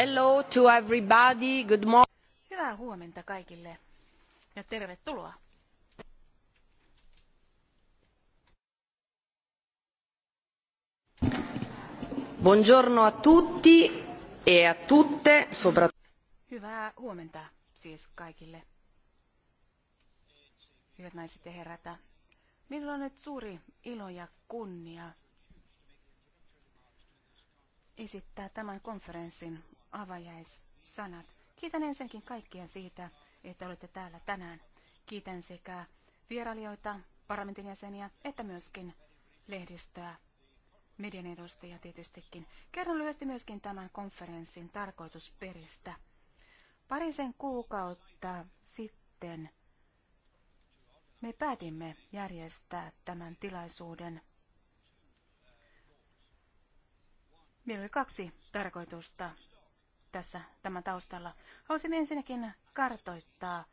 Hello to everybody. Good morning. Hyvää huomenta kaikille ja tervetuloa. Buongiorno a tutti e a tutte, soprattutto. Hyvää huomenta siis kaikille. Hyvät naiset ja herrat, minulla on nyt suuri ilo ja kunnia esittää tämän konferenssin avajaissanat. Kiitän ensinnäkin kaikkia siitä, että olette täällä tänään. Kiitän sekä vierailijoita, parlamentin jäseniä, että myöskin lehdistöä, median edustajia tietystikin. Kerron lyhyesti myöskin tämän konferenssin tarkoitusperistä. Parisen kuukautta sitten me päätimme järjestää tämän tilaisuuden. Meillä oli kaksi tarkoitusta tässä tämän taustalla. Haluaisin ensinnäkin kartoittaa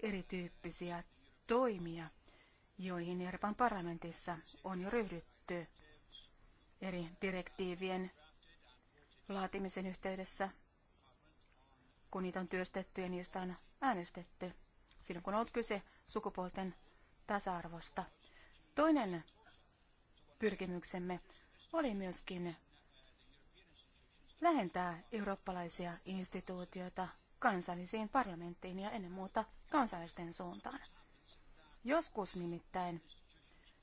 erityyppisiä toimia, joihin Euroopan parlamentissa on jo ryhdytty eri direktiivien laatimisen yhteydessä, kun niitä on työstetty ja niistä on äänestetty, silloin kun on ollut kyse sukupuolten tasa-arvosta. Toinen pyrkimyksemme oli myöskin lähentää eurooppalaisia instituutioita kansallisiin parlamenttiin ja ennen muuta kansallisten suuntaan. Joskus nimittäin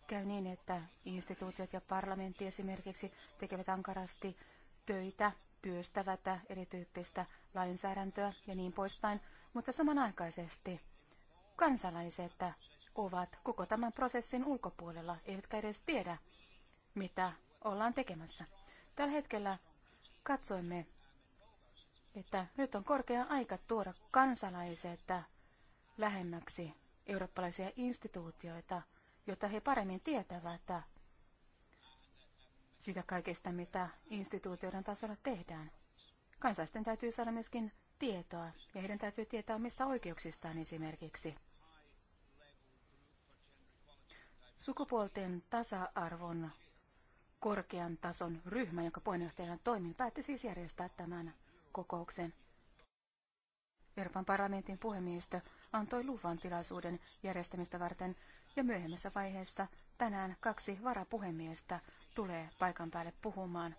käy niin, että instituutiot ja parlamentti esimerkiksi tekevät ankarasti töitä, työstävät erityyppistä lainsäädäntöä ja niin poispäin, mutta samanaikaisesti kansalaiset ovat koko tämän prosessin ulkopuolella, eivätkä edes tiedä, mitä ollaan tekemässä. Tällä hetkellä katsoimme, että nyt on korkea aika tuoda kansalaiset lähemmäksi eurooppalaisia instituutioita, jotta he paremmin tietävät sitä kaikesta, mitä instituutioiden tasolla tehdään. Kansalaisten täytyy saada myöskin tietoa, ja heidän täytyy tietää omista oikeuksistaan esimerkiksi. Sukupuolten tasa-arvon korkean tason ryhmä, jonka puheenjohtajana toimin, päätti siis järjestää tämän kokouksen. Euroopan parlamentin puhemiestö antoi luvan tilaisuuden järjestämistä varten ja myöhemmässä vaiheessa tänään kaksi varapuhemiestä tulee paikan päälle puhumaan.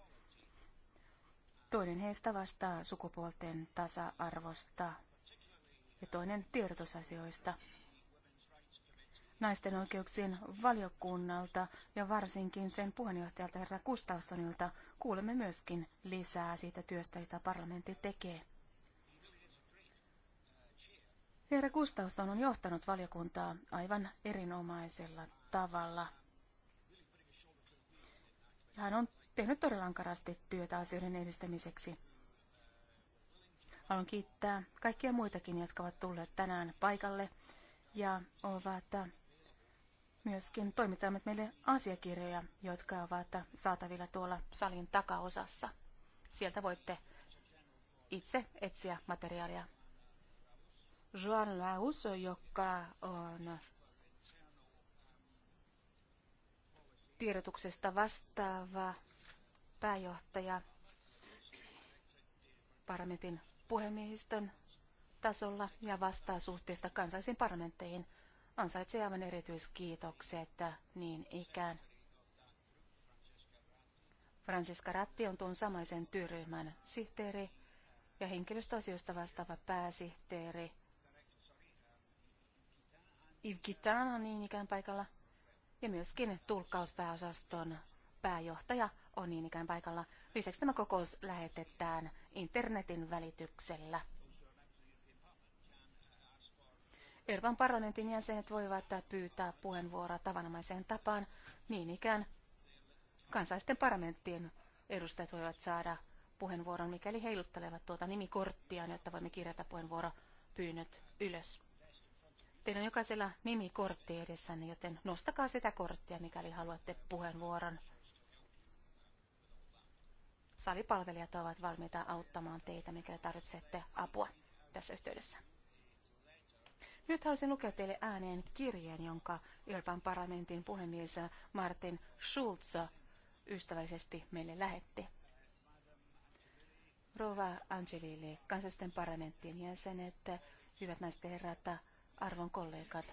Toinen heistä vastaa sukupuolten tasa-arvosta ja toinen tiedotusasioista naisten oikeuksien valiokunnalta ja varsinkin sen puheenjohtajalta herra Gustafssonilta kuulemme myöskin lisää siitä työstä, jota parlamentti tekee. Herra Gustafsson on johtanut valiokuntaa aivan erinomaisella tavalla. Hän on tehnyt todella ankarasti työtä asioiden edistämiseksi. Haluan kiittää kaikkia muitakin, jotka ovat tulleet tänään paikalle ja ovat myöskin toimitamme meille asiakirjoja, jotka ovat saatavilla tuolla salin takaosassa. Sieltä voitte itse etsiä materiaalia. Joan Laus, joka on tiedotuksesta vastaava pääjohtaja parlamentin puhemiehistön tasolla ja vastaa suhteesta kansallisiin parlamentteihin – ansaitsee aivan erityiskiitokset niin ikään. Francesca Ratti on tuon samaisen työryhmän sihteeri ja henkilöstöasioista vastaava pääsihteeri. Yves Gitan on niin ikään paikalla ja myöskin tulkkauspääosaston pääjohtaja on niin ikään paikalla. Lisäksi tämä kokous lähetetään internetin välityksellä. Euroopan parlamentin jäsenet voivat pyytää puheenvuoroa tavanomaiseen tapaan. Niin ikään kansallisten parlamenttien edustajat voivat saada puheenvuoron, mikäli heiluttelevat tuota nimikorttia, jotta voimme kirjata puheenvuoropyynnöt ylös. Teillä on jokaisella nimikortti edessänne, joten nostakaa sitä korttia, mikäli haluatte puheenvuoron. Salipalvelijat ovat valmiita auttamaan teitä, mikäli tarvitsette apua tässä yhteydessä. Nyt haluaisin lukea teille ääneen kirjeen, jonka Euroopan parlamentin puhemies Martin Schulz ystävällisesti meille lähetti. Rova Angelili, kansallisten parlamenttien jäsenet, hyvät naiset herrat, arvon kollegat.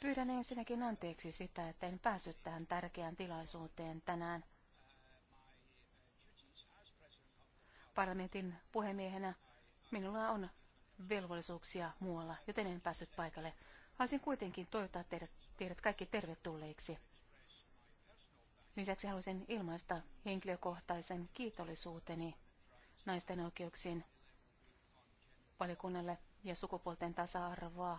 Pyydän ensinnäkin anteeksi sitä, että en päässyt tähän tärkeään tilaisuuteen tänään. Parlamentin puhemiehenä minulla on velvollisuuksia muualla, joten en päässyt paikalle. Haluaisin kuitenkin toivottaa teidät, teidät kaikki tervetulleiksi. Lisäksi haluaisin ilmaista henkilökohtaisen kiitollisuuteni naisten oikeuksien valikunnalle ja sukupuolten tasa-arvoa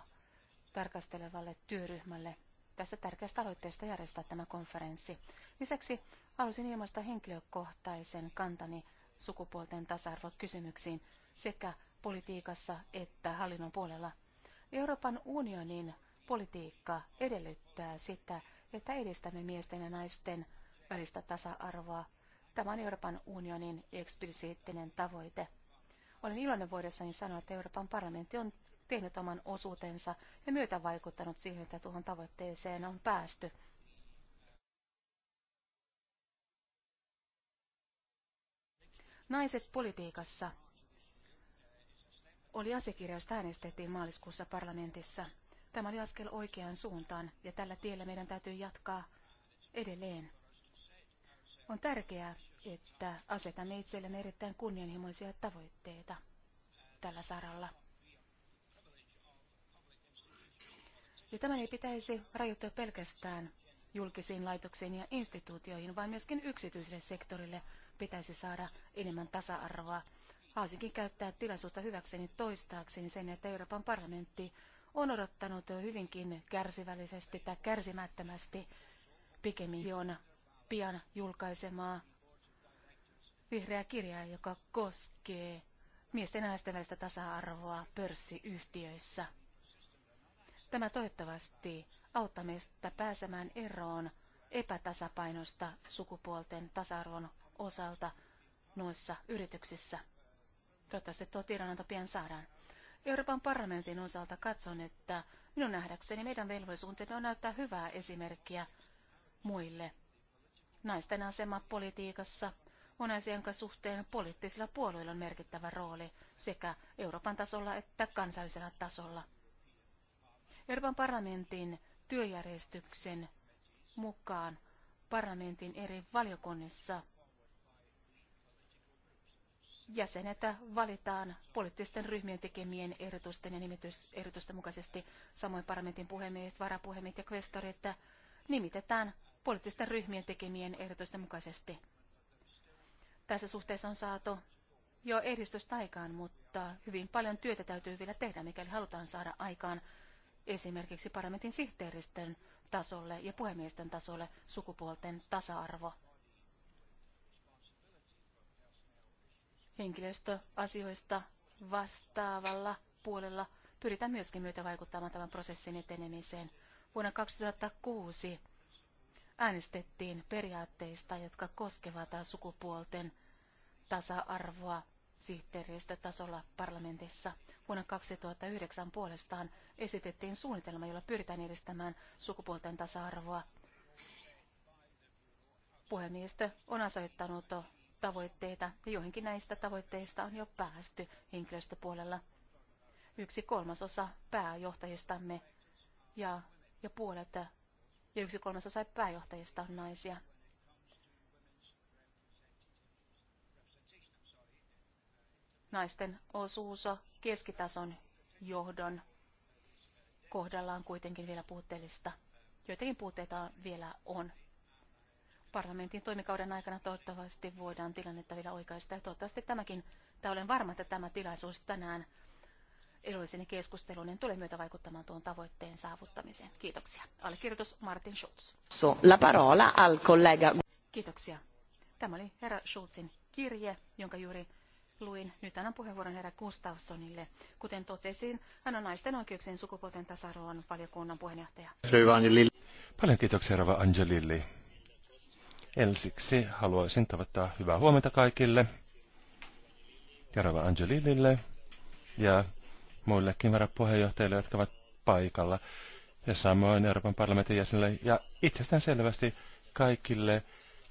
tarkastelevalle työryhmälle tässä tärkeästä aloitteesta järjestää tämä konferenssi. Lisäksi halusin ilmaista henkilökohtaisen kantani sukupuolten tasa-arvokysymyksiin sekä politiikassa että hallinnon puolella. Euroopan unionin politiikka edellyttää sitä, että edistämme miesten ja naisten välistä tasa-arvoa. Tämä on Euroopan unionin eksplisiittinen tavoite. Olen iloinen voidessani sanoa, että Euroopan parlamentti on tehnyt oman osuutensa ja myötä vaikuttanut siihen, että tuohon tavoitteeseen on päästy. Naiset politiikassa oli asiakirja, josta äänestettiin maaliskuussa parlamentissa. Tämä oli askel oikeaan suuntaan ja tällä tiellä meidän täytyy jatkaa edelleen. On tärkeää, että asetamme itsellemme erittäin kunnianhimoisia tavoitteita tällä saralla. Ja tämän ei pitäisi rajoittua pelkästään julkisiin laitoksiin ja instituutioihin, vaan myöskin yksityiselle sektorille pitäisi saada enemmän tasa-arvoa Haluaisinkin käyttää tilaisuutta hyväkseni toistaakseni sen, että Euroopan parlamentti on odottanut hyvinkin kärsivällisesti tai kärsimättömästi pikemmin pian julkaisemaa vihreää kirjaa, joka koskee miesten ja naisten välistä tasa-arvoa pörssiyhtiöissä. Tämä toivottavasti auttaa meistä pääsemään eroon epätasapainosta sukupuolten tasa-arvon osalta noissa yrityksissä. Toivottavasti tuo tiedonanto pian saadaan. Euroopan parlamentin osalta katson, että minun nähdäkseni meidän velvollisuutemme on näyttää hyvää esimerkkiä muille. Naisten asema politiikassa on asia, jonka suhteen poliittisilla puolueilla on merkittävä rooli sekä Euroopan tasolla että kansallisella tasolla. Euroopan parlamentin työjärjestyksen mukaan parlamentin eri valiokunnissa – jäsenet valitaan poliittisten ryhmien tekemien ehdotusten ja nimitysehdotusten mukaisesti. Samoin parlamentin puhemiehet, varapuhemiehet ja kvestorit nimitetään poliittisten ryhmien tekemien ehdotusten mukaisesti. Tässä suhteessa on saatu jo edistystä aikaan, mutta hyvin paljon työtä täytyy vielä tehdä, mikäli halutaan saada aikaan esimerkiksi parlamentin sihteeristön tasolle ja puhemiesten tasolle sukupuolten tasa-arvo. henkilöstöasioista vastaavalla puolella pyritään myöskin myötä vaikuttamaan tämän prosessin etenemiseen. Vuonna 2006 äänestettiin periaatteista, jotka koskevat sukupuolten tasa-arvoa sihteeristötasolla parlamentissa. Vuonna 2009 puolestaan esitettiin suunnitelma, jolla pyritään edistämään sukupuolten tasa-arvoa. Puhemiestö on asettanut tavoitteita ja joihinkin näistä tavoitteista on jo päästy henkilöstöpuolella. Yksi kolmasosa pääjohtajistamme ja, ja puolet ja yksi kolmasosa pääjohtajista on naisia. Naisten osuus keskitason johdon kohdalla on kuitenkin vielä puutteellista. Joitakin puutteita vielä on parlamentin toimikauden aikana toivottavasti voidaan tilannetta vielä oikaista. Ja toivottavasti tämäkin, tai olen varma, että tämä tilaisuus tänään edullisen keskusteluun, niin tulee myötä vaikuttamaan tuon tavoitteen saavuttamiseen. Kiitoksia. Allekirjoitus Martin Schulz. So, la parola al collega. Kiitoksia. Tämä oli herra Schulzin kirje, jonka juuri luin. Nyt annan puheenvuoron herra Gustafssonille. Kuten totesin, hän on naisten oikeuksien sukupuolten tasa arvon valiokunnan puheenjohtaja. Paljon kiitoksia, Rava Angelilli. Ensiksi haluaisin tavoittaa hyvää huomenta kaikille, Jarova Angelilille ja muillekin varapuheenjohtajille, jotka ovat paikalla, ja samoin Euroopan parlamentin jäsenille ja itsestään selvästi kaikille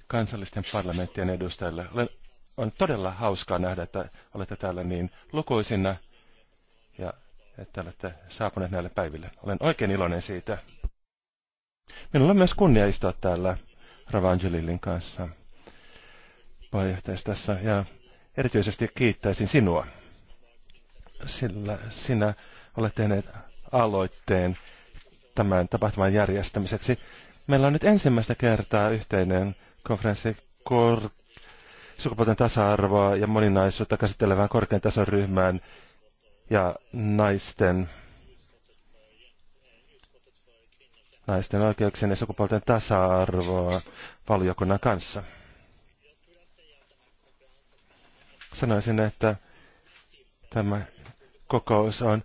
kansallisten parlamenttien edustajille. Olen, on todella hauskaa nähdä, että olette täällä niin lukuisina ja että olette saapuneet näille päiville. Olen oikein iloinen siitä. Minulla on myös kunnia istua täällä Ravangelillin kanssa tässä, ja erityisesti kiittäisin sinua, sillä sinä olet tehnyt aloitteen tämän tapahtuman järjestämiseksi. Meillä on nyt ensimmäistä kertaa yhteinen konferenssi kor- sukupuolten tasa-arvoa ja moninaisuutta käsittelevään korkean tason ryhmään ja naisten naisten oikeuksien ja sukupuolten tasa-arvoa valiokunnan kanssa. Sanoisin, että tämä kokous on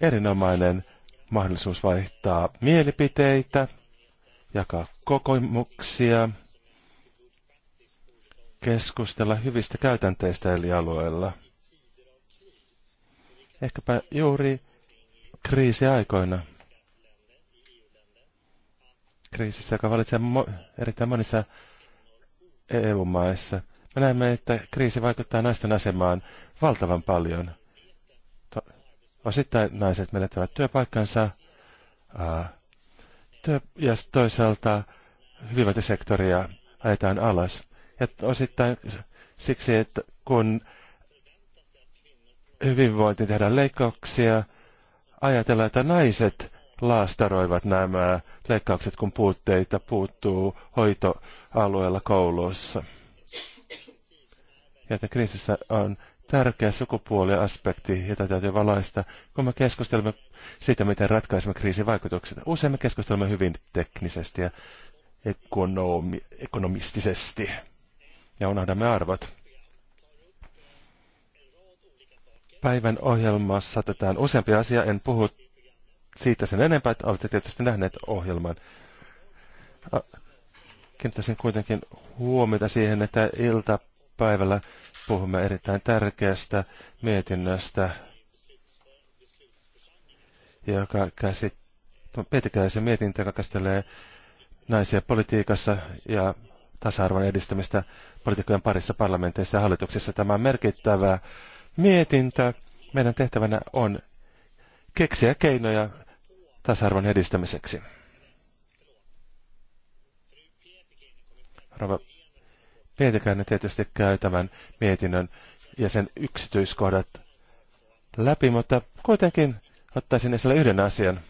erinomainen mahdollisuus vaihtaa mielipiteitä, jakaa kokemuksia, keskustella hyvistä käytänteistä eli alueella. Ehkäpä juuri kriisiaikoina kriisissä, joka valitsee mo- erittäin monissa EU-maissa. Me näemme, että kriisi vaikuttaa naisten asemaan valtavan paljon. To- osittain naiset menettävät työpaikkansa ää, työ- ja toisaalta hyvinvointisektoria ajetaan alas. Ja osittain siksi, että kun hyvinvointi tehdään leikkauksia, ajatellaan, että naiset laastaroivat nämä leikkaukset, kun puutteita puuttuu hoitoalueella kouluissa. Ja että kriisissä on tärkeä sukupuoliaspekti, jota täytyy valaista, kun me keskustelemme siitä, miten ratkaisemme kriisin vaikutukset. Usein me keskustelemme hyvin teknisesti ja ekonomi- ekonomistisesti ja unohdamme arvot. Päivän ohjelmassa otetaan useampia asia, en puhu siitä sen enempää, että olette tietysti nähneet ohjelman. Kiinnittäisin kuitenkin huomiota siihen, että iltapäivällä puhumme erittäin tärkeästä mietinnöstä, joka käsittää Pietikäisen mietintö, joka käsittelee naisia politiikassa ja tasa-arvon edistämistä poliitikkojen parissa parlamenteissa ja hallituksissa. Tämä on merkittävä mietintö. Meidän tehtävänä on keksiä keinoja tasa-arvon edistämiseksi. Rova Pietikäinen tietysti käy tämän mietinnön ja sen yksityiskohdat läpi, mutta kuitenkin ottaisin esille yhden asian.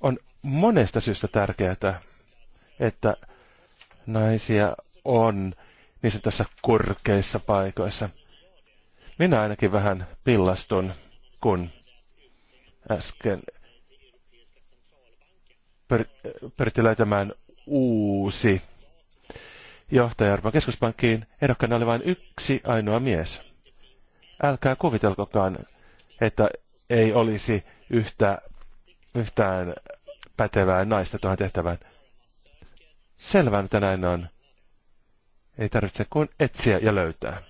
On monesta syystä tärkeää, että naisia on niin sanotussa korkeissa paikoissa. Minä ainakin vähän pillastun, kun äsken pyrittiin löytämään uusi johtaja Euroopan keskuspankkiin. Ehdokkaana oli vain yksi ainoa mies. Älkää kuvitelkokaan, että ei olisi yhtä, yhtään pätevää naista tuohon tehtävään. Selvä, että näin on. Ei tarvitse kuin etsiä ja löytää.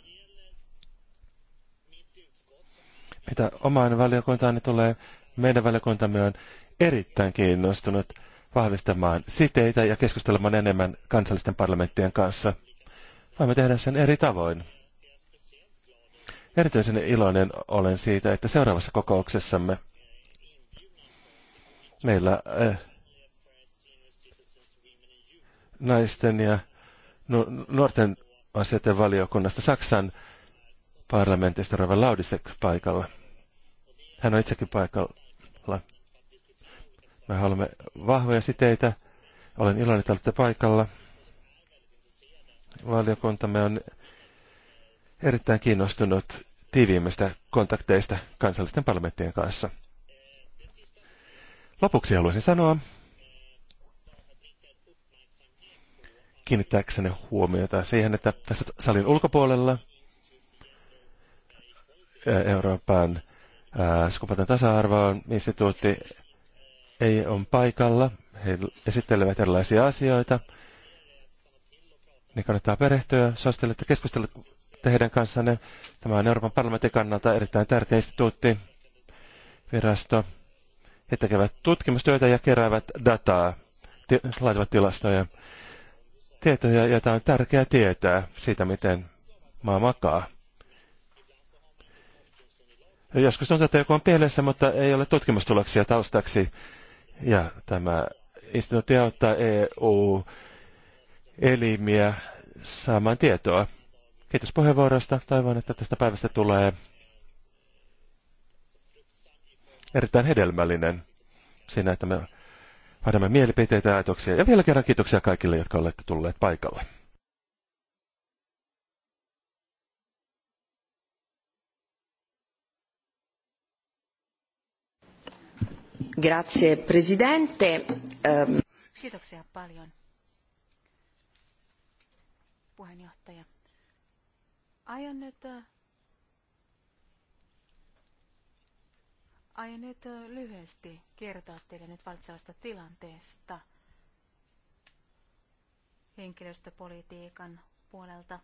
Mitä omaan valiokuntaani tulee, meidän valiokuntamme on erittäin kiinnostunut – vahvistamaan siteitä ja keskustelemaan enemmän kansallisten parlamenttien kanssa, Voimme tehdä tehdään sen eri tavoin. Erityisen iloinen olen siitä, että seuraavassa kokouksessamme meillä äh, naisten ja nu- nuorten asioiden valiokunnasta Saksan parlamentista Rava Laudisek paikalla. Hän on itsekin paikalla. Me haluamme vahvoja siteitä. Olen iloinen, että olette paikalla. Valiokuntamme on erittäin kiinnostunut tiiviimmistä kontakteista kansallisten parlamenttien kanssa. Lopuksi haluaisin sanoa, kiinnittääkseni huomiota siihen, että tässä salin ulkopuolella Euroopan äh, sukupuolten tasa-arvoon instituutti ei on paikalla. He esittelevät erilaisia asioita. Niin kannattaa perehtyä. Suosittelen, että keskustella heidän kanssanne. Tämä on Euroopan parlamentin kannalta erittäin tärkeä instituutti, virasto. He tekevät tutkimustyötä ja keräävät dataa, ti- laitavat tilastoja, tietoja, joita on tärkeää tietää siitä, miten maa makaa. Joskus tuntuu, että joku on pielessä, mutta ei ole tutkimustuloksia taustaksi. Ja tämä instituutti auttaa EU-elimiä saamaan tietoa. Kiitos puheenvuorosta. Toivon, että tästä päivästä tulee erittäin hedelmällinen siinä, että me vaihdamme mielipiteitä ja ajatuksia. Ja vielä kerran kiitoksia kaikille, jotka olette tulleet paikalle. Grazie, presidente. Ähm. Kiitoksia paljon, puheenjohtaja. Aion nyt, äh, aion nyt äh, lyhyesti kertoa teille nyt valitsevasta tilanteesta henkilöstöpolitiikan puolelta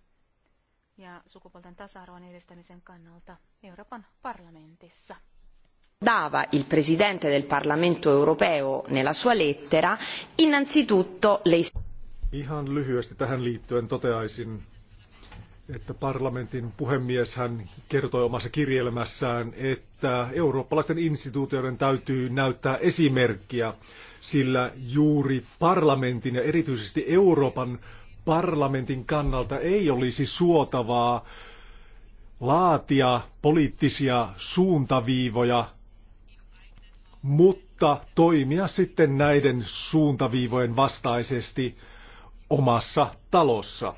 ja sukupuolten tasa-arvon edistämisen kannalta Euroopan parlamentissa – dava il Presidente del Parlamento europeo nella sua lettera, innanzitutto le... Ihan lyhyesti tähän liittyen toteaisin, että parlamentin puhemies hän kertoi omassa kirjelmässään, että eurooppalaisten instituutioiden täytyy näyttää esimerkkiä, sillä juuri parlamentin ja erityisesti Euroopan parlamentin kannalta ei olisi suotavaa laatia poliittisia suuntaviivoja mutta toimia sitten näiden suuntaviivojen vastaisesti omassa talossa.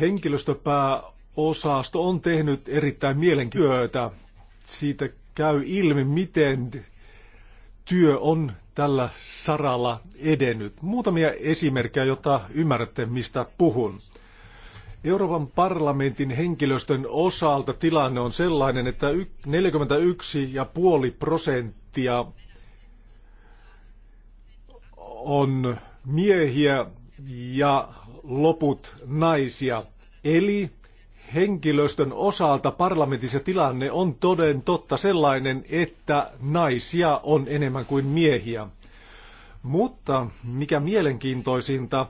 Henkilöstöpääosasto on tehnyt erittäin mielenkiintoista työtä. Siitä käy ilmi, miten työ on tällä saralla edennyt. Muutamia esimerkkejä, jota ymmärrätte, mistä puhun. Euroopan parlamentin henkilöstön osalta tilanne on sellainen, että 41,5 prosenttia on miehiä ja loput naisia. Eli henkilöstön osalta parlamentissa tilanne on toden totta sellainen, että naisia on enemmän kuin miehiä. Mutta mikä mielenkiintoisinta,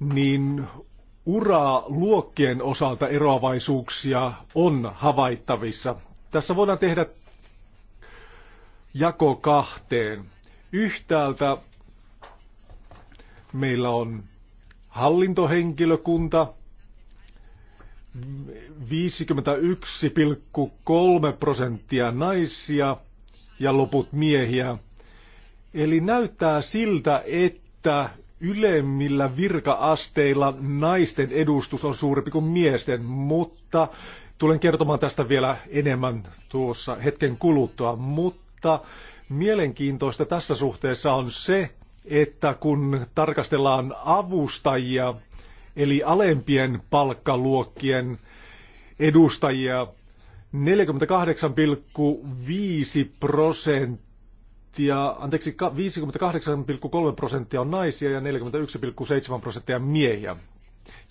niin uraa luokkien osalta eroavaisuuksia on havaittavissa. Tässä voidaan tehdä jako kahteen. Yhtäältä Meillä on hallintohenkilökunta, 51,3 prosenttia naisia ja loput miehiä. Eli näyttää siltä, että ylemmillä virkaasteilla naisten edustus on suurempi kuin miesten, mutta tulen kertomaan tästä vielä enemmän tuossa hetken kuluttua, mutta mielenkiintoista tässä suhteessa on se, että kun tarkastellaan avustajia, eli alempien palkkaluokkien edustajia, 48,5 prosenttia, anteeksi, 58,3 prosenttia on naisia ja 41,7 prosenttia miehiä.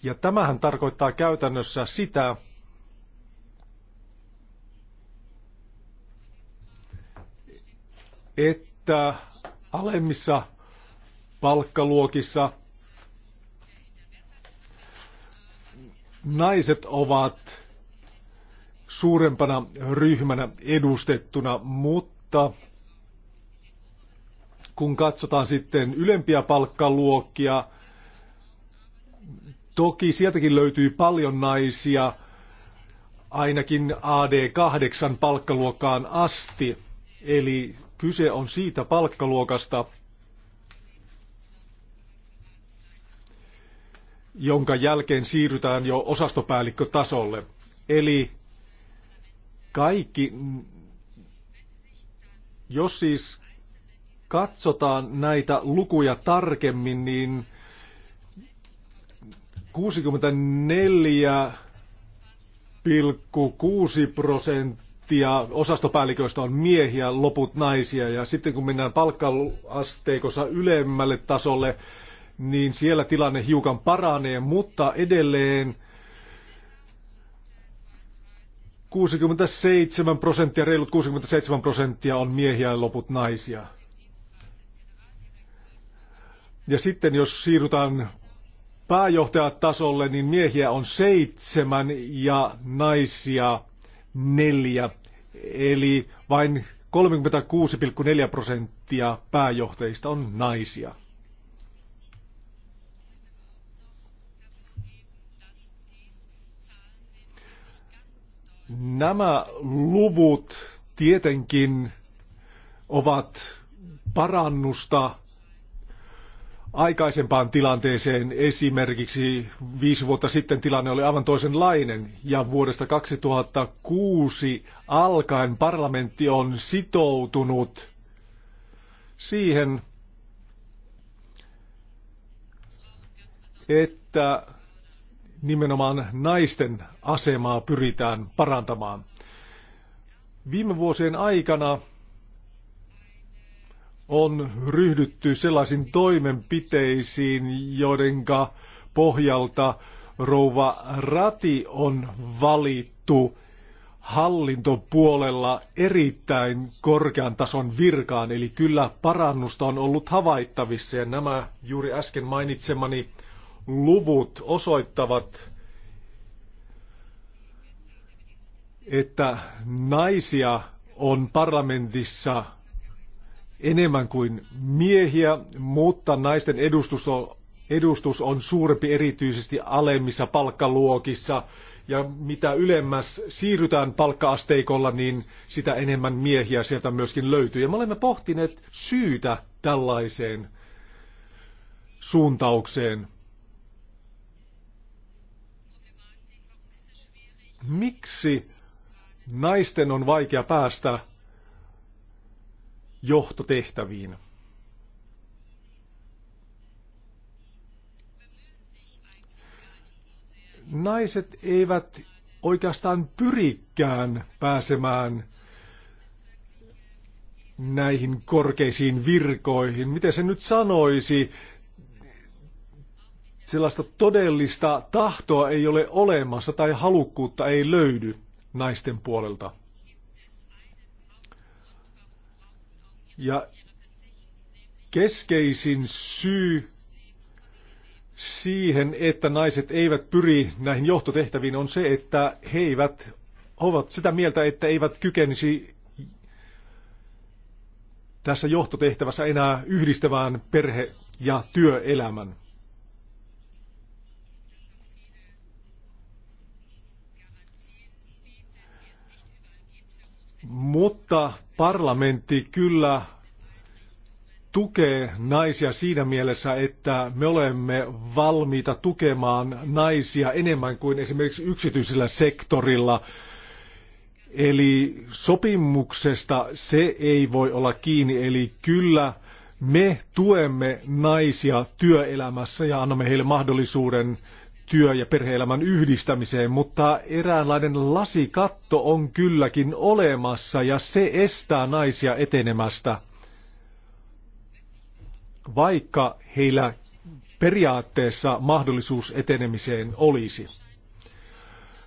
Ja tämähän tarkoittaa käytännössä sitä, että alemmissa palkkaluokissa. Naiset ovat suurempana ryhmänä edustettuna, mutta kun katsotaan sitten ylempiä palkkaluokkia, toki sieltäkin löytyy paljon naisia, ainakin AD8 palkkaluokkaan asti. Eli kyse on siitä palkkaluokasta, jonka jälkeen siirrytään jo osastopäällikkötasolle. Eli kaikki, jos siis katsotaan näitä lukuja tarkemmin, niin 64,6 prosenttia osastopäälliköistä on miehiä, loput naisia. Ja sitten kun mennään palkkaasteikossa ylemmälle tasolle, niin siellä tilanne hiukan paranee, mutta edelleen 67 prosenttia, reilut 67 prosenttia on miehiä ja loput naisia. Ja sitten jos siirrytään pääjohtajatasolle, niin miehiä on seitsemän ja naisia neljä. Eli vain 36,4 prosenttia pääjohtajista on naisia. Nämä luvut tietenkin ovat parannusta aikaisempaan tilanteeseen. Esimerkiksi viisi vuotta sitten tilanne oli aivan toisenlainen ja vuodesta 2006 alkaen parlamentti on sitoutunut siihen, että nimenomaan naisten asemaa pyritään parantamaan. Viime vuosien aikana on ryhdytty sellaisiin toimenpiteisiin, joidenka pohjalta rouva Rati on valittu hallintopuolella erittäin korkean tason virkaan, eli kyllä parannusta on ollut havaittavissa ja nämä juuri äsken mainitsemani luvut osoittavat, että naisia on parlamentissa enemmän kuin miehiä, mutta naisten edustus on, edustus on suurempi erityisesti alemmissa palkkaluokissa. Ja mitä ylemmäs siirrytään palkkaasteikolla, niin sitä enemmän miehiä sieltä myöskin löytyy. Ja me olemme pohtineet syytä tällaiseen suuntaukseen. Miksi naisten on vaikea päästä johtotehtäviin? Naiset eivät oikeastaan pyrikään pääsemään näihin korkeisiin virkoihin. Miten se nyt sanoisi? sellaista todellista tahtoa ei ole olemassa tai halukkuutta ei löydy naisten puolelta. Ja keskeisin syy siihen, että naiset eivät pyri näihin johtotehtäviin, on se, että he eivät ovat sitä mieltä, että eivät kykenisi tässä johtotehtävässä enää yhdistämään perhe- ja työelämän. Mutta parlamentti kyllä tukee naisia siinä mielessä, että me olemme valmiita tukemaan naisia enemmän kuin esimerkiksi yksityisellä sektorilla. Eli sopimuksesta se ei voi olla kiinni, eli kyllä me tuemme naisia työelämässä ja annamme heille mahdollisuuden työ- ja perheelämän yhdistämiseen, mutta eräänlainen lasikatto on kylläkin olemassa ja se estää naisia etenemästä. Vaikka heillä periaatteessa mahdollisuus etenemiseen olisi.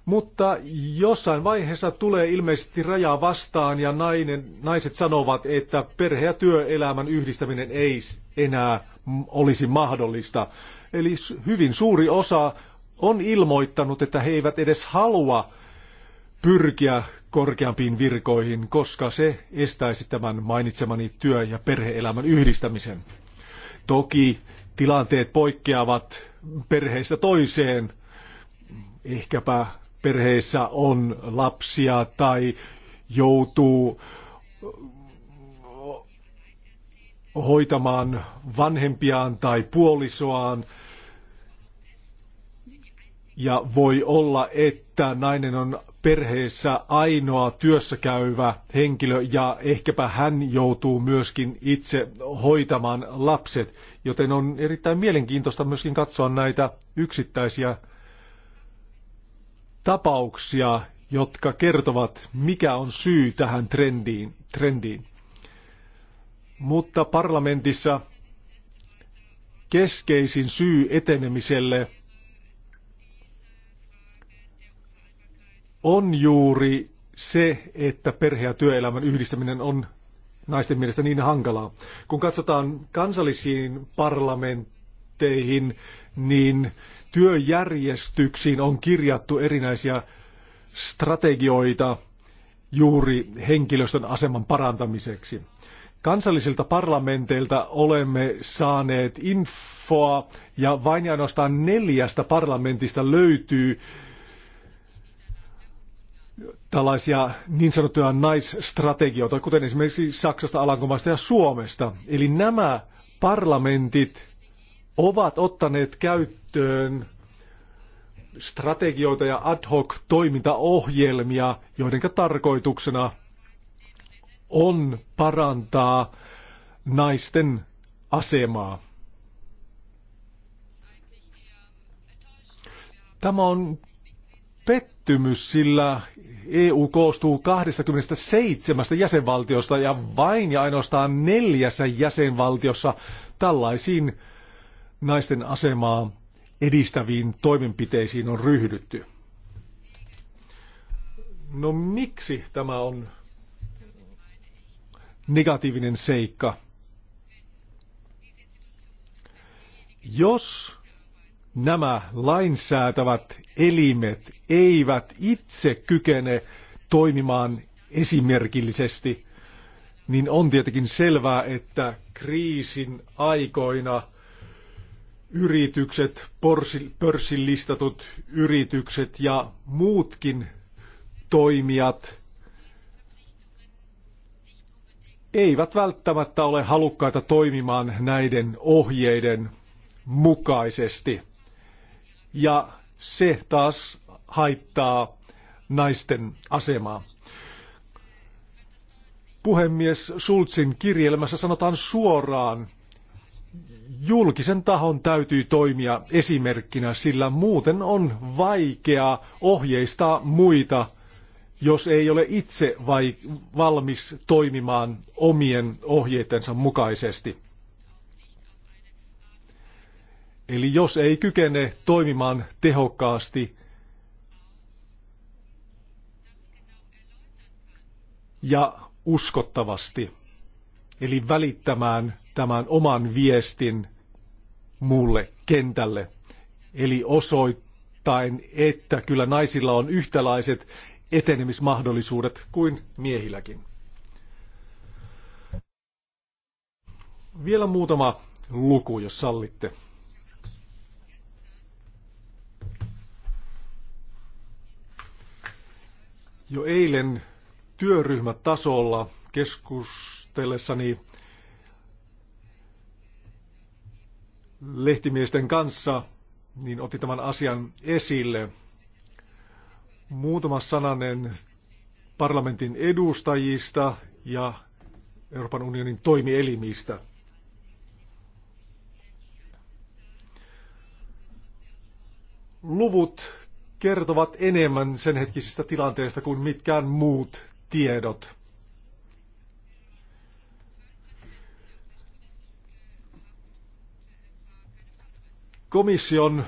Mutta jossain vaiheessa tulee ilmeisesti raja vastaan ja nainen, naiset sanovat, että perhe- ja työelämän yhdistäminen ei enää olisi mahdollista. Eli hyvin suuri osa on ilmoittanut, että he eivät edes halua pyrkiä korkeampiin virkoihin, koska se estäisi tämän mainitsemani työ- ja perheelämän yhdistämisen. Toki tilanteet poikkeavat perheestä toiseen. Ehkäpä perheessä on lapsia tai joutuu hoitamaan vanhempiaan tai puolisoaan ja voi olla, että nainen on perheessä ainoa työssä käyvä henkilö ja ehkäpä hän joutuu myöskin itse hoitamaan lapset. Joten on erittäin mielenkiintoista myöskin katsoa näitä yksittäisiä tapauksia, jotka kertovat, mikä on syy tähän trendiin. trendiin. Mutta parlamentissa keskeisin syy etenemiselle – on juuri se, että perhe- ja työelämän yhdistäminen on naisten mielestä niin hankalaa. Kun katsotaan kansallisiin parlamentteihin, niin työjärjestyksiin on kirjattu erinäisiä strategioita juuri henkilöstön aseman parantamiseksi. Kansallisilta parlamenteilta olemme saaneet infoa ja vain ja ainoastaan neljästä parlamentista löytyy tällaisia niin sanottuja naisstrategioita, kuten esimerkiksi Saksasta, Alankomaista ja Suomesta. Eli nämä parlamentit ovat ottaneet käyttöön strategioita ja ad hoc toimintaohjelmia, joiden tarkoituksena on parantaa naisten asemaa. Tämä on pettymys, sillä EU koostuu 27 jäsenvaltiosta ja vain ja ainoastaan neljässä jäsenvaltiossa tällaisiin naisten asemaa edistäviin toimenpiteisiin on ryhdytty. No miksi tämä on negatiivinen seikka? Jos nämä lainsäätävät elimet eivät itse kykene toimimaan esimerkillisesti, niin on tietenkin selvää, että kriisin aikoina yritykset, pörssin listatut yritykset ja muutkin toimijat eivät välttämättä ole halukkaita toimimaan näiden ohjeiden mukaisesti – ja se taas haittaa naisten asemaa. Puhemies Sultsin kirjelmässä sanotaan suoraan, julkisen tahon täytyy toimia esimerkkinä, sillä muuten on vaikea ohjeistaa muita, jos ei ole itse vai valmis toimimaan omien ohjeitensa mukaisesti. Eli jos ei kykene toimimaan tehokkaasti ja uskottavasti, eli välittämään tämän oman viestin muulle kentälle, eli osoittain, että kyllä naisilla on yhtäläiset etenemismahdollisuudet kuin miehilläkin. Vielä muutama luku, jos sallitte. Jo eilen työryhmätasolla keskustellessani lehtimiesten kanssa, niin otti tämän asian esille. Muutama sananen parlamentin edustajista ja Euroopan unionin toimielimistä. Luvut kertovat enemmän sen hetkisistä tilanteista kuin mitkään muut tiedot. Komission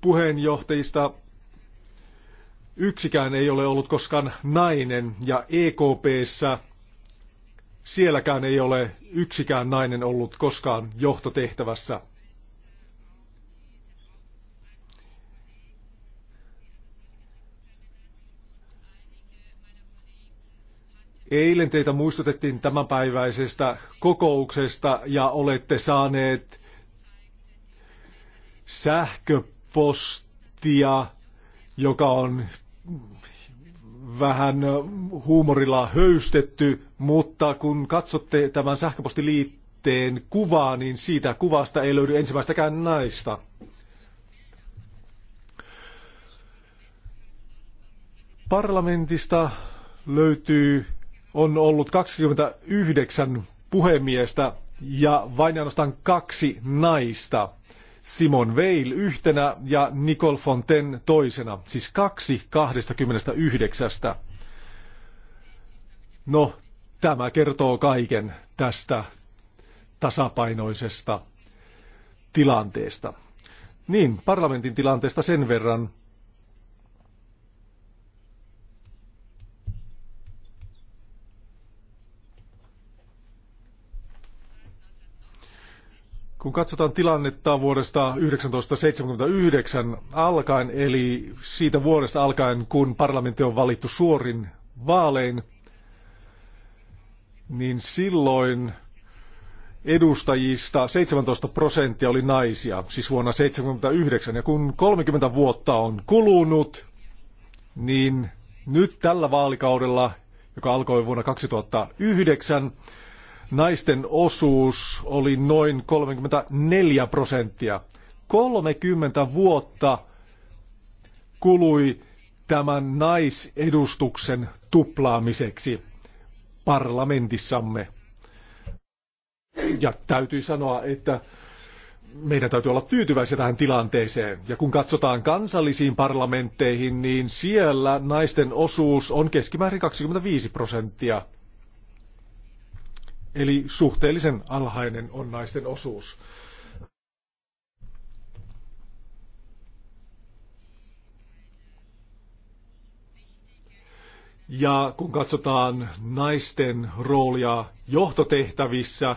puheenjohtajista yksikään ei ole ollut koskaan nainen ja EKPssä sielläkään ei ole yksikään nainen ollut koskaan johtotehtävässä. Eilen teitä muistutettiin tämänpäiväisestä kokouksesta ja olette saaneet sähköpostia, joka on vähän huumorilla höystetty, mutta kun katsotte tämän sähköpostiliitteen kuvaa, niin siitä kuvasta ei löydy ensimmäistäkään naista. Parlamentista löytyy on ollut 29 puhemiestä ja vain ainoastaan kaksi naista. Simon Veil yhtenä ja Nicole Fontaine toisena, siis kaksi 29. No, tämä kertoo kaiken tästä tasapainoisesta tilanteesta. Niin, parlamentin tilanteesta sen verran, Kun katsotaan tilannetta vuodesta 1979 alkaen, eli siitä vuodesta alkaen, kun parlamentti on valittu suorin vaalein, niin silloin edustajista 17 prosenttia oli naisia, siis vuonna 1979. Ja kun 30 vuotta on kulunut, niin nyt tällä vaalikaudella, joka alkoi vuonna 2009, naisten osuus oli noin 34 prosenttia. 30 vuotta kului tämän naisedustuksen tuplaamiseksi parlamentissamme. Ja täytyy sanoa, että meidän täytyy olla tyytyväisiä tähän tilanteeseen. Ja kun katsotaan kansallisiin parlamentteihin, niin siellä naisten osuus on keskimäärin 25 prosenttia. Eli suhteellisen alhainen on naisten osuus. Ja kun katsotaan naisten roolia johtotehtävissä,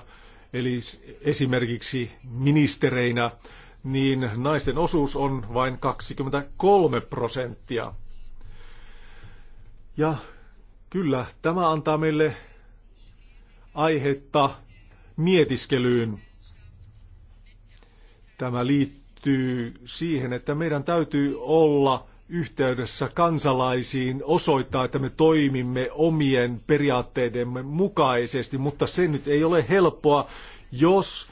eli esimerkiksi ministereinä, niin naisten osuus on vain 23 prosenttia. Ja kyllä, tämä antaa meille aihetta mietiskelyyn. Tämä liittyy siihen, että meidän täytyy olla yhteydessä kansalaisiin, osoittaa, että me toimimme omien periaatteidemme mukaisesti, mutta se nyt ei ole helppoa, jos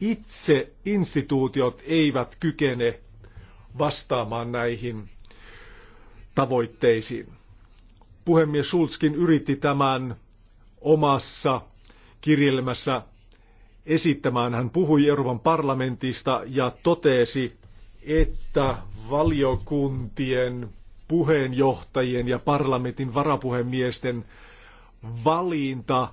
itse instituutiot eivät kykene vastaamaan näihin tavoitteisiin. Puhemies Sulskin yritti tämän omassa kirjelmässä esittämään. Hän puhui Euroopan parlamentista ja totesi, että valiokuntien puheenjohtajien ja parlamentin varapuhemiesten valinta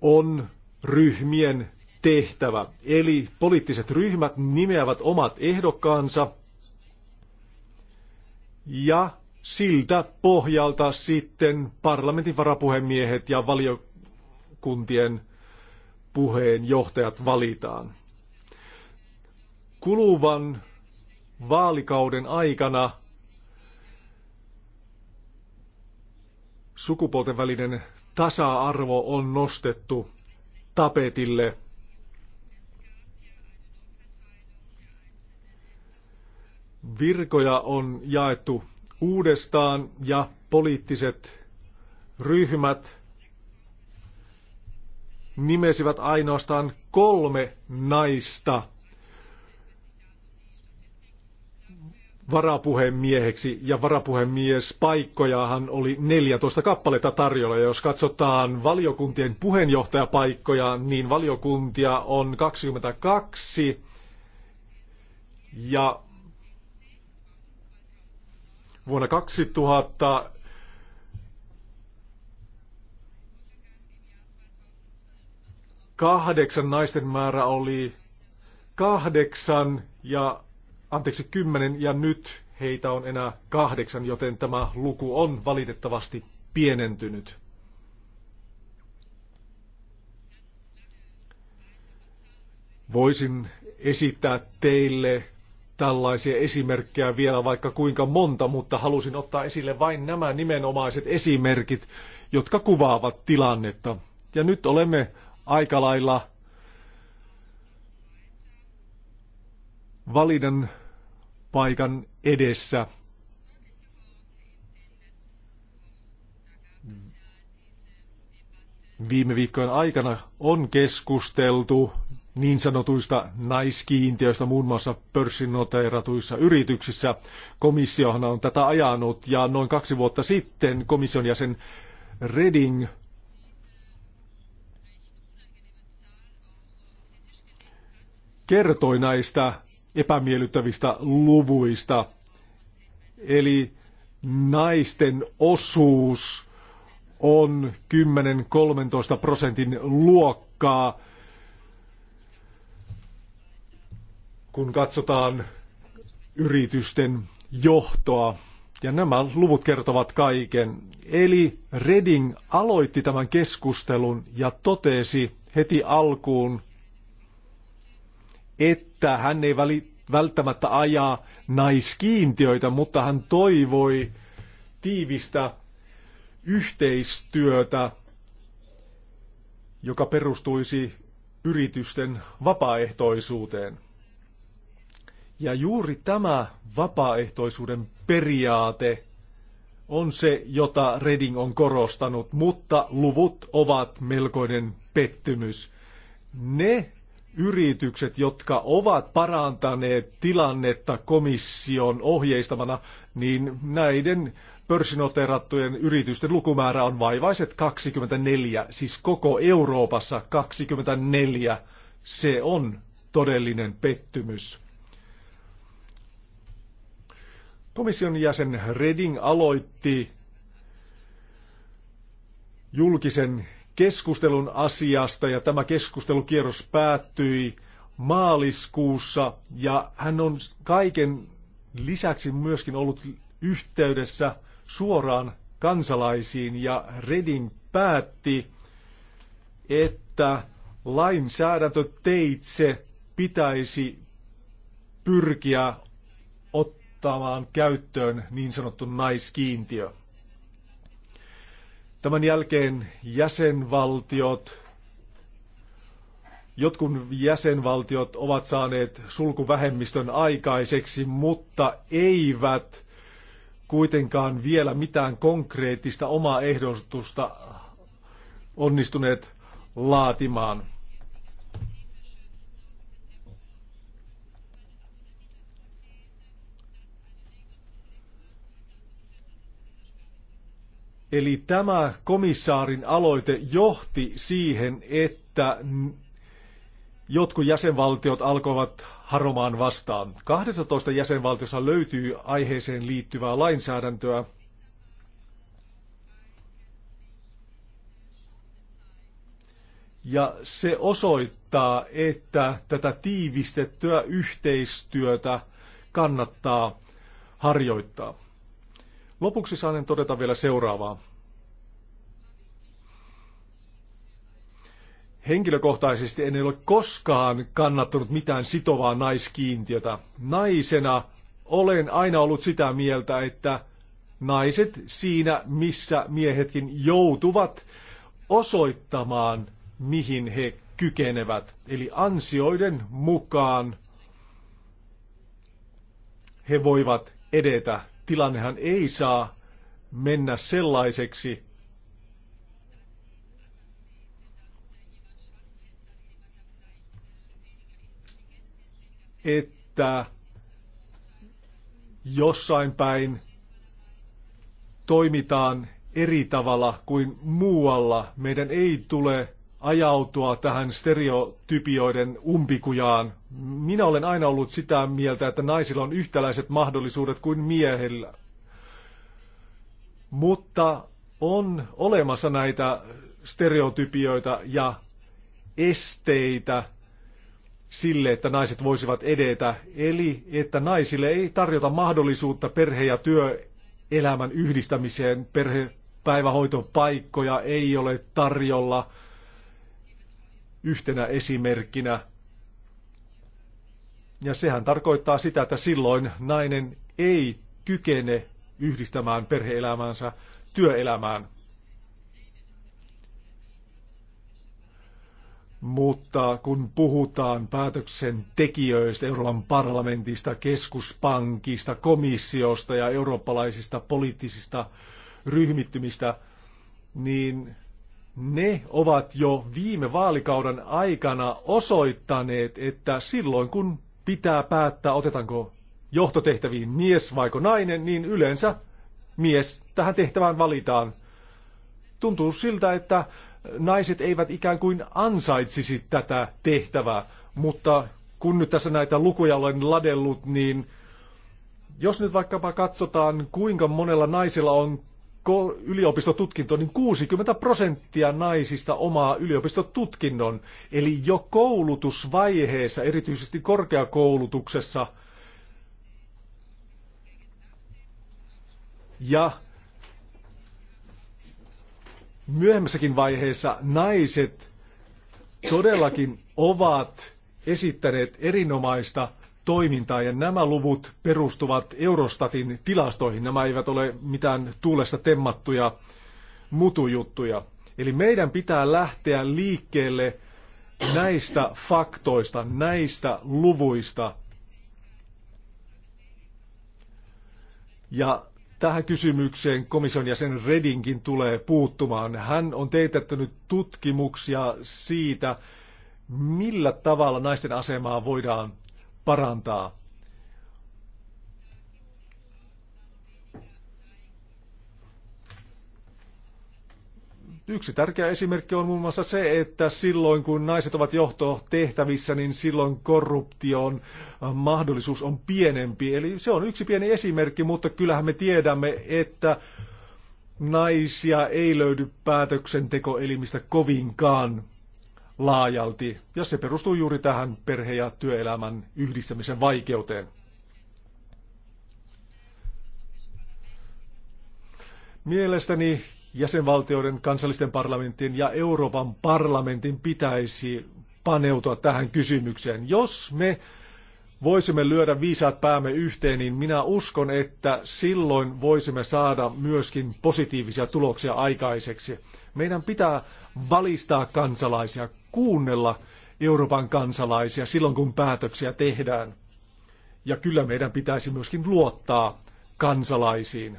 on ryhmien tehtävä. Eli poliittiset ryhmät nimeävät omat ehdokkaansa ja siltä pohjalta sitten parlamentin varapuhemiehet ja valiokuntien puheenjohtajat valitaan. Kuluvan vaalikauden aikana sukupuolten välinen tasa-arvo on nostettu tapetille. Virkoja on jaettu uudestaan ja poliittiset ryhmät nimesivät ainoastaan kolme naista varapuhemieheksi ja paikkojahan oli 14 kappaletta tarjolla. Jos katsotaan valiokuntien puheenjohtajapaikkoja, niin valiokuntia on 22 ja Vuonna 2000 kahdeksan naisten määrä oli kahdeksan ja anteeksi kymmenen ja nyt heitä on enää kahdeksan, joten tämä luku on valitettavasti pienentynyt. Voisin esittää teille tällaisia esimerkkejä vielä vaikka kuinka monta, mutta halusin ottaa esille vain nämä nimenomaiset esimerkit, jotka kuvaavat tilannetta. Ja nyt olemme aika lailla valinnan paikan edessä. Viime viikkojen aikana on keskusteltu niin sanotuista naiskiintiöistä muun muassa pörssinoteeratuissa yrityksissä. Komissiohan on tätä ajanut ja noin kaksi vuotta sitten komission jäsen Reding kertoi näistä epämiellyttävistä luvuista. Eli naisten osuus on 10-13 prosentin luokkaa – kun katsotaan yritysten johtoa. Ja nämä luvut kertovat kaiken. Eli Reding aloitti tämän keskustelun ja totesi heti alkuun, että hän ei väli, välttämättä ajaa naiskiintiöitä, mutta hän toivoi tiivistä yhteistyötä, joka perustuisi yritysten vapaaehtoisuuteen. Ja juuri tämä vapaaehtoisuuden periaate on se, jota Reding on korostanut, mutta luvut ovat melkoinen pettymys. Ne yritykset, jotka ovat parantaneet tilannetta komission ohjeistamana, niin näiden pörssinoterattujen yritysten lukumäärä on vaivaiset 24, siis koko Euroopassa 24. Se on todellinen pettymys. Komission jäsen Reding aloitti julkisen keskustelun asiasta ja tämä keskustelukierros päättyi maaliskuussa ja hän on kaiken lisäksi myöskin ollut yhteydessä suoraan kansalaisiin ja Reding päätti, että lainsäädäntöteitse pitäisi pyrkiä ottamaan käyttöön niin sanottu naiskiintiö. Tämän jälkeen jäsenvaltiot, jotkut jäsenvaltiot ovat saaneet sulkuvähemmistön aikaiseksi, mutta eivät kuitenkaan vielä mitään konkreettista omaa ehdotusta onnistuneet laatimaan. Eli tämä komissaarin aloite johti siihen, että jotkut jäsenvaltiot alkoivat haromaan vastaan. 12 jäsenvaltiossa löytyy aiheeseen liittyvää lainsäädäntöä. Ja se osoittaa, että tätä tiivistettyä yhteistyötä kannattaa harjoittaa. Lopuksi saanen todeta vielä seuraavaa. Henkilökohtaisesti en ole koskaan kannattanut mitään sitovaa naiskiintiötä. Naisena olen aina ollut sitä mieltä, että naiset siinä, missä miehetkin joutuvat osoittamaan, mihin he kykenevät. Eli ansioiden mukaan he voivat edetä tilannehan ei saa mennä sellaiseksi, että jossain päin toimitaan eri tavalla kuin muualla. Meidän ei tule ajautua tähän stereotypioiden umpikujaan. Minä olen aina ollut sitä mieltä, että naisilla on yhtäläiset mahdollisuudet kuin miehillä. Mutta on olemassa näitä stereotypioita ja esteitä sille, että naiset voisivat edetä. Eli että naisille ei tarjota mahdollisuutta perhe- ja työelämän yhdistämiseen. Perhe, päivähoitopaikkoja ei ole tarjolla yhtenä esimerkkinä. Ja sehän tarkoittaa sitä, että silloin nainen ei kykene yhdistämään perheelämäänsä työelämään. Mutta kun puhutaan päätöksentekijöistä, Euroopan parlamentista, keskuspankista, komissiosta ja eurooppalaisista poliittisista ryhmittymistä, niin ne ovat jo viime vaalikauden aikana osoittaneet, että silloin kun pitää päättää, otetaanko johtotehtäviin mies vaiko nainen, niin yleensä mies tähän tehtävään valitaan. Tuntuu siltä, että naiset eivät ikään kuin ansaitsisi tätä tehtävää, mutta kun nyt tässä näitä lukuja olen ladellut, niin jos nyt vaikkapa katsotaan, kuinka monella naisella on yliopistotutkinto, niin 60 prosenttia naisista omaa yliopistotutkinnon. Eli jo koulutusvaiheessa, erityisesti korkeakoulutuksessa, ja myöhemmässäkin vaiheessa naiset todellakin ovat esittäneet erinomaista toimintaa ja nämä luvut perustuvat Eurostatin tilastoihin. Nämä eivät ole mitään tuulesta temmattuja mutujuttuja. Eli meidän pitää lähteä liikkeelle näistä faktoista, näistä luvuista. Ja tähän kysymykseen komission jäsen Redinkin tulee puuttumaan. Hän on teetettänyt tutkimuksia siitä, millä tavalla naisten asemaa voidaan parantaa. Yksi tärkeä esimerkki on muun mm. muassa se, että silloin kun naiset ovat tehtävissä, niin silloin korruption äh, mahdollisuus on pienempi. Eli se on yksi pieni esimerkki, mutta kyllähän me tiedämme, että naisia ei löydy päätöksentekoelimistä kovinkaan laajalti, ja se perustuu juuri tähän perhe- ja työelämän yhdistämisen vaikeuteen. Mielestäni jäsenvaltioiden, kansallisten parlamenttien ja Euroopan parlamentin pitäisi paneutua tähän kysymykseen. Jos me voisimme lyödä viisaat päämme yhteen, niin minä uskon, että silloin voisimme saada myöskin positiivisia tuloksia aikaiseksi. Meidän pitää valistaa kansalaisia, kuunnella Euroopan kansalaisia silloin, kun päätöksiä tehdään. Ja kyllä meidän pitäisi myöskin luottaa kansalaisiin.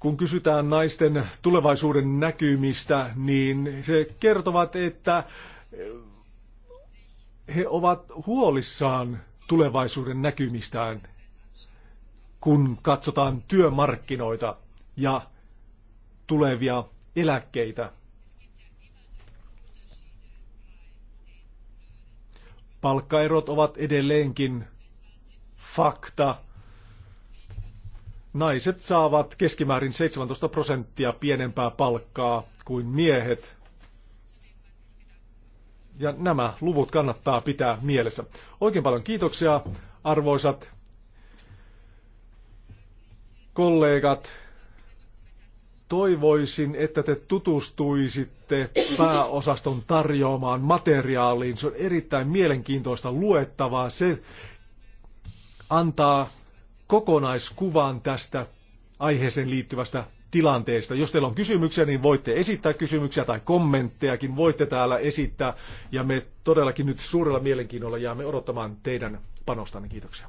kun kysytään naisten tulevaisuuden näkymistä, niin se kertovat, että eh, he ovat huolissaan tulevaisuuden näkymistään, kun katsotaan työmarkkinoita ja tulevia eläkkeitä. Palkkaerot ovat edelleenkin fakta naiset saavat keskimäärin 17 prosenttia pienempää palkkaa kuin miehet. Ja nämä luvut kannattaa pitää mielessä. Oikein paljon kiitoksia, arvoisat kollegat. Toivoisin, että te tutustuisitte pääosaston tarjoamaan materiaaliin. Se on erittäin mielenkiintoista luettavaa. Se antaa kokonaiskuvan tästä aiheeseen liittyvästä tilanteesta. Jos teillä on kysymyksiä, niin voitte esittää kysymyksiä tai kommenttejakin voitte täällä esittää. Ja me todellakin nyt suurella mielenkiinnolla jäämme odottamaan teidän panostanne. Kiitoksia.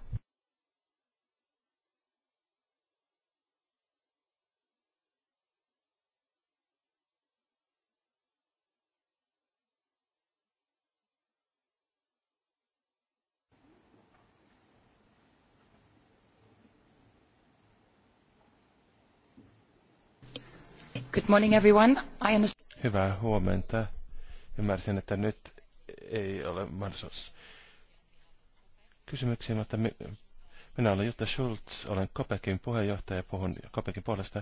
Good morning everyone. I understand. Hyvää huomenta. Ymmärsin, että nyt ei ole mahdollisuus kysymyksiä, mutta minä olen Jutta Schultz, olen Kopekin puheenjohtaja ja puhun Kopekin puolesta.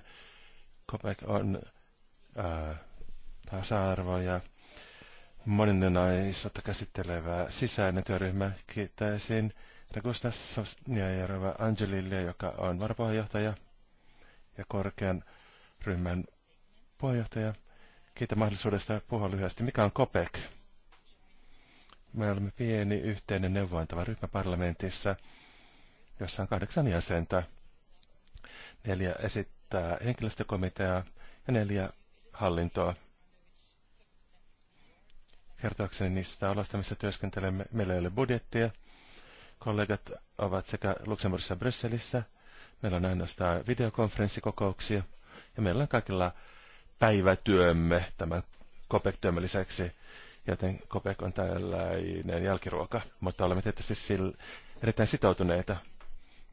Kopek on äh, tasa-arvo ja moninaisuutta käsittelevä sisäinen työryhmä. Kiittäisin Ragusta Sosniajarova Angelille, joka on varapuheenjohtaja ja korkean ryhmän puheenjohtaja. Kiitän mahdollisuudesta puhua lyhyesti. Mikä on COPEC? Me olemme pieni yhteinen neuvointava ryhmä parlamentissa, jossa on kahdeksan jäsentä. Neljä esittää henkilöstökomiteaa ja neljä hallintoa. Kertoakseni niistä olosta, missä työskentelemme, meillä ei ole budjettia. Kollegat ovat sekä Luxemburgissa ja Brysselissä. Meillä on ainoastaan videokonferenssikokouksia ja meillä on kaikilla päivätyömme, tämä COPEC-työmme lisäksi, joten Kopek on tällainen jälkiruoka, mutta olemme tietysti sillä erittäin sitoutuneita.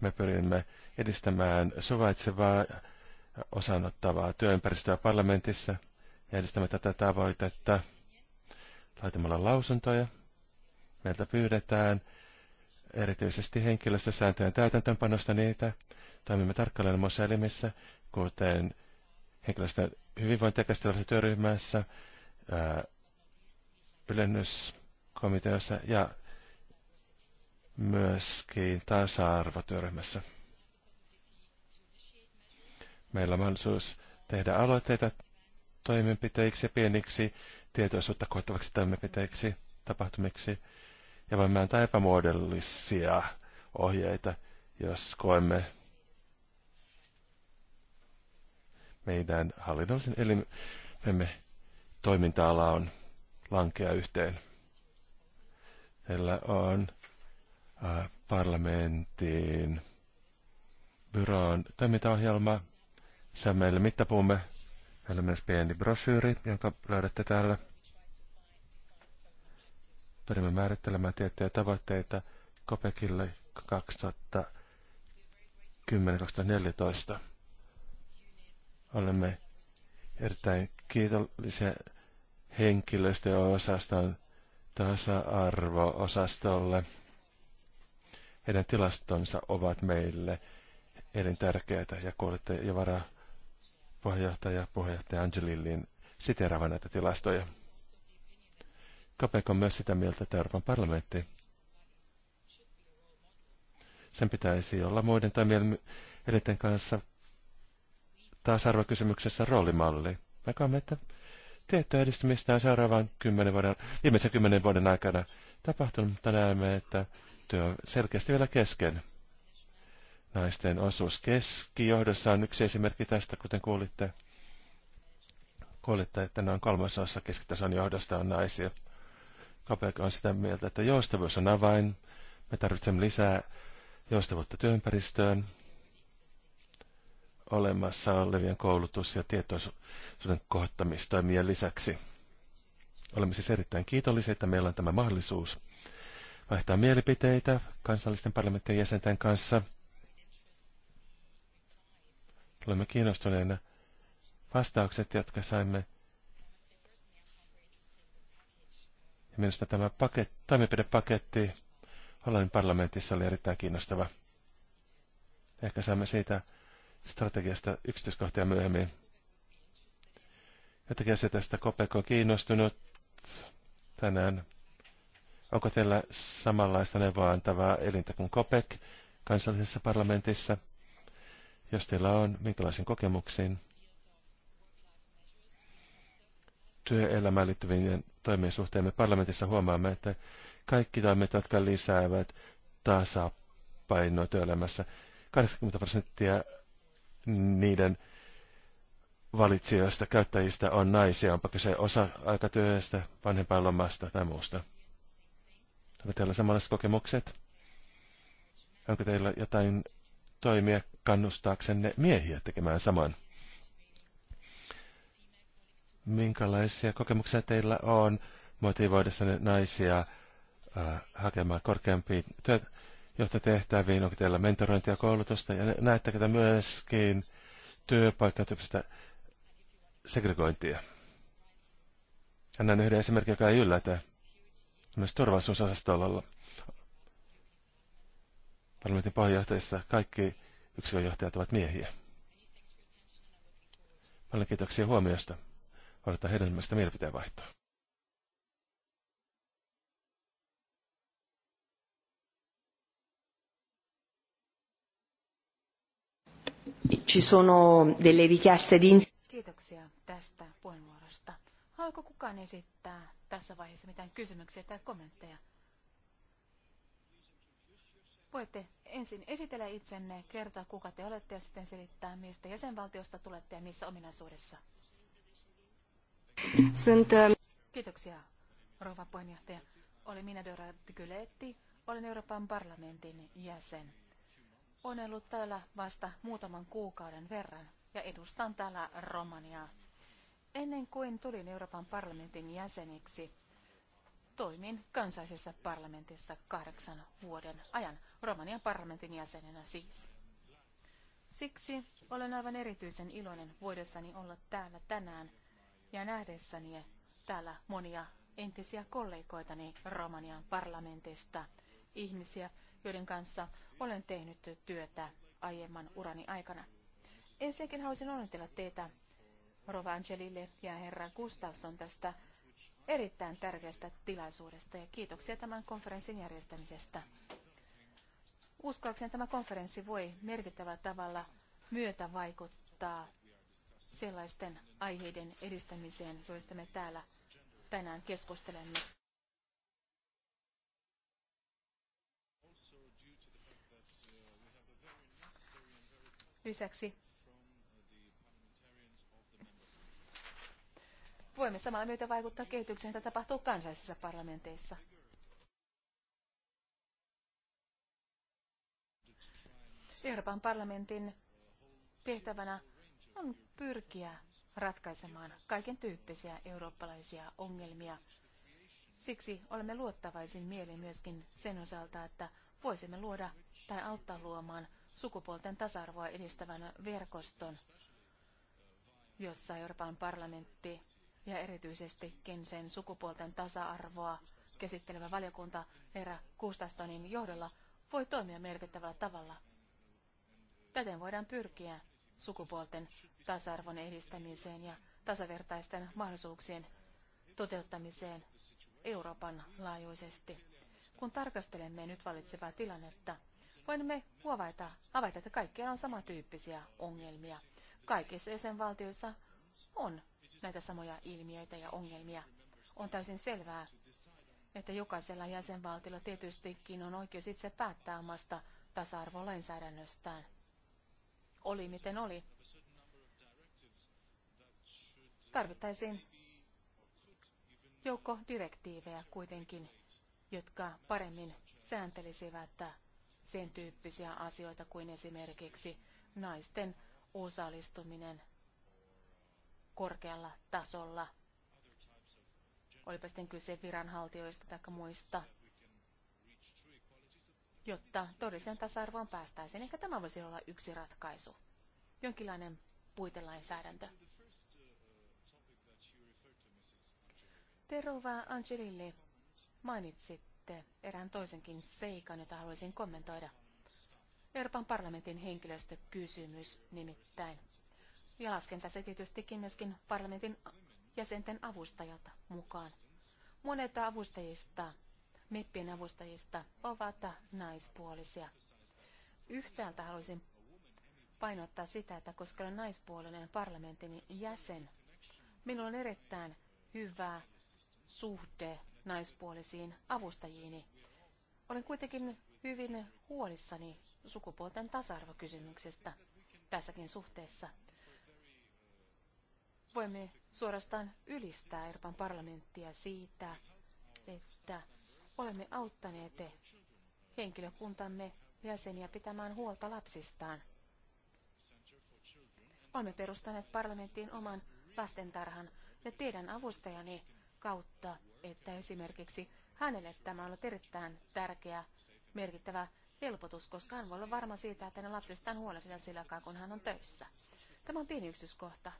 Me pyrimme edistämään suvaitsevaa osanottavaa työympäristöä parlamentissa ja edistämme tätä tavoitetta laitamalla lausuntoja. Meiltä pyydetään erityisesti henkilöstösääntöjen täytäntöönpanosta niitä. Toimimme tarkkailemassa elimissä, kuten henkilöstä hyvinvointia käsittelevässä työryhmässä, ylennyskomiteassa ja myöskin tasa-arvotyöryhmässä. Meillä on mahdollisuus tehdä aloitteita toimenpiteiksi ja pieniksi tietoisuutta koettavaksi toimenpiteiksi, tapahtumiksi. Ja voimme antaa epämuodollisia ohjeita, jos koemme meidän hallinnollisen elimemme toiminta-ala on lankea yhteen. Meillä on parlamentin byroon toimintaohjelma. Se on meille mittapuumme. Meillä on myös pieni brosyyri, jonka löydätte täällä. Pyrimme määrittelemään tiettyjä tavoitteita Kopekille 2010-2014. Olemme erittäin kiitollisia henkilöstöosaston tasa-arvo-osastolle. Heidän tilastonsa ovat meille elintärkeitä ja kuulette jo varaa puheenjohtaja, puheenjohtaja Angelillin siteeraavan näitä tilastoja. Kapeko on myös sitä mieltä, että Euroopan parlamentti sen pitäisi olla muiden toimielinten kanssa taas arvokysymyksessä roolimalli. Näkäämme, että tiettyä edistymistä on seuraavan kymmenen vuoden, viimeisen kymmenen vuoden aikana tapahtunut, mutta näemme, että työ on selkeästi vielä kesken. Naisten osuus keskijohdossa on yksi esimerkki tästä, kuten kuulitte. Kuulitte, että noin kolmasosa keskitason johdosta on naisia. Kapelka on sitä mieltä, että joustavuus on avain. Me tarvitsemme lisää joustavuutta työympäristöön, olemassa olevien koulutus- ja tietoisuuden kohottamistoimien lisäksi. Olemme siis erittäin kiitollisia, että meillä on tämä mahdollisuus vaihtaa mielipiteitä kansallisten parlamenttien jäsenten kanssa. Olemme kiinnostuneena vastaukset, jotka saimme. Ja minusta tämä paket, toimenpidepaketti Hollannin parlamentissa oli erittäin kiinnostava. Ehkä saamme siitä strategiasta yksityiskohtia myöhemmin. Jotakin se tästä Kopeko on kiinnostunut tänään. Onko teillä samanlaista neuvoa antavaa elintä kuin Kopek kansallisessa parlamentissa? Jos teillä on, minkälaisiin kokemuksiin? työelämään liittyvien toimien suhteen me parlamentissa huomaamme, että kaikki toimet, jotka lisäävät tasapainoa työelämässä, 80 prosenttia niiden valitsijoista, käyttäjistä on naisia, onpa kyse osa-aikatyöstä, vanhempainlomasta tai muusta. Onko teillä samanlaiset kokemukset? Onko teillä jotain toimia kannustaaksenne miehiä tekemään saman? Minkälaisia kokemuksia teillä on motivoidessanne naisia äh, hakemaan korkeampia työtehtäviin? Jotta onko teillä mentorointia ja koulutusta, ja näettekö te myöskin työpaikan tyyppistä segregointia? Annan yhden esimerkin, joka ei yllätä. Myös turvallisuusosastolla parlamentin puheenjohtajissa kaikki yksilöjohtajat ovat miehiä. Paljon kiitoksia huomiosta. Odotan hedelmästä mielipiteen vaihtoa. ci sono delle richieste di... Kiitoksia tästä puheenvuorosta. Haluatko kukaan esittää tässä vaiheessa mitään kysymyksiä tai kommentteja? Voitte ensin esitellä itsenne, kertoa kuka te olette ja sitten selittää, mistä jäsenvaltiosta tulette ja missä ominaisuudessa. Sunt, ähm, Kiitoksia, rouva puheenjohtaja. Olen minä Dora Gyletti, olen Euroopan parlamentin jäsen. Olen ollut täällä vasta muutaman kuukauden verran ja edustan täällä Romaniaa. Ennen kuin tulin Euroopan parlamentin jäseneksi, toimin kansallisessa parlamentissa kahdeksan vuoden ajan, Romanian parlamentin jäsenenä siis. Siksi olen aivan erityisen iloinen voidessani olla täällä tänään ja nähdessäni täällä monia entisiä kollegoitani Romanian parlamentista, ihmisiä, joiden kanssa olen tehnyt työtä aiemman urani aikana. Ensinnäkin haluaisin onnitella teitä Rova Angelille ja herra Gustafsson tästä erittäin tärkeästä tilaisuudesta ja kiitoksia tämän konferenssin järjestämisestä. Uskoakseni tämä konferenssi voi merkittävällä tavalla myötä vaikuttaa sellaisten aiheiden edistämiseen, joista me täällä tänään keskustelemme. Lisäksi voimme samalla myötä vaikuttaa kehitykseen, että tapahtuu kansallisissa parlamenteissa. Euroopan parlamentin tehtävänä on pyrkiä ratkaisemaan kaiken tyyppisiä eurooppalaisia ongelmia. Siksi olemme luottavaisin mieli myöskin sen osalta, että voisimme luoda tai auttaa luomaan sukupuolten tasa-arvoa edistävän verkoston, jossa Euroopan parlamentti ja erityisestikin sen sukupuolten tasa-arvoa käsittelevä valiokunta Herra Kustastonin johdolla voi toimia merkittävällä tavalla. Täten voidaan pyrkiä sukupuolten tasa-arvon edistämiseen ja tasavertaisten mahdollisuuksien toteuttamiseen Euroopan laajuisesti. Kun tarkastelemme nyt valitsevaa tilannetta, voimme huovaita, havaita, että kaikkialla on samantyyppisiä ongelmia. Kaikissa jäsenvaltioissa on näitä samoja ilmiöitä ja ongelmia. On täysin selvää, että jokaisella jäsenvaltiolla tietystikin on oikeus itse päättää omasta tasa-arvolainsäädännöstään. Oli miten oli. Tarvittaisiin joukko direktiivejä kuitenkin, jotka paremmin sääntelisivät sen tyyppisiä asioita kuin esimerkiksi naisten osallistuminen korkealla tasolla. Olipa sitten kyse viranhaltijoista tai muista, jotta todelliseen tasa-arvoon päästäisiin. Ehkä tämä voisi olla yksi ratkaisu, jonkinlainen puitelainsäädäntö. Terova Angelilli, mainitsit mainitsitte erään toisenkin seikan, jota haluaisin kommentoida. Euroopan parlamentin henkilöstökysymys nimittäin. Ja lasken tässä tietystikin myöskin parlamentin jäsenten avustajalta mukaan. Monet avustajista, meppien avustajista, ovat naispuolisia. Yhtäältä haluaisin painottaa sitä, että koska olen naispuolinen parlamentin jäsen, minulla on erittäin hyvä suhde naispuolisiin avustajiini. Olen kuitenkin hyvin huolissani sukupuolten tasa-arvokysymyksestä tässäkin suhteessa. Voimme suorastaan ylistää Euroopan parlamenttia siitä, että olemme auttaneet henkilökuntamme jäseniä pitämään huolta lapsistaan. Olemme perustaneet parlamenttiin oman lastentarhan ja teidän avustajani kautta, että esimerkiksi hänelle tämä on ollut erittäin tärkeä, merkittävä helpotus, koska hän voi olla varma siitä, että hänen lapsestaan huolehditaan sillä aikaa, kun hän on töissä. Tämä on pieni yksityiskohta,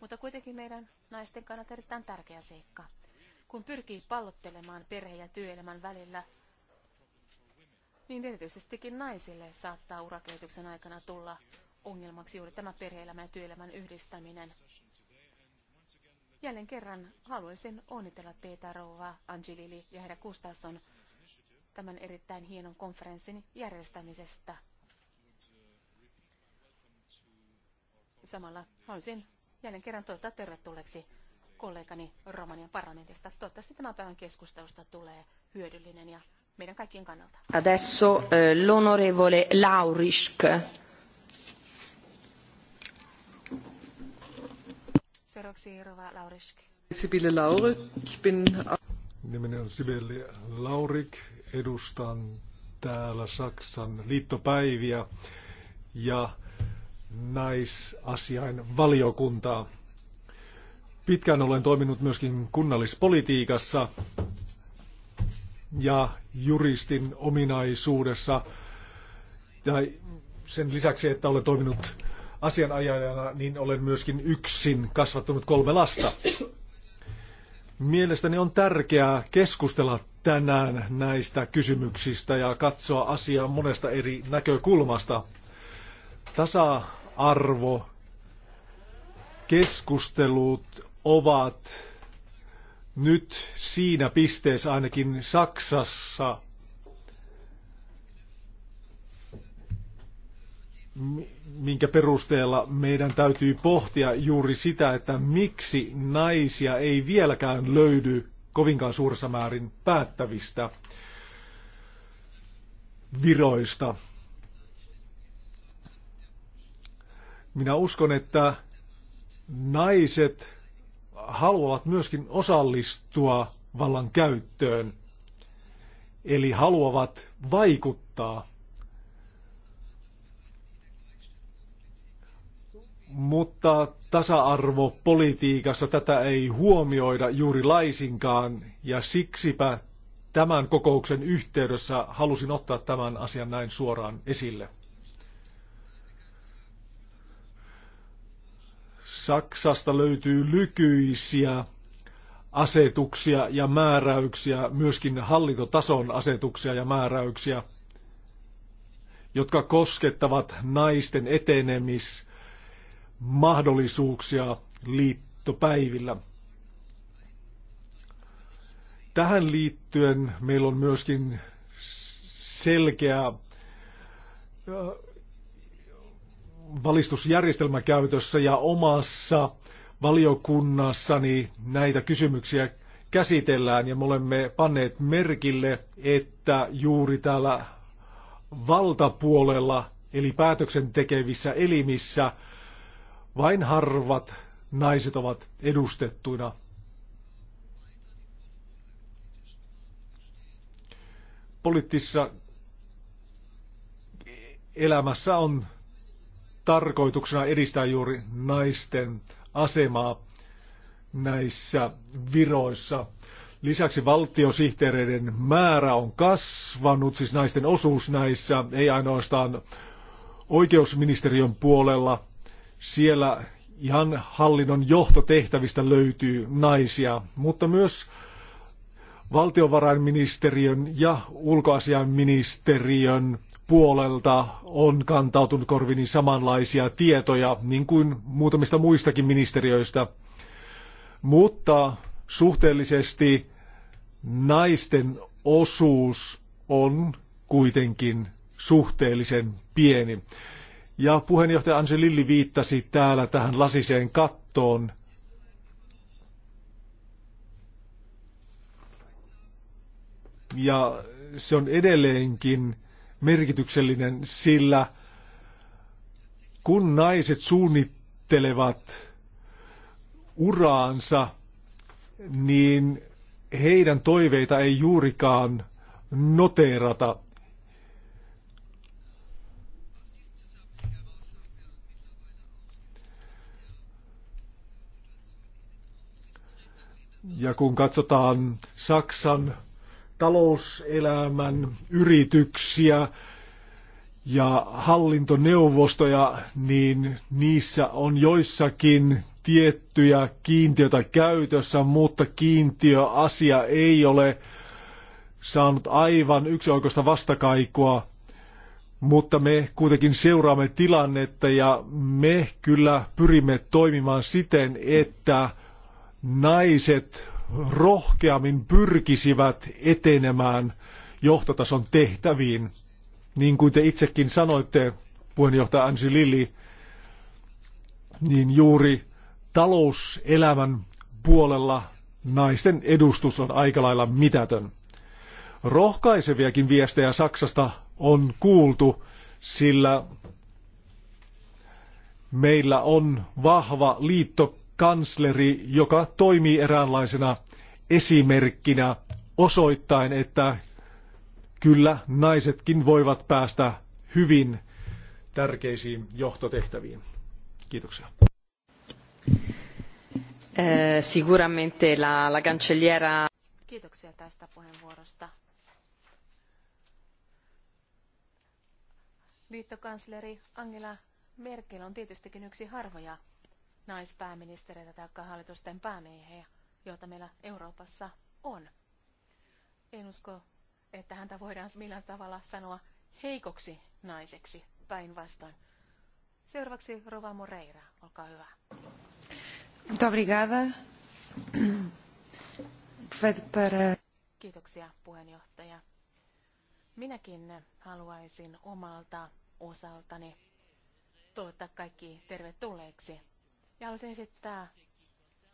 mutta kuitenkin meidän naisten kannalta erittäin tärkeä seikka. Kun pyrkii pallottelemaan perhe- ja työelämän välillä, niin erityisestikin naisille saattaa urakehityksen aikana tulla ongelmaksi juuri tämä perhe ja työelämän yhdistäminen. Jälleen kerran haluaisin onnitella teitä rouva Angelili ja herra Gustafsson tämän erittäin hienon konferenssin järjestämisestä. Samalla haluaisin jälleen kerran toivottaa tervetulleeksi kollegani Romanian parlamentista. Toivottavasti tämän päivän keskustelusta tulee hyödyllinen ja meidän kaikkien kannalta. Adesso eh, l'onorevole Laurisk. Sibille Laurik. Bin... Nimeni on Sibille Laurik. Edustan täällä Saksan liittopäiviä ja naisasiain valiokuntaa. Pitkään olen toiminut myöskin kunnallispolitiikassa ja juristin ominaisuudessa. Ja sen lisäksi, että olen toiminut asianajajana, niin olen myöskin yksin kasvattanut kolme lasta. Mielestäni on tärkeää keskustella tänään näistä kysymyksistä ja katsoa asiaa monesta eri näkökulmasta. Tasa-arvo, keskustelut ovat nyt siinä pisteessä ainakin Saksassa, minkä perusteella meidän täytyy pohtia juuri sitä, että miksi naisia ei vieläkään löydy kovinkaan suuressa määrin päättävistä viroista. Minä uskon, että naiset haluavat myöskin osallistua vallan käyttöön, eli haluavat vaikuttaa mutta tasa-arvopolitiikassa tätä ei huomioida juuri laisinkaan ja siksipä tämän kokouksen yhteydessä halusin ottaa tämän asian näin suoraan esille. Saksasta löytyy lykyisiä asetuksia ja määräyksiä, myöskin hallintotason asetuksia ja määräyksiä, jotka koskettavat naisten etenemis- mahdollisuuksia liittopäivillä. Tähän liittyen meillä on myöskin selkeä valistusjärjestelmä käytössä ja omassa valiokunnassani näitä kysymyksiä käsitellään ja me olemme panneet merkille, että juuri täällä valtapuolella eli päätöksentekevissä elimissä vain harvat naiset ovat edustettuina. Poliittisessa elämässä on tarkoituksena edistää juuri naisten asemaa näissä viroissa. Lisäksi valtiosihteereiden määrä on kasvanut, siis naisten osuus näissä, ei ainoastaan oikeusministeriön puolella, siellä ihan hallinnon johtotehtävistä löytyy naisia, mutta myös valtiovarainministeriön ja ulkoasiainministeriön puolelta on kantautunut korvini samanlaisia tietoja, niin kuin muutamista muistakin ministeriöistä. Mutta suhteellisesti naisten osuus on kuitenkin suhteellisen pieni. Ja puheenjohtaja Lilli viittasi täällä tähän lasiseen kattoon. Ja se on edelleenkin merkityksellinen, sillä kun naiset suunnittelevat uraansa, niin heidän toiveita ei juurikaan noteerata. Ja kun katsotaan Saksan talouselämän yrityksiä ja hallintoneuvostoja, niin niissä on joissakin tiettyjä kiintiötä käytössä, mutta kiintiöasia ei ole saanut aivan yksioikoista vastakaikua, mutta me kuitenkin seuraamme tilannetta ja me kyllä pyrimme toimimaan siten, että naiset rohkeammin pyrkisivät etenemään johtotason tehtäviin. Niin kuin te itsekin sanoitte, puheenjohtaja Ansi Lilli, niin juuri talouselämän puolella naisten edustus on aika lailla mitätön. Rohkaiseviakin viestejä Saksasta on kuultu, sillä meillä on vahva liitto kansleri, joka toimii eräänlaisena esimerkkinä osoittain, että kyllä naisetkin voivat päästä hyvin tärkeisiin johtotehtäviin. Kiitoksia. Eh, la, la cancelliera... Kiitoksia tästä puheenvuorosta. Liittokansleri Angela Merkel on tietystikin yksi harvoja naispääministereitä tai hallitusten päämiehiä, joita meillä Euroopassa on. En usko, että häntä voidaan millään tavalla sanoa heikoksi naiseksi päinvastoin. Seuraavaksi Rova Moreira, olkaa hyvä. Kiitoksia puheenjohtaja. Minäkin haluaisin omalta osaltani toivottaa kaikki tervetulleeksi ja haluaisin esittää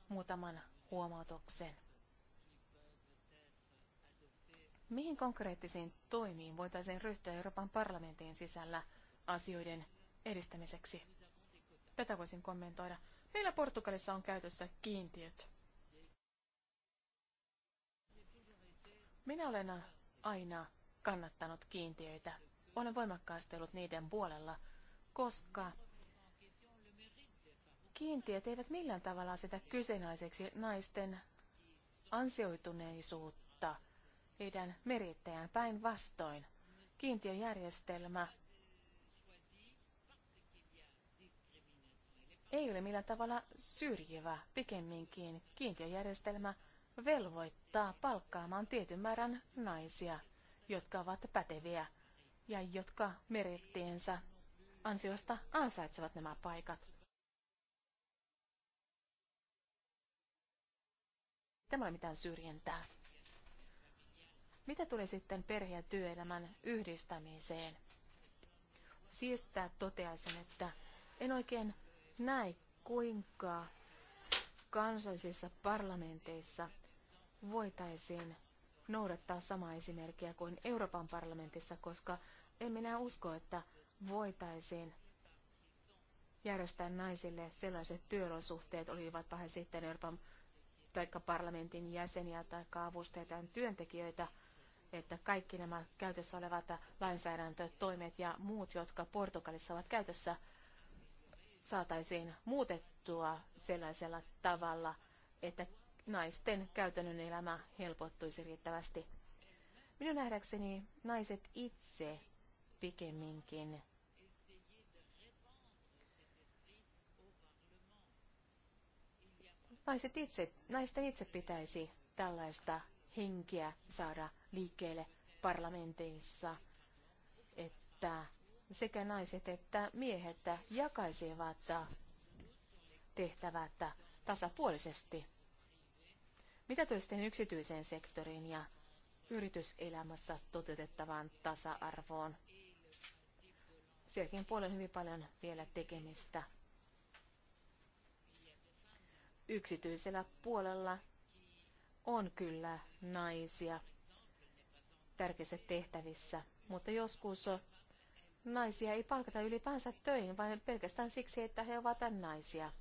muutaman huomautuksen. Mihin konkreettisiin toimiin voitaisiin ryhtyä Euroopan parlamentin sisällä asioiden edistämiseksi? Tätä voisin kommentoida. Meillä Portugalissa on käytössä kiintiöt. Minä olen aina kannattanut kiintiöitä. Olen voimakkaasti ollut niiden puolella, koska Kiintiöt eivät millään tavalla sitä kyseenalaiseksi naisten ansioituneisuutta, heidän merittäjään päinvastoin. Kiintiöjärjestelmä ei ole millään tavalla syrjivä, pikemminkin kiintiöjärjestelmä velvoittaa palkkaamaan tietyn määrän naisia, jotka ovat päteviä ja jotka merittiensä ansiosta ansaitsevat nämä paikat. Tämä ei ole mitään syrjintää. Mitä tulee sitten perhe- ja työelämän yhdistämiseen? Siirtää toteaisin, että en oikein näe, kuinka kansallisissa parlamenteissa voitaisiin noudattaa samaa esimerkkiä kuin Euroopan parlamentissa, koska en minä usko, että voitaisiin järjestää naisille sellaiset työolosuhteet, olivatpa he sitten Euroopan tai parlamentin jäseniä tai avustajia tai työntekijöitä, että kaikki nämä käytössä olevat lainsäädäntötoimet ja muut, jotka Portugalissa ovat käytössä, saataisiin muutettua sellaisella tavalla, että naisten käytännön elämä helpottuisi riittävästi. Minun nähdäkseni naiset itse pikemminkin Naiset itse, naisten itse pitäisi tällaista henkeä saada liikkeelle parlamenteissa, että sekä naiset että miehet jakaisivat tehtävät tasapuolisesti. Mitä tulee sitten yksityiseen sektoriin ja yrityselämässä toteutettavaan tasa-arvoon? Sielläkin puolella hyvin paljon vielä tekemistä yksityisellä puolella on kyllä naisia tärkeissä tehtävissä, mutta joskus naisia ei palkata ylipäänsä töihin, vaan pelkästään siksi, että he ovat naisia.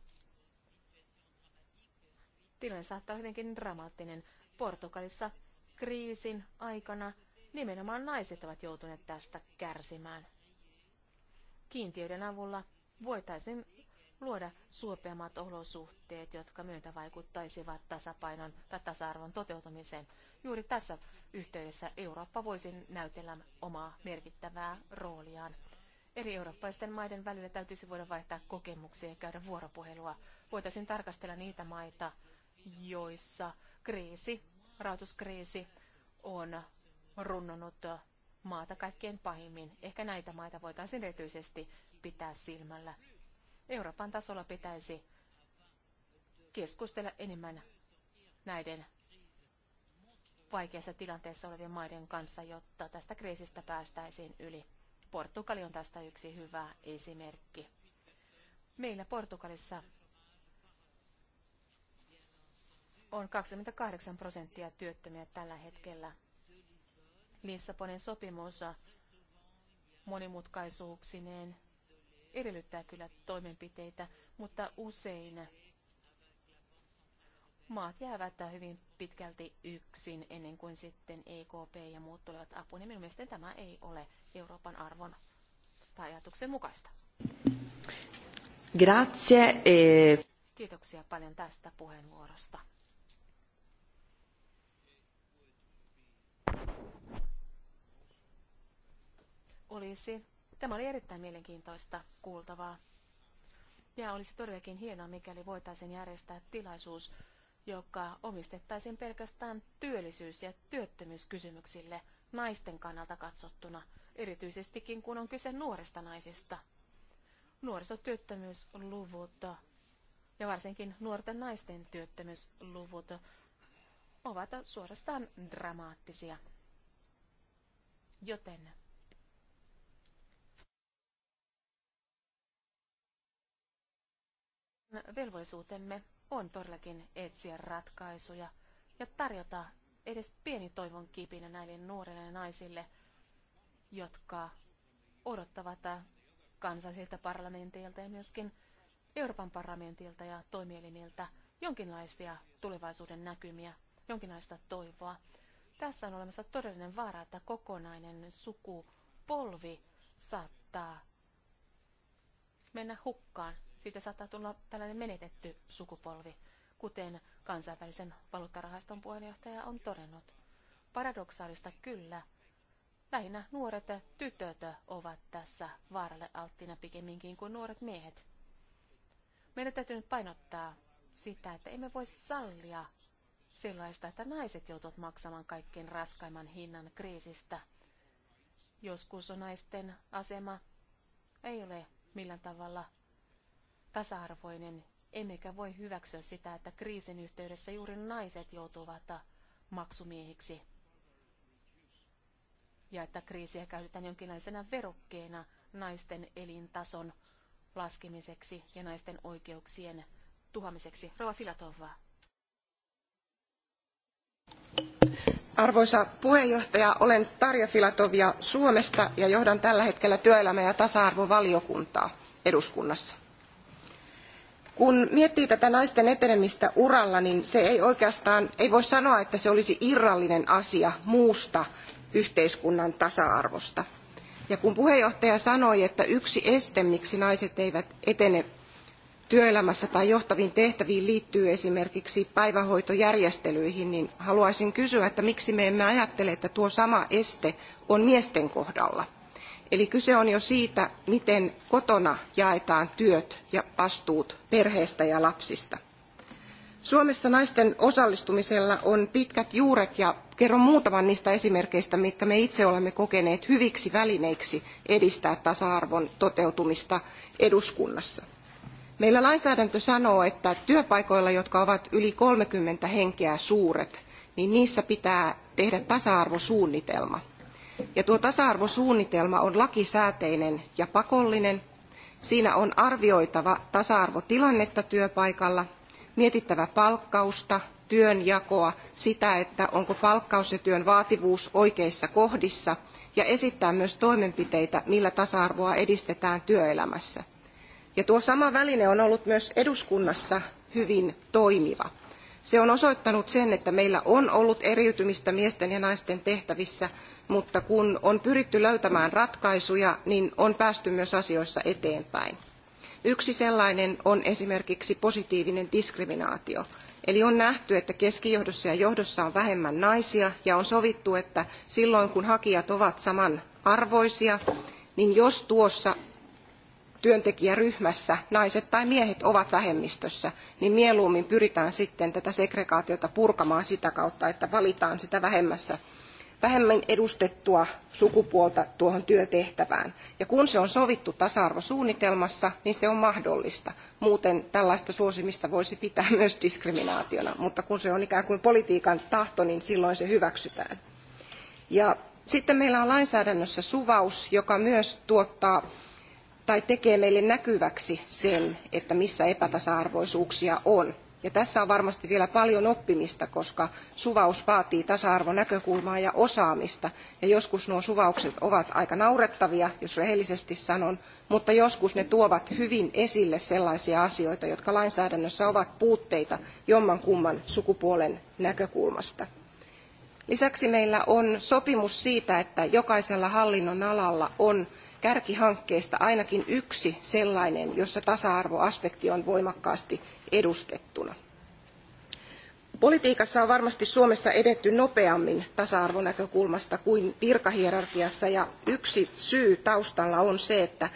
Tilanne saattaa olla hyvinkin dramaattinen. Portugalissa kriisin aikana nimenomaan naiset ovat joutuneet tästä kärsimään. Kiintiöiden avulla voitaisiin luoda suopeammat olosuhteet, jotka myötävaikuttaisivat tasapainon tai tasa-arvon toteutumiseen. Juuri tässä yhteydessä Eurooppa voisi näytellä omaa merkittävää rooliaan. Eri eurooppaisten maiden välillä täytyisi voida vaihtaa kokemuksia ja käydä vuoropuhelua. Voitaisiin tarkastella niitä maita, joissa kriisi, rahoituskriisi on runnonut maata kaikkein pahimmin. Ehkä näitä maita voitaisiin erityisesti pitää silmällä Euroopan tasolla pitäisi keskustella enemmän näiden vaikeassa tilanteessa olevien maiden kanssa, jotta tästä kriisistä päästäisiin yli. Portugali on tästä yksi hyvä esimerkki. Meillä Portugalissa on 28 prosenttia työttömiä tällä hetkellä. Lissabonin sopimus monimutkaisuuksineen edellyttää kyllä toimenpiteitä, mutta usein maat jäävät hyvin pitkälti yksin ennen kuin sitten EKP ja muut tulevat apuun. Ja minun mielestäni tämä ei ole Euroopan arvon tai ajatuksen mukaista. Grazie. E- Kiitoksia paljon tästä puheenvuorosta. Olisi Tämä oli erittäin mielenkiintoista kuultavaa. Ja olisi todellakin hienoa, mikäli voitaisiin järjestää tilaisuus, joka omistettaisiin pelkästään työllisyys- ja työttömyyskysymyksille naisten kannalta katsottuna, erityisestikin kun on kyse nuorista naisista. Nuorisotyöttömyysluvut ja varsinkin nuorten naisten työttömyysluvut ovat suorastaan dramaattisia. Joten velvollisuutemme on todellakin etsiä ratkaisuja ja tarjota edes pieni toivon kipinä näille nuorille naisille, jotka odottavat kansallisilta parlamenteilta ja myöskin Euroopan parlamentilta ja toimielimiltä jonkinlaisia tulevaisuuden näkymiä, jonkinlaista toivoa. Tässä on olemassa todellinen vaara, että kokonainen sukupolvi saattaa mennä hukkaan siitä saattaa tulla tällainen menetetty sukupolvi, kuten kansainvälisen valuuttarahaston puheenjohtaja on todennut. Paradoksaalista kyllä. Lähinnä nuoret tytöt ovat tässä vaaralle alttiina pikemminkin kuin nuoret miehet. Meidän täytyy nyt painottaa sitä, että emme voi sallia sellaista, että naiset joutuvat maksamaan kaikkein raskaimman hinnan kriisistä. Joskus on naisten asema ei ole millään tavalla tasa-arvoinen, emmekä voi hyväksyä sitä, että kriisin yhteydessä juuri naiset joutuvat maksumiehiksi. Ja että kriisiä käytetään jonkinlaisena verokkeena naisten elintason laskemiseksi ja naisten oikeuksien tuhamiseksi. Rova Filatova. Arvoisa puheenjohtaja, olen Tarja Filatovia Suomesta ja johdan tällä hetkellä työelämä- ja tasa-arvovaliokuntaa eduskunnassa kun miettii tätä naisten etenemistä uralla, niin se ei oikeastaan, ei voi sanoa, että se olisi irrallinen asia muusta yhteiskunnan tasa-arvosta. Ja kun puheenjohtaja sanoi, että yksi este, miksi naiset eivät etene työelämässä tai johtaviin tehtäviin liittyy esimerkiksi päivähoitojärjestelyihin, niin haluaisin kysyä, että miksi me emme ajattele, että tuo sama este on miesten kohdalla. Eli kyse on jo siitä, miten kotona jaetaan työt ja vastuut perheestä ja lapsista. Suomessa naisten osallistumisella on pitkät juuret ja kerron muutaman niistä esimerkeistä, mitkä me itse olemme kokeneet hyviksi välineiksi edistää tasa-arvon toteutumista eduskunnassa. Meillä lainsäädäntö sanoo, että työpaikoilla, jotka ovat yli 30 henkeä suuret, niin niissä pitää tehdä tasa-arvosuunnitelma ja tuo tasa-arvosuunnitelma on lakisääteinen ja pakollinen. Siinä on arvioitava tasa-arvotilannetta työpaikalla, mietittävä palkkausta, työnjakoa, sitä, että onko palkkaus ja työn vaativuus oikeissa kohdissa ja esittää myös toimenpiteitä, millä tasa-arvoa edistetään työelämässä. Ja tuo sama väline on ollut myös eduskunnassa hyvin toimiva. Se on osoittanut sen, että meillä on ollut eriytymistä miesten ja naisten tehtävissä, mutta kun on pyritty löytämään ratkaisuja, niin on päästy myös asioissa eteenpäin. Yksi sellainen on esimerkiksi positiivinen diskriminaatio. Eli on nähty, että keskijohdossa ja johdossa on vähemmän naisia ja on sovittu, että silloin kun hakijat ovat samanarvoisia, niin jos tuossa työntekijäryhmässä naiset tai miehet ovat vähemmistössä, niin mieluummin pyritään sitten tätä segregaatiota purkamaan sitä kautta, että valitaan sitä vähemmässä vähemmän edustettua sukupuolta tuohon työtehtävään. Ja kun se on sovittu tasa-arvosuunnitelmassa, niin se on mahdollista. Muuten tällaista suosimista voisi pitää myös diskriminaationa, mutta kun se on ikään kuin politiikan tahto, niin silloin se hyväksytään. Ja sitten meillä on lainsäädännössä suvaus, joka myös tuottaa tai tekee meille näkyväksi sen, että missä epätasa-arvoisuuksia on ja tässä on varmasti vielä paljon oppimista, koska suvaus vaatii tasa-arvonäkökulmaa ja osaamista. Ja joskus nuo suvaukset ovat aika naurettavia, jos rehellisesti sanon, mutta joskus ne tuovat hyvin esille sellaisia asioita, jotka lainsäädännössä ovat puutteita jommankumman sukupuolen näkökulmasta. Lisäksi meillä on sopimus siitä, että jokaisella hallinnon alalla on kärkihankkeista ainakin yksi sellainen, jossa tasa-arvoaspekti on voimakkaasti edustettuna. Politiikassa on varmasti Suomessa edetty nopeammin tasa-arvonäkökulmasta kuin virkahierarkiassa ja yksi syy taustalla on se, että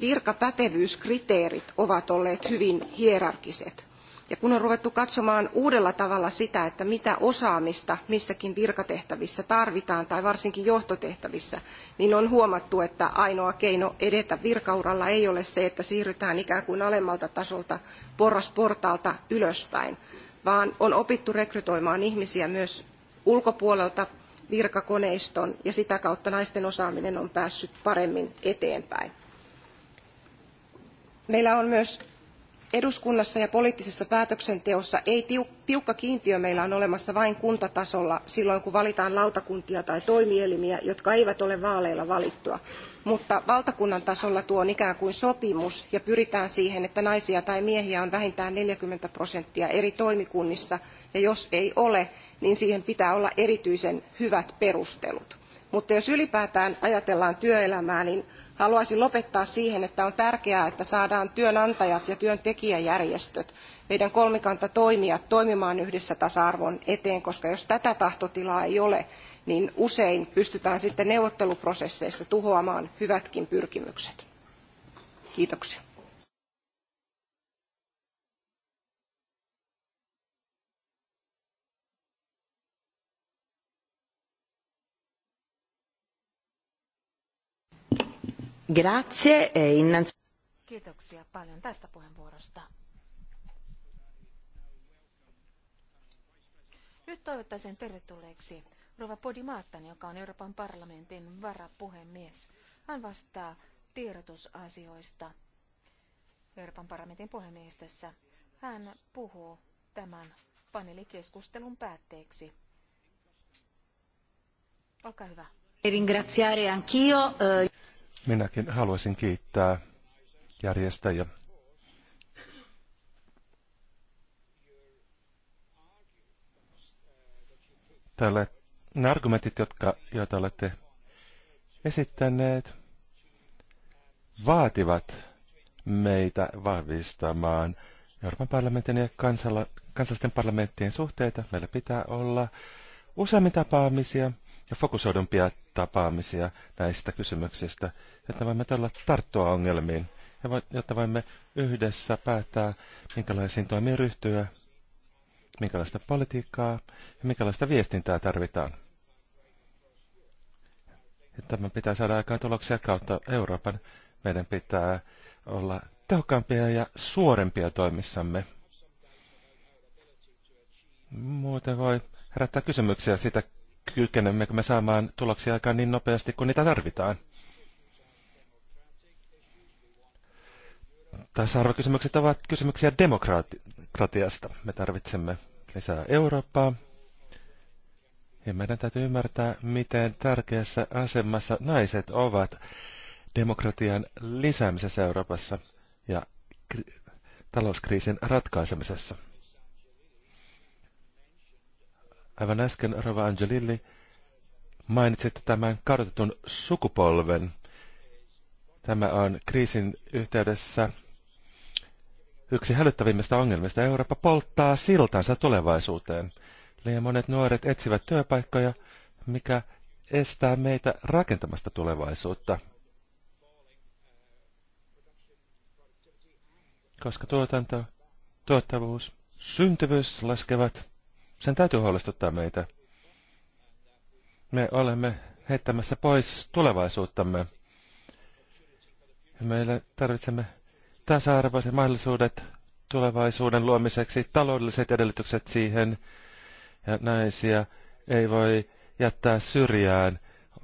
virkapätevyyskriteerit ovat olleet hyvin hierarkiset. Ja kun on ruvettu katsomaan uudella tavalla sitä, että mitä osaamista missäkin virkatehtävissä tarvitaan tai varsinkin johtotehtävissä, niin on huomattu, että ainoa keino edetä virkauralla ei ole se, että siirrytään ikään kuin alemmalta tasolta porrasportaalta ylöspäin, vaan on opittu rekrytoimaan ihmisiä myös ulkopuolelta virkakoneiston ja sitä kautta naisten osaaminen on päässyt paremmin eteenpäin. Meillä on myös eduskunnassa ja poliittisessa päätöksenteossa ei tiukka kiintiö meillä on olemassa vain kuntatasolla silloin kun valitaan lautakuntia tai toimielimiä jotka eivät ole vaaleilla valittuja mutta valtakunnan tasolla tuo on ikään kuin sopimus ja pyritään siihen että naisia tai miehiä on vähintään neljäkymmentä prosenttia eri toimikunnissa ja jos ei ole niin siihen pitää olla erityisen hyvät perustelut. mutta jos ylipäätään ajatellaan työelämää niin haluaisin lopettaa siihen että on tärkeää että saadaan työnantajat ja työntekijäjärjestöt meidän kolmikantatoimijat toimimaan yhdessä tasa arvon eteen koska jos tätä tahtotilaa ei ole niin usein pystytään sitten neuvotteluprosesseissa tuhoamaan hyvätkin pyrkimykset. kiitoksia. Grazie. E Kiitoksia paljon tästä puheenvuorosta. Nyt toivottaisin tervetulleeksi Rova Podimaattan, joka on Euroopan parlamentin varapuhemies. Hän vastaa tiedotusasioista Euroopan parlamentin puhemiehistössä. Hän puhuu tämän paneelikeskustelun päätteeksi. Olkaa hyvä. Ringraziare anch'io. Eh, Minäkin haluaisin kiittää järjestäjä. Tällä ne argumentit, jotka, joita olette esittäneet, vaativat meitä vahvistamaan Euroopan parlamentin ja kansala, kansallisten parlamenttien suhteita. Meillä pitää olla useammin tapaamisia ja fokusoidumpia tapaamisia näistä kysymyksistä, että voimme tällä tarttua ongelmiin ja vo, jotta voimme yhdessä päättää, minkälaisiin toimiin ryhtyä, minkälaista politiikkaa ja minkälaista viestintää tarvitaan. Tämä pitää saada aikaan tuloksia kautta Euroopan. Meidän pitää olla tehokkaampia ja suorempia toimissamme. Muuten voi herättää kysymyksiä siitä, kykenemmekö me saamaan tuloksia aikaan niin nopeasti kuin niitä tarvitaan. Tässä arvokysymykset ovat kysymyksiä demokratiasta. Me tarvitsemme lisää Eurooppaa. Ja meidän täytyy ymmärtää, miten tärkeässä asemassa naiset ovat demokratian lisäämisessä Euroopassa ja talouskriisin ratkaisemisessa. Aivan äsken Rova Angelilli mainitsitte tämän kadotetun sukupolven. Tämä on kriisin yhteydessä yksi hälyttävimmistä ongelmista. Eurooppa polttaa siltansa tulevaisuuteen. Liian monet nuoret etsivät työpaikkoja, mikä estää meitä rakentamasta tulevaisuutta. Koska tuotanto, tuottavuus, syntyvyys laskevat, sen täytyy huolestuttaa meitä. Me olemme heittämässä pois tulevaisuuttamme. Meillä tarvitsemme tasa-arvoiset mahdollisuudet tulevaisuuden luomiseksi, taloudelliset edellytykset siihen, ja naisia ei voi jättää syrjään,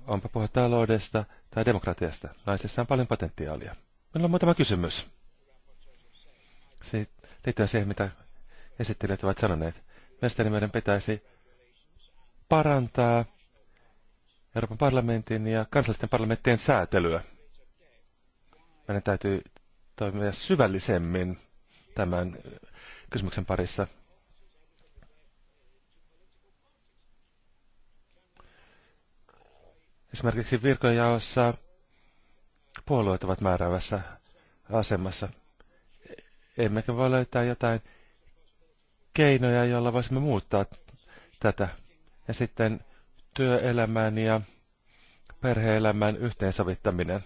onpa puhe taloudesta tai demokratiasta. Naisissa on paljon potentiaalia. Meillä on muutama kysymys. Siitä liittyen siihen, mitä esittelijät ovat sanoneet. Mielestäni meidän pitäisi parantaa Euroopan parlamentin ja kansallisten parlamenttien säätelyä. Meidän täytyy toimia syvällisemmin tämän kysymyksen parissa. Esimerkiksi virkojaossa puolueet ovat määräävässä asemassa. Emmekä voi löytää jotain keinoja, joilla voisimme muuttaa tätä. Ja sitten työelämän ja perheelämän yhteensovittaminen.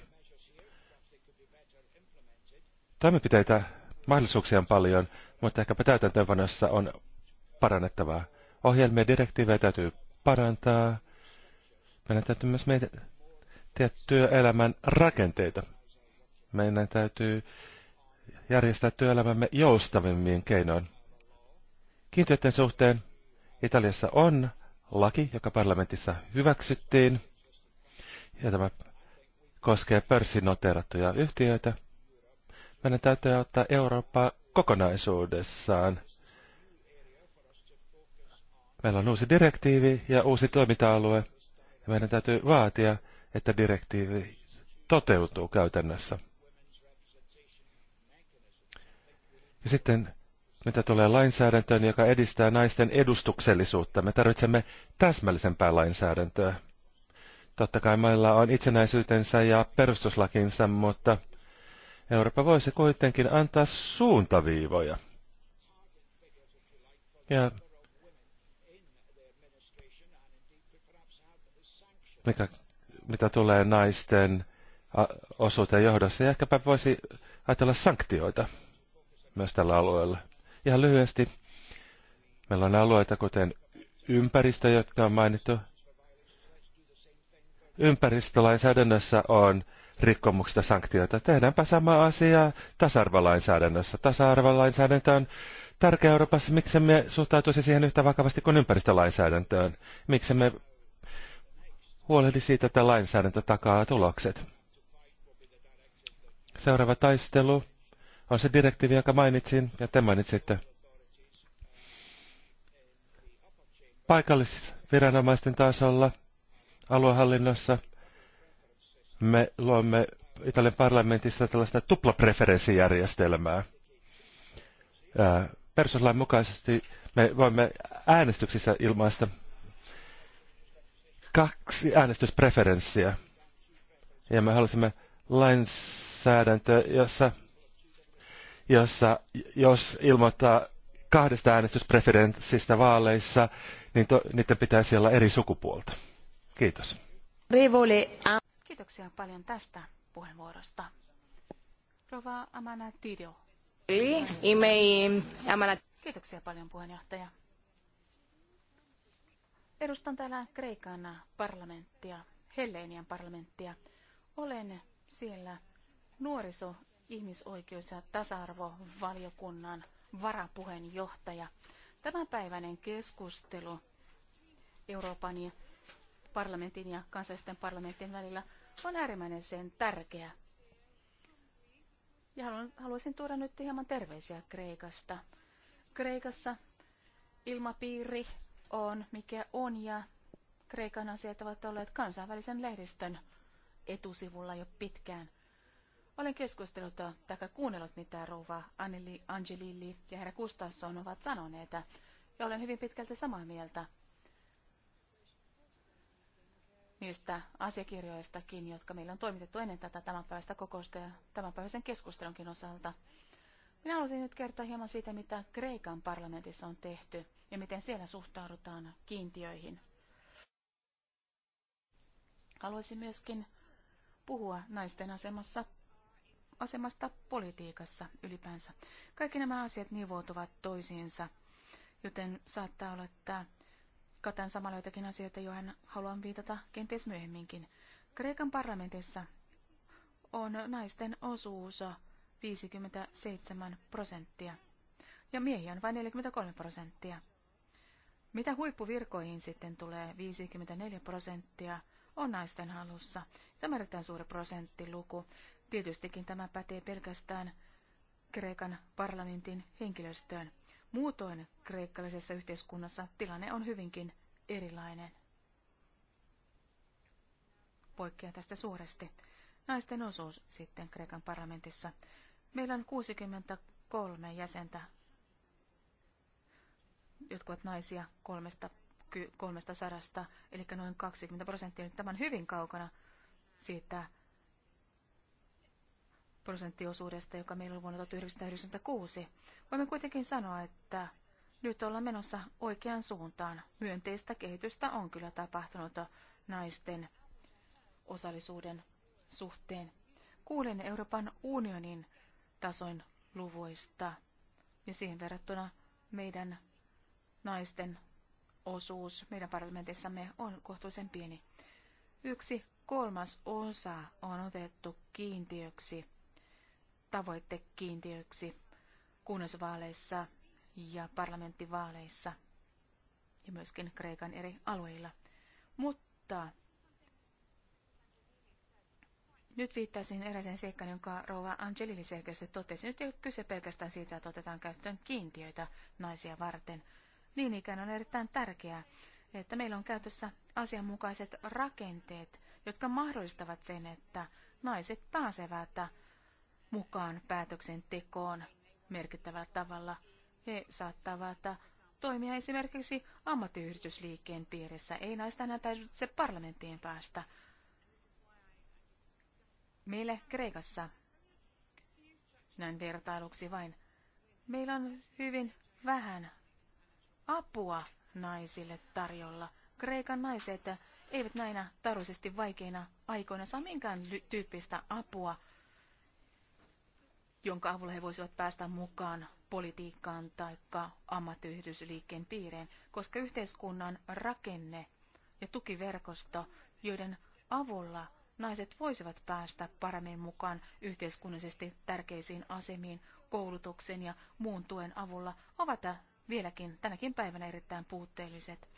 Toimenpiteitä mahdollisuuksia on paljon, mutta ehkäpä täytäntöönpanossa on parannettavaa. Ohjelmia ja direktiivejä täytyy parantaa. Meidän täytyy myös miettiä työelämän rakenteita. Meidän täytyy järjestää työelämämme joustavimmin keinoin. Kiintiöiden suhteen Italiassa on laki, joka parlamentissa hyväksyttiin, ja tämä koskee pörssinoteerattuja yhtiöitä. Meidän täytyy ottaa Eurooppaa kokonaisuudessaan. Meillä on uusi direktiivi ja uusi toiminta-alue, ja meidän täytyy vaatia, että direktiivi toteutuu käytännössä. Ja sitten mitä tulee lainsäädäntöön, joka edistää naisten edustuksellisuutta. Me tarvitsemme täsmällisempää lainsäädäntöä. Totta kai mailla on itsenäisyytensä ja perustuslakinsa, mutta Eurooppa voisi kuitenkin antaa suuntaviivoja. Ja mikä, mitä tulee naisten osuuteen johdossa, ja ehkäpä voisi ajatella sanktioita myös tällä alueella. Ihan lyhyesti. Meillä on alueita, kuten ympäristö, jotka on mainittu. Ympäristölainsäädännössä on rikkomuksista sanktioita. Tehdäänpä sama asia tasa-arvolainsäädännössä. Tasa-arvolainsäädäntö on tärkeä Euroopassa. Miksi me suhtautuisi siihen yhtä vakavasti kuin ympäristölainsäädäntöön? Miksi me huolehdi siitä, että lainsäädäntö takaa tulokset? Seuraava taistelu on se direktiivi, jonka mainitsin, ja te mainitsitte. Paikallisviranomaisten tasolla, aluehallinnossa, me luomme Italian parlamentissa tällaista tuplapreferenssijärjestelmää. Perustuslain mukaisesti me voimme äänestyksissä ilmaista kaksi äänestyspreferenssiä. Ja me halusimme lainsäädäntöä, jossa jossa jos ilmoittaa kahdesta äänestyspreferenssistä vaaleissa, niin to, niiden pitäisi olla eri sukupuolta. Kiitos. Kiitoksia paljon tästä puheenvuorosta. Rova Amana Tidio. Kiitoksia paljon puheenjohtaja. Edustan täällä Kreikan parlamenttia, Hellenian parlamenttia. Olen siellä nuoriso- ihmisoikeus- ja tasa-arvovaliokunnan varapuheenjohtaja. Tämänpäiväinen keskustelu Euroopan parlamentin ja kansallisten parlamenttien välillä on äärimmäisen tärkeä. Ja haluaisin tuoda nyt hieman terveisiä Kreikasta. Kreikassa ilmapiiri on mikä on ja Kreikan asiat ovat olleet kansainvälisen lehdistön etusivulla jo pitkään – olen keskustellut tai kuunnellut, mitä rouva Anneli Angelilli ja herra Gustafsson ovat sanoneet, ja olen hyvin pitkälti samaa mieltä niistä asiakirjoistakin, jotka meillä on toimitettu ennen tätä tämänpäiväistä kokousta ja tämänpäiväisen keskustelunkin osalta. Minä haluaisin nyt kertoa hieman siitä, mitä Kreikan parlamentissa on tehty ja miten siellä suhtaudutaan kiintiöihin. Haluaisin myöskin puhua naisten asemassa asemasta politiikassa ylipäänsä. Kaikki nämä asiat nivoutuvat toisiinsa, joten saattaa olla, että katan samalla jotakin asioita, joihin haluan viitata kenties myöhemminkin. Kreikan parlamentissa on naisten osuus 57 prosenttia ja miehiä on vain 43 prosenttia. Mitä huippuvirkoihin sitten tulee 54 prosenttia on naisten halussa. Tämä on erittäin suuri prosenttiluku. Tietystikin tämä pätee pelkästään Kreikan parlamentin henkilöstöön. Muutoin kreikkalaisessa yhteiskunnassa tilanne on hyvinkin erilainen. Poikkean tästä suuresti. Naisten osuus sitten Kreikan parlamentissa. Meillä on 63 jäsentä, jotka ovat naisia kolmesta, kolmesta sadasta, eli noin 20 prosenttia. tämä on hyvin kaukana siitä prosenttiosuudesta, joka meillä oli vuonna 1996. Voimme kuitenkin sanoa, että nyt ollaan menossa oikeaan suuntaan. Myönteistä kehitystä on kyllä tapahtunut naisten osallisuuden suhteen. Kuulin Euroopan unionin tason luvuista ja siihen verrattuna meidän naisten osuus meidän parlamentissamme on kohtuullisen pieni. Yksi kolmas osa on otettu kiintiöksi tavoitekiintiöiksi kunnallisvaaleissa ja parlamenttivaaleissa ja myöskin Kreikan eri alueilla. Mutta nyt viittaisin eräisen seikkaan, jonka rouva Angelili selkeästi totesi. Nyt ei ole kyse pelkästään siitä, että otetaan käyttöön kiintiöitä naisia varten. Niin ikään on erittäin tärkeää, että meillä on käytössä asianmukaiset rakenteet, jotka mahdollistavat sen, että naiset pääsevät mukaan päätöksentekoon merkittävällä tavalla. He saattavat toimia esimerkiksi ammattiyhdistysliikkeen piirissä. Ei naista enää tarvitse parlamenttiin päästä. Meille Kreikassa, näin vertailuksi vain, meillä on hyvin vähän apua naisille tarjolla. Kreikan naiset eivät näinä taruisesti vaikeina aikoina saa minkään tyyppistä apua jonka avulla he voisivat päästä mukaan politiikkaan tai ammattiyhdysliikkeen piiriin, koska yhteiskunnan rakenne ja tukiverkosto, joiden avulla naiset voisivat päästä paremmin mukaan yhteiskunnallisesti tärkeisiin asemiin, koulutuksen ja muun tuen avulla, ovat vieläkin tänäkin päivänä erittäin puutteelliset.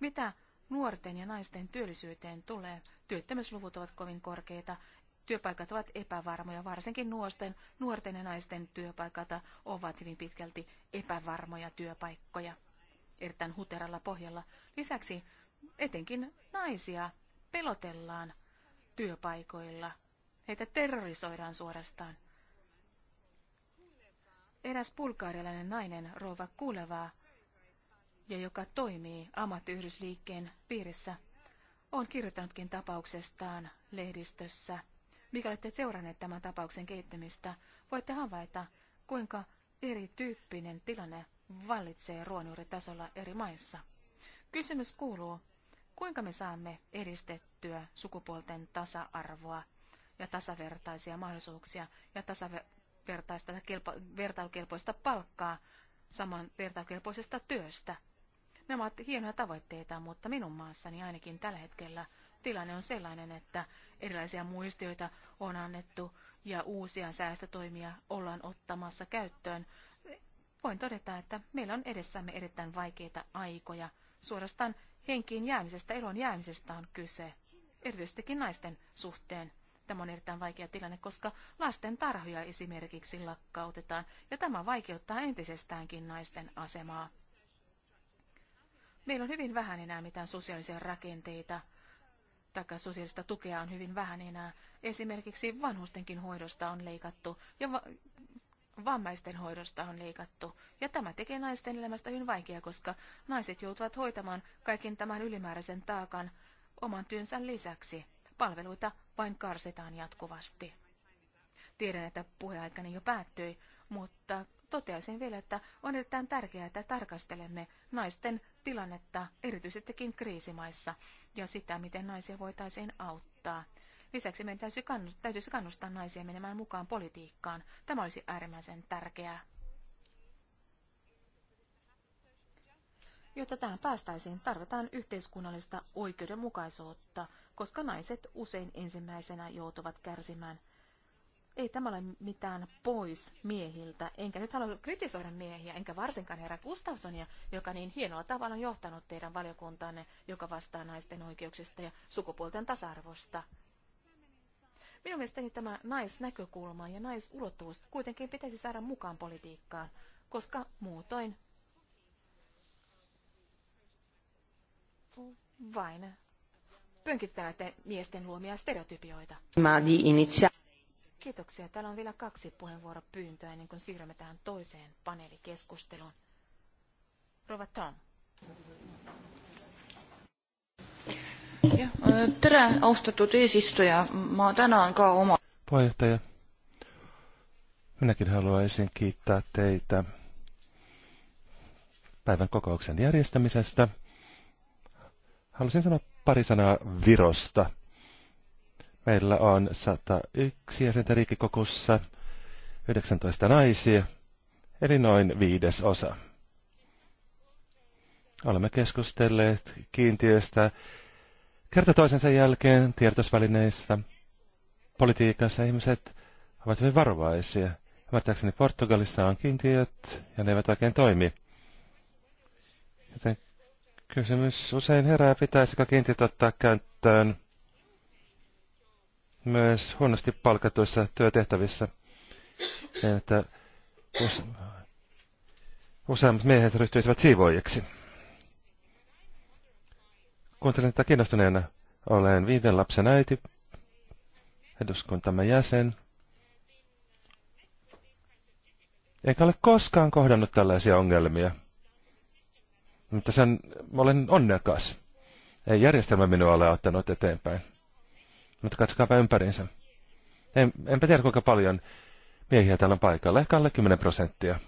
Mitä nuorten ja naisten työllisyyteen tulee, työttömyysluvut ovat kovin korkeita, työpaikat ovat epävarmoja, varsinkin nuorten, nuorten ja naisten työpaikat ovat hyvin pitkälti epävarmoja työpaikkoja erittäin huteralla pohjalla. Lisäksi etenkin naisia pelotellaan työpaikoilla. Heitä terrorisoidaan suorastaan. Eräs pulkaarilainen nainen, Rova Kulevaa, ja joka toimii ammattiyhdysliikkeen piirissä, on kirjoittanutkin tapauksestaan lehdistössä – mikä olette seuranneet tämän tapauksen kehittymistä, voitte havaita, kuinka erityyppinen tilanne vallitsee ruoanjuuritasolla eri maissa. Kysymys kuuluu, kuinka me saamme edistettyä sukupuolten tasa-arvoa ja tasavertaisia mahdollisuuksia ja tasavertaista kelpo- vertailukelpoista palkkaa saman vertailukelpoisesta työstä. Nämä ovat hienoja tavoitteita, mutta minun maassani ainakin tällä hetkellä – tilanne on sellainen, että erilaisia muistioita on annettu ja uusia säästötoimia ollaan ottamassa käyttöön. Voin todeta, että meillä on edessämme erittäin vaikeita aikoja. Suorastaan henkiin jäämisestä, elon jäämisestä on kyse, erityisestikin naisten suhteen. Tämä on erittäin vaikea tilanne, koska lasten tarhoja esimerkiksi lakkautetaan, ja tämä vaikeuttaa entisestäänkin naisten asemaa. Meillä on hyvin vähän enää mitään sosiaalisia rakenteita, tai sosiaalista tukea on hyvin vähän enää. Esimerkiksi vanhustenkin hoidosta on leikattu ja va- vammaisten hoidosta on leikattu. Ja tämä tekee naisten elämästä hyvin vaikeaa, koska naiset joutuvat hoitamaan kaiken tämän ylimääräisen taakan oman työnsä lisäksi. Palveluita vain karsitaan jatkuvasti. Tiedän, että puheaikani jo päättyi, mutta toteaisin vielä, että on erittäin tärkeää, että tarkastelemme naisten tilannetta erityisestikin kriisimaissa ja sitä, miten naisia voitaisiin auttaa. Lisäksi meidän täytyisi kannustaa, täytyisi kannustaa naisia menemään mukaan politiikkaan. Tämä olisi äärimmäisen tärkeää. Jotta tähän päästäisiin, tarvitaan yhteiskunnallista oikeudenmukaisuutta, koska naiset usein ensimmäisenä joutuvat kärsimään – ei tämä ole mitään pois miehiltä. Enkä nyt halua kritisoida miehiä, enkä varsinkaan herra Gustafsonia, joka niin hienolla tavalla on johtanut teidän valiokuntaanne, joka vastaa naisten oikeuksista ja sukupuolten tasa-arvosta. Minun mielestäni tämä naisnäkökulma ja naisulottuvuus kuitenkin pitäisi saada mukaan politiikkaan, koska muutoin vain pönkittävät miesten luomia stereotypioita. Mä di inizia. Kiitoksia. Täällä on vielä kaksi puheenvuoropyyntöä ennen kuin siirrymme tähän toiseen paneelikeskusteluun. Rova Tom. Tere, austatud eesistuja. Mä tänään ka oma... Puheenjohtaja, minäkin haluaisin kiittää teitä päivän kokouksen järjestämisestä. Haluaisin sanoa pari sanaa Virosta – Meillä on 101 jäsentä riikkikokussa, 19 naisia, eli noin viides osa. Olemme keskustelleet kiintiöstä kerta toisensa jälkeen tiedotusvälineissä. Politiikassa ihmiset ovat hyvin varovaisia. Ymmärtääkseni Portugalissa on kiintiöt ja ne eivät oikein toimi. Joten kysymys usein herää, pitäisikö kiintiöt ottaa käyttöön myös huonosti palkatuissa työtehtävissä. Niin, että useammat miehet ryhtyisivät siivoijiksi. Kuuntelin että kiinnostuneena. Olen viiden lapsen äiti, eduskuntamme jäsen. Enkä ole koskaan kohdannut tällaisia ongelmia. Mutta sen olen onnekas. Ei järjestelmä minua ole ottanut eteenpäin. Mutta katsokaapa ympärinsä. En, enpä tiedä kuinka paljon miehiä täällä on paikalla. Ehkä alle 10 prosenttia.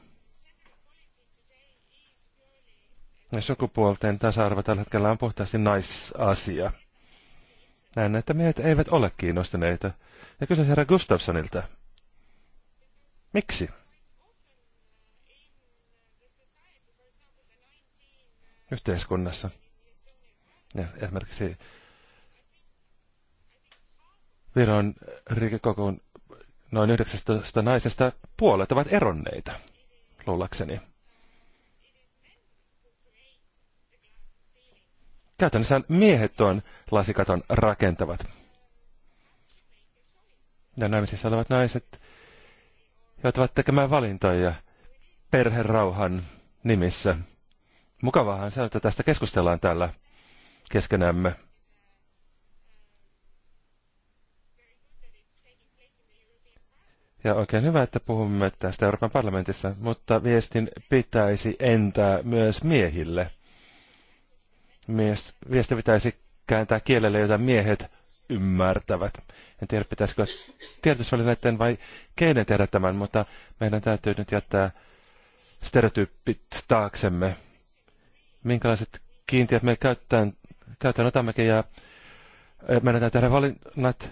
Ja sukupuolten tasa-arvo tällä hetkellä on puhtaasti naisasia. Näen, että miehet eivät ole kiinnostuneita. Ja kysyn herra Gustafsonilta. Miksi? Yhteiskunnassa. Ja esimerkiksi Viron rikekokoon noin 19 naisesta puolet ovat eronneita, luulakseni. Käytännössä miehet tuon lasikaton rakentavat. Ja naimisissa olevat naiset joutuvat tekemään valintoja perherauhan nimissä. Mukavahan se, että tästä keskustellaan täällä keskenämme. Ja oikein hyvä, että puhumme tästä Euroopan parlamentissa, mutta viestin pitäisi entää myös miehille. Mies, viesti pitäisi kääntää kielelle, jota miehet ymmärtävät. En tiedä, pitäisikö tiedotusvälineiden vai keinen tehdä tämän, mutta meidän täytyy nyt jättää stereotyyppit taaksemme. Minkälaiset kiintiöt me käyttäen, käyttäen otammekin ja eh, meidän täytyy tehdä valinnat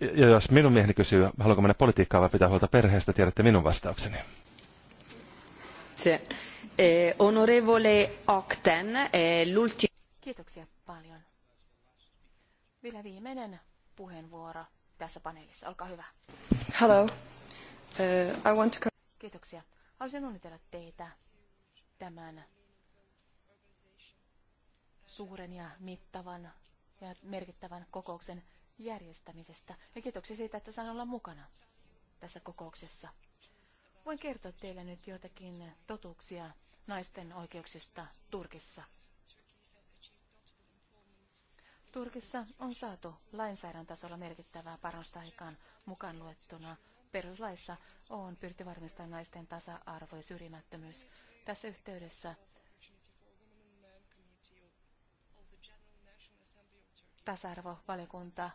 ja jos minun mieheni kysyy, haluanko mennä politiikkaan vai pitää huolta perheestä, tiedätte minun vastaukseni. Se, eh, onorevole Octen, eh, l'ulti... Kiitoksia paljon. Vielä viimeinen puheenvuoro tässä paneelissa. Olkaa hyvä. Hello. Uh, I want to... Kiitoksia. Haluaisin onnitella teitä tämän suuren ja mittavan ja merkittävän kokouksen järjestämisestä ja kiitoksia siitä, että saan olla mukana tässä kokouksessa. Voin kertoa teille nyt joitakin totuuksia naisten oikeuksista Turkissa. Turkissa on saatu lainsäädäntötasolla merkittävää parannusta aikaan mukaan luettuna. Peruslaissa on pyritty varmistamaan naisten tasa-arvo ja syrjimättömyys. Tässä yhteydessä tasa-arvovaliokunta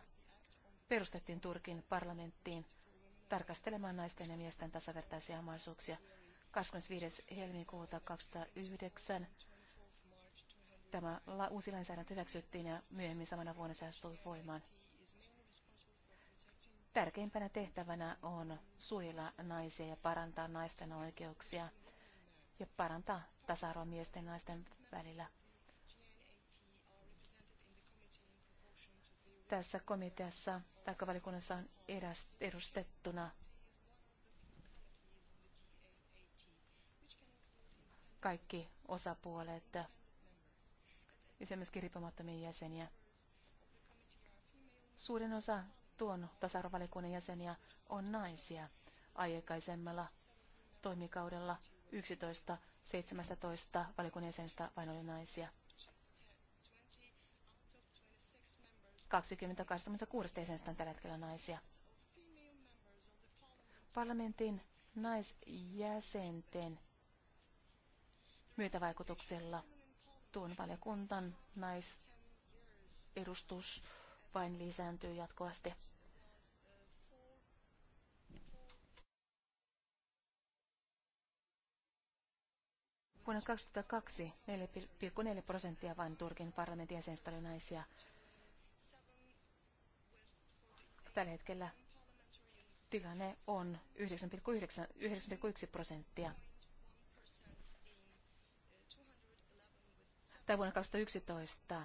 perustettiin Turkin parlamenttiin tarkastelemaan naisten ja miesten tasavertaisia omaisuuksia 25. helmikuuta 2009. Tämä uusi lainsäädäntö hyväksyttiin ja myöhemmin samana vuonna se astui voimaan. Tärkeimpänä tehtävänä on suojella naisia ja parantaa naisten oikeuksia ja parantaa tasa-arvoa miesten ja naisten välillä. tässä komiteassa taikavalikunnassa valikunnassa on edustettuna. Kaikki osapuolet ja se myöskin riippumattomia jäseniä. Suurin osa tuon tasa-arvovalikunnan jäseniä on naisia aikaisemmalla toimikaudella 11-17 valikunnan jäsenistä vain oli naisia. 20-26 jäsenestä tällä hetkellä naisia. Parlamentin naisjäsenten myötävaikutuksella tuon valiokuntan naisedustus vain lisääntyy jatkuvasti. Vuonna 2002 4,4 prosenttia vain Turkin parlamentin jäsenistä oli naisia. Tällä hetkellä tilanne on 9,1 prosenttia. Tai vuonna 2011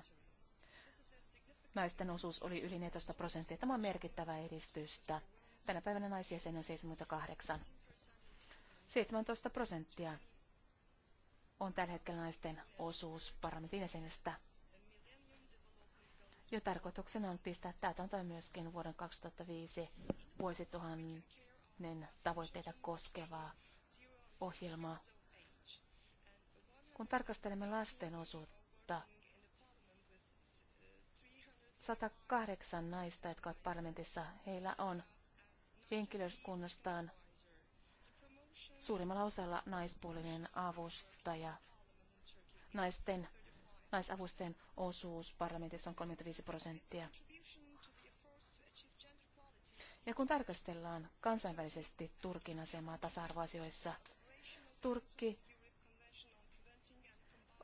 naisten osuus oli yli 14 prosenttia. Tämä on merkittävää edistystä. Tänä päivänä naisia sen on 78. 17 prosenttia on tällä hetkellä naisten osuus parlamentin jäsenestä. Ja tarkoituksena on pistää täytäntöön myöskin vuoden 2005 vuosituhannen tavoitteita koskevaa ohjelmaa. Kun tarkastelemme lasten osuutta, 108 naista, jotka ovat parlamentissa, heillä on henkilökunnastaan suurimmalla osalla naispuolinen avustaja. Naisten Naisavusten osuus parlamentissa on 35 prosenttia. Ja kun tarkastellaan kansainvälisesti Turkin asemaa tasa-arvoasioissa, Turkki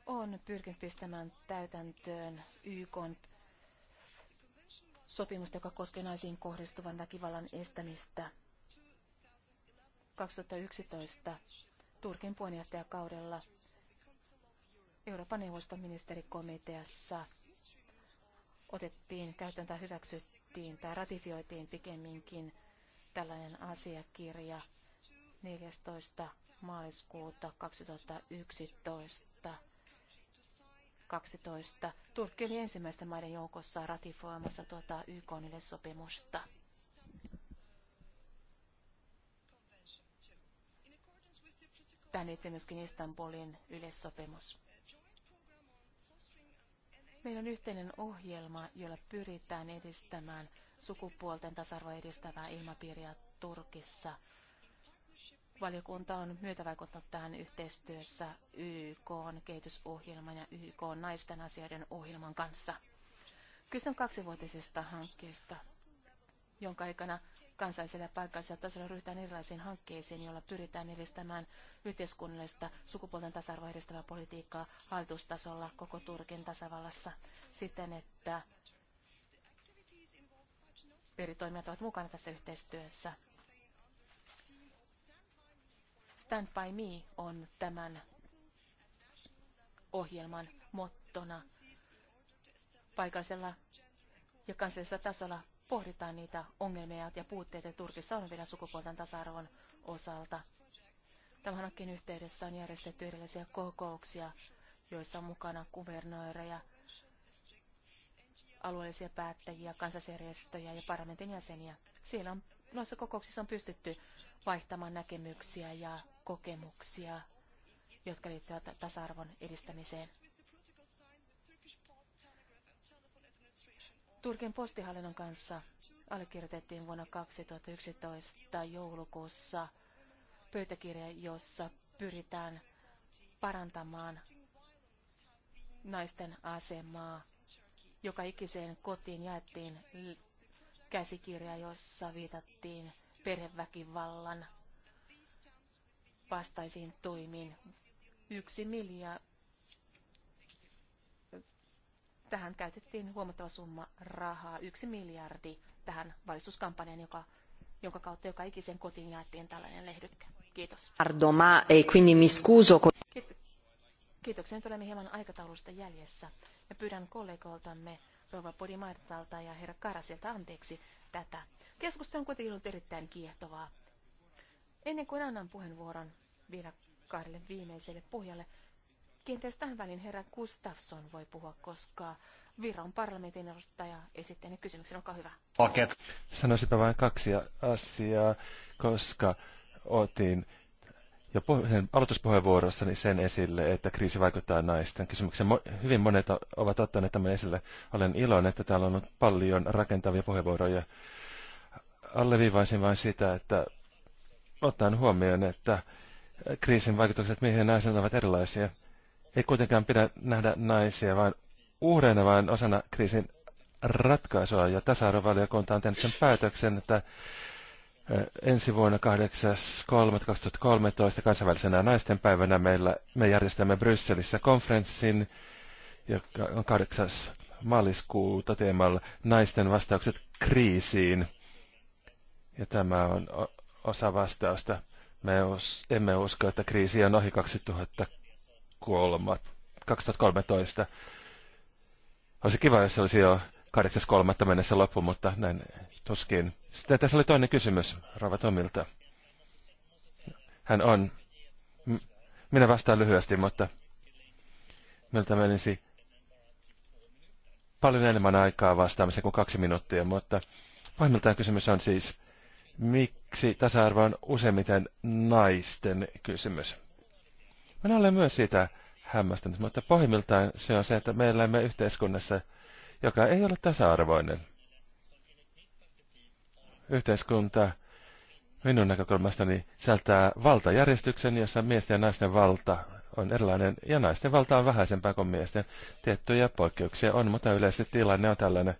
on pyrkinyt pistämään täytäntöön YK sopimusta, joka koskee naisiin kohdistuvan väkivallan estämistä. 2011 Turkin puheenjohtajakaudella Euroopan neuvoston ministerikomiteassa otettiin käyttöön hyväksyttiin tai ratifioitiin pikemminkin tällainen asiakirja 14. maaliskuuta 2011. 12. Turkki oli ensimmäisten maiden joukossa ratifioimassa tuota YK sopimusta. Tämä liittyy myöskin Istanbulin yleissopimus. Meillä on yhteinen ohjelma, jolla pyritään edistämään sukupuolten tasa-arvoa edistävää ilmapiiriä Turkissa. Valiokunta on myötävaikuttanut tähän yhteistyössä YK kehitysohjelman ja YK naisten asioiden ohjelman kanssa. Kyse on kaksivuotisesta hankkeesta jonka aikana kansallisella ja paikallisella tasolla ryhdytään erilaisiin hankkeisiin, joilla pyritään edistämään yhteiskunnallista sukupuolten tasa-arvoa edistävää politiikkaa hallitustasolla koko Turkin tasavallassa siten, että eri toimijat ovat mukana tässä yhteistyössä. Stand by me on tämän ohjelman mottona. Paikallisella ja kansallisella tasolla pohditaan niitä ongelmia ja puutteita Turkissa on vielä sukupuolten tasa-arvon osalta. Tämän hankkeen yhteydessä on järjestetty erilaisia kokouksia, joissa on mukana kuvernöörejä, alueellisia päättäjiä, kansasjärjestöjä ja parlamentin jäseniä. Siellä on, noissa kokouksissa on pystytty vaihtamaan näkemyksiä ja kokemuksia, jotka liittyvät tasa-arvon edistämiseen. Turkin postihallinnon kanssa allekirjoitettiin vuonna 2011 joulukuussa pöytäkirja, jossa pyritään parantamaan naisten asemaa. Joka ikiseen kotiin jaettiin käsikirja, jossa viitattiin perheväkivallan vastaisiin toimiin. Yksi miljoona Tähän käytettiin huomattava summa rahaa, yksi miljardi tähän valistuskampanjan, joka, jonka kautta joka ikisen kotiin jaettiin tällainen lehdykkä. Kiitos. Pardoma, e eh, quindi mi scuso. Kiitoksia, nyt olemme hieman aikataulusta jäljessä. Ja pyydän kollegoiltamme Rova Podimartalta ja herra Karasilta anteeksi tätä. Keskustelu on kuitenkin ollut erittäin kiehtovaa. Ennen kuin annan puheenvuoron vielä kahdelle viimeiselle puhujalle, Kenties tähän välin herra Gustafsson voi puhua, koska Viron parlamentin edustaja esitti ne kysymyksen. Olkaa hyvä. Paket. Sanoisinpä vain kaksi asiaa, koska otin jo aloituspuheenvuorossani sen esille, että kriisi vaikuttaa naisten kysymykseen. Hyvin monet ovat ottaneet tämän esille. Olen iloinen, että täällä on ollut paljon rakentavia puheenvuoroja. Alleviivaisin vain sitä, että ottaen huomioon, että kriisin vaikutukset miehen ja naisen ovat erilaisia – ei kuitenkaan pidä nähdä naisia vain uhreina, vaan osana kriisin ratkaisua. Ja tasa-arvovaliokunta on tehnyt sen päätöksen, että ensi vuonna 8.3.2013 kansainvälisenä päivänä meillä, me järjestämme Brysselissä konferenssin, joka on 8. maaliskuuta teemalla naisten vastaukset kriisiin. Ja tämä on osa vastausta. Me emme usko, että kriisi on ohi 2013. 2013. Olisi kiva, jos se olisi jo 8.3. mennessä loppu, mutta näin tuskin. Sitten tässä oli toinen kysymys Rava Tomilta. Hän on. Minä vastaan lyhyesti, mutta miltä menisi paljon enemmän aikaa vastaamiseen kuin kaksi minuuttia, mutta pahimmiltaan kysymys on siis, miksi tasa-arvo on useimmiten naisten kysymys? Minä olen myös siitä hämmästynyt, mutta pohjimmiltaan se on se, että me elämme yhteiskunnassa, joka ei ole tasa-arvoinen. Yhteiskunta minun näkökulmastani sältää valtajärjestyksen, jossa miesten ja naisten valta on erilainen, ja naisten valta on vähäisempää kuin miesten. Tiettyjä poikkeuksia on, mutta yleisesti tilanne on tällainen.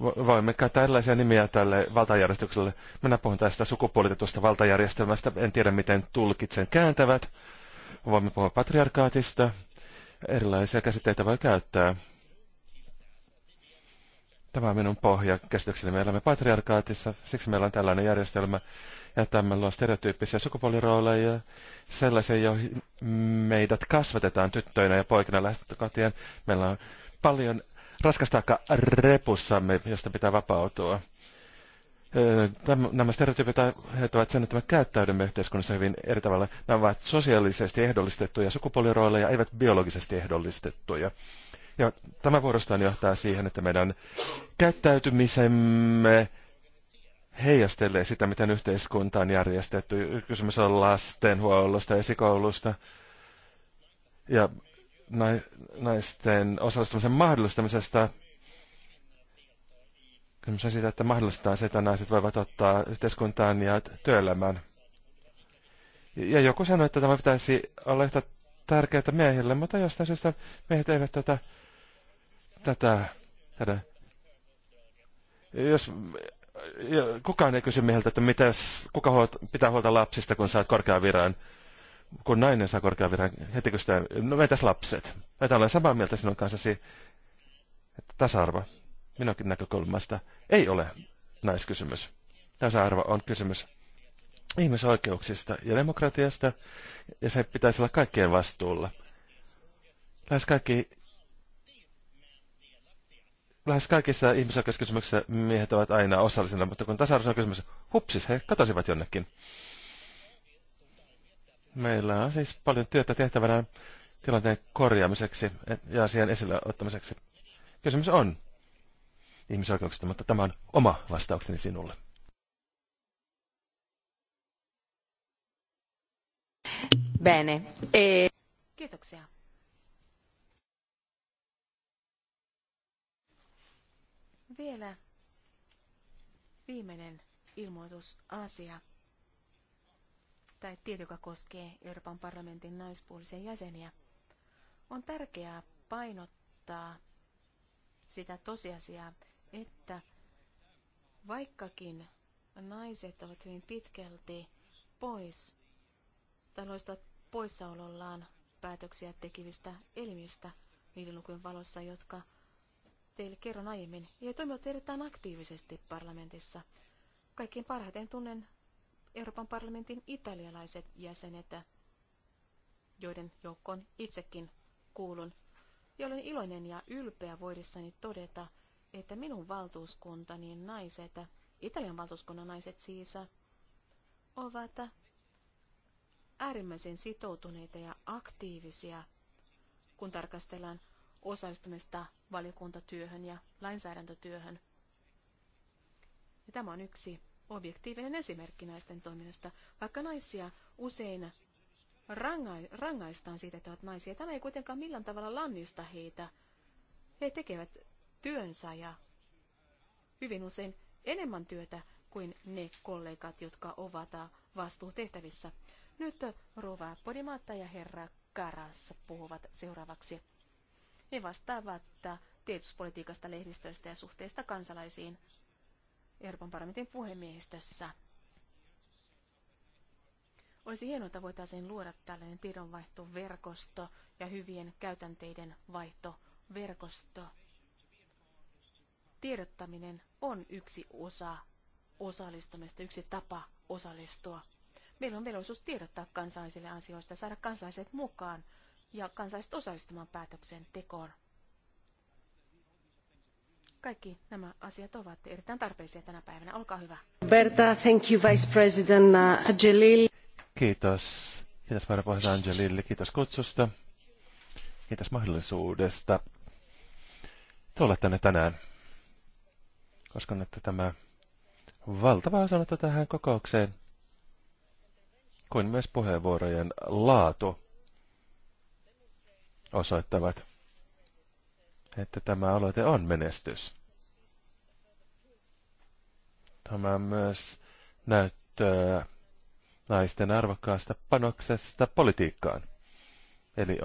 Voimme käyttää erilaisia nimiä tälle valtajärjestykselle. Minä puhun tästä sukupuolitetusta valtajärjestelmästä, en tiedä miten tulkitsen kääntävät, Voimme puhua patriarkaatista. Erilaisia käsitteitä voi käyttää. Tämä on minun pohja käsitykseni. Me elämme patriarkaatissa, siksi meillä on tällainen järjestelmä. Ja tämmöllä on stereotyyppisiä sukupuolirooleja, sellaisia, joihin meidät kasvatetaan tyttöinä ja poikina lähtökotien. Meillä on paljon raskastaakka repussamme, josta pitää vapautua nämä stereotypit aiheuttavat sen, että me käyttäydymme yhteiskunnassa hyvin eri tavalla. Nämä ovat sosiaalisesti ehdollistettuja sukupuolirooleja, eivät biologisesti ehdollistettuja. Ja tämä vuorostaan johtaa siihen, että meidän käyttäytymisemme heijastelee sitä, miten yhteiskunta on järjestetty. Kysymys on lastenhuollosta, esikoulusta ja naisten osallistumisen mahdollistamisesta – Kysymys on siitä, että mahdollistetaan se, että naiset voivat ottaa yhteiskuntaan ja työelämään. Ja joku sanoi, että tämä pitäisi olla yhtä tärkeää miehille, mutta jostain syystä miehet eivät tätä, tätä, tätä. Jos kukaan ei kysy mieheltä, että mitäs, kuka huolta, pitää huolta lapsista, kun saat korkean viran, kun nainen saa korkean viran, heti kun sitä, no metäs lapset. Mä olen samaa mieltä sinun kanssasi, että tasa-arvo minunkin näkökulmasta ei ole naiskysymys. Tasa-arvo on kysymys ihmisoikeuksista ja demokratiasta, ja se pitäisi olla kaikkien vastuulla. Lähes, kaikki, lähes kaikissa ihmisoikeuskysymyksissä miehet ovat aina osallisena, mutta kun tasa on kysymys, hupsis, he katosivat jonnekin. Meillä on siis paljon työtä tehtävänä tilanteen korjaamiseksi ja asian esille ottamiseksi. Kysymys on, ihmisoikeuksista, mutta tämä on oma vastaukseni sinulle. Bene. E- Kiitoksia. Vielä viimeinen ilmoitusasia tai tieto, joka koskee Euroopan parlamentin naispuolisia jäseniä. On tärkeää painottaa sitä tosiasiaa, että vaikkakin naiset ovat hyvin pitkälti pois tai poissaolollaan päätöksiä tekivistä elimistä niiden lukujen valossa, jotka teille kerron aiemmin, ja toimivat erittäin aktiivisesti parlamentissa. Kaikkein parhaiten tunnen Euroopan parlamentin italialaiset jäsenet, joiden joukkoon itsekin kuulun. Ja olen iloinen ja ylpeä voidessani todeta, että minun valtuuskuntani naiset, Italian valtuuskunnan naiset siis, ovat äärimmäisen sitoutuneita ja aktiivisia, kun tarkastellaan osallistumista valiokuntatyöhön ja lainsäädäntötyöhön. Ja tämä on yksi objektiivinen esimerkki naisten toiminnasta. Vaikka naisia usein rangaistaan siitä, että ovat naisia, tämä ei kuitenkaan millään tavalla lannista heitä. He tekevät työnsä ja hyvin usein enemmän työtä kuin ne kollegat, jotka ovat äh, vastuutehtävissä. Nyt äh, Rova Podimatta ja herra Karas puhuvat seuraavaksi. He vastaavat äh, tiedotuspolitiikasta, lehdistöstä ja suhteista kansalaisiin Euroopan parlamentin puhemiehistössä. Olisi hienoa, että voitaisiin luoda tällainen tiedonvaihtoverkosto ja hyvien käytänteiden vaihtoverkosto tiedottaminen on yksi osa osallistumista, yksi tapa osallistua. Meillä on velvollisuus tiedottaa kansalaisille asioista, saada kansalaiset mukaan ja kansalaiset osallistumaan päätöksentekoon. Kaikki nämä asiat ovat erittäin tarpeellisia tänä päivänä. Olkaa hyvä. Berta, thank you Vice President uh, Angelil. Kiitos. Kiitos varapuheenjohtaja Angelille. Kiitos kutsusta. Kiitos mahdollisuudesta tulla tänne tänään. Uskon, että tämä valtava sanota tähän kokoukseen, kuin myös puheenvuorojen laatu osoittavat, että tämä aloite on menestys. Tämä myös näyttää naisten arvokkaasta panoksesta politiikkaan. Eli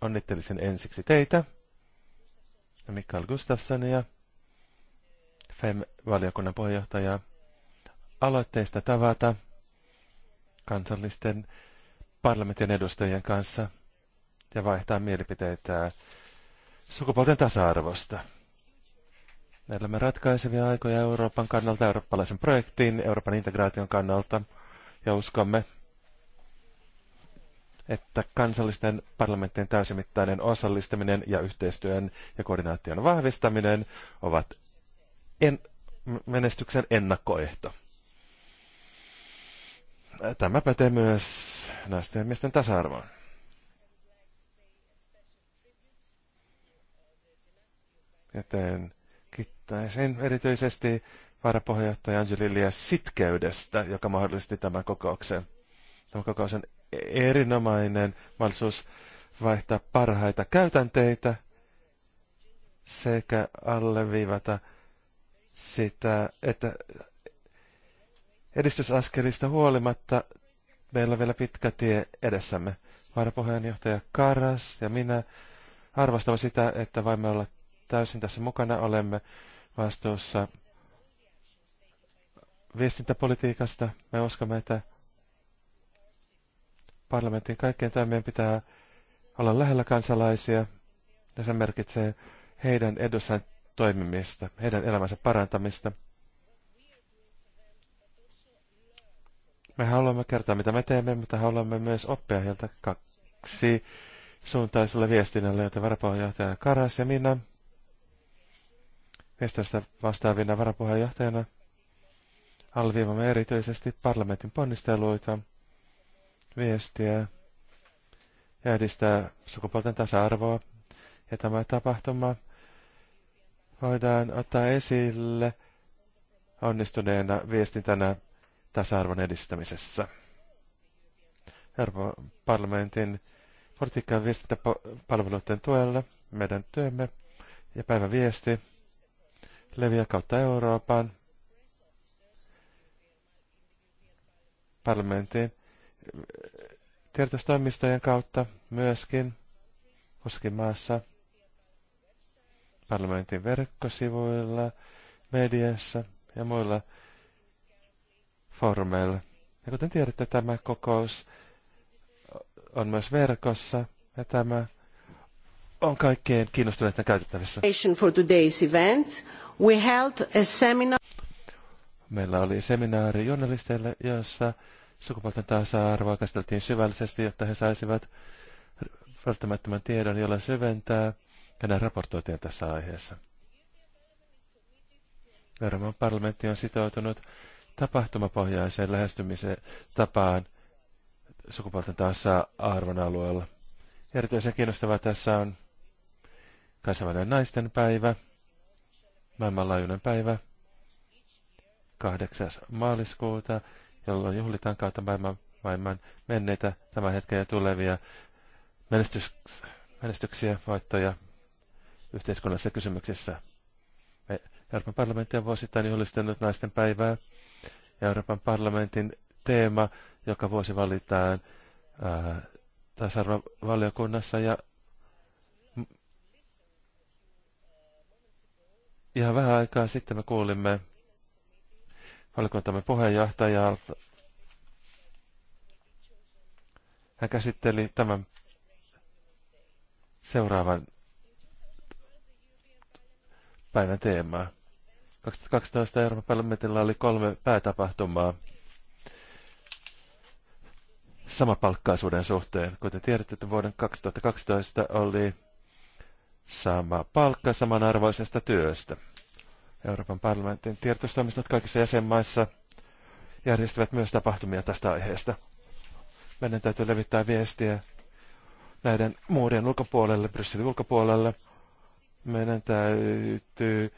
onnittelisin ensiksi teitä, Mikael Gustafssonia, FEM-valiokunnan puheenjohtajaa aloitteista tavata kansallisten parlamentin edustajien kanssa ja vaihtaa mielipiteitä sukupuolten tasa-arvosta. Elämme ratkaisevia aikoja Euroopan kannalta, eurooppalaisen projektiin, Euroopan integraation kannalta ja uskomme, että kansallisten parlamenttien täysimittainen osallistaminen ja yhteistyön ja koordinaation vahvistaminen ovat en, menestyksen ennakkoehto. Tämä pätee myös naisten ja miesten tasa-arvoon. Joten kiittäisin erityisesti varapuheenjohtaja Angelilia sitkeydestä, joka mahdollisti tämän kokouksen. Tämä kokous on erinomainen mahdollisuus vaihtaa parhaita käytänteitä sekä alleviivata – sitä, että edistysaskelista huolimatta meillä on vielä pitkä tie edessämme. Varapuheenjohtaja Karas ja minä arvostamme sitä, että voimme olla täysin tässä mukana. Olemme vastuussa viestintäpolitiikasta. Me uskomme, että parlamentin kaikkien toimien pitää olla lähellä kansalaisia, ja se merkitsee heidän edussaan toimimista, heidän elämänsä parantamista. Me haluamme kertoa, mitä me teemme, mutta haluamme myös oppia heiltä kaksi suuntaisella viestinnällä, joten varapuheenjohtaja Karas ja minä viestintästä vastaavina varapuheenjohtajana alviivamme erityisesti parlamentin ponnisteluita, viestiä ja edistää sukupuolten tasa-arvoa. Ja tämä tapahtuma voidaan ottaa esille onnistuneena viestintänä tasa-arvon edistämisessä. Euroopan parlamentin politiikka- ja viestintäpalveluiden tuella meidän työmme ja päivän viesti leviää kautta Euroopan parlamentin tietoistoimistojen kautta myöskin kussakin maassa – parlamentin verkkosivuilla, mediassa ja muilla foorumeilla. Ja kuten tiedätte, tämä kokous on myös verkossa ja tämä on kaikkien kiinnostuneiden käytettävissä. For today's event, we held a seminar. Meillä oli seminaari journalisteille, jossa sukupuolten tasa-arvoa käsiteltiin syvällisesti, jotta he saisivat välttämättömän tiedon, jolla syventää meidän raportoitiin tässä aiheessa. Euroopan parlamentti on sitoutunut tapahtumapohjaiseen lähestymiseen tapaan sukupuolten tasa-arvon alueella. Erityisen kiinnostavaa tässä on kansainvälinen naisten päivä, maailmanlaajuinen päivä, 8. maaliskuuta, jolloin juhlitaan kautta maailman, maailman menneitä, tämän hetken ja tulevia menestys, menestyksiä, voittoja, yhteiskunnallisissa kysymyksissä. Euroopan parlamentti on vuosittain julistanut naisten päivää ja Euroopan parlamentin teema, joka vuosi valitaan tasa-arvovaliokunnassa ja ihan vähän aikaa sitten me kuulimme valiokuntamme puheenjohtajalta. Hän käsitteli tämän seuraavan päivän teemaa. 2012 Euroopan parlamentilla oli kolme päätapahtumaa samapalkkaisuuden suhteen. Kuten tiedätte, että vuoden 2012 oli sama palkka samanarvoisesta työstä. Euroopan parlamentin tiedotustoimistot kaikissa jäsenmaissa järjestävät myös tapahtumia tästä aiheesta. Meidän täytyy levittää viestiä näiden muurien ulkopuolelle, Brysselin ulkopuolelle – meidän täytyy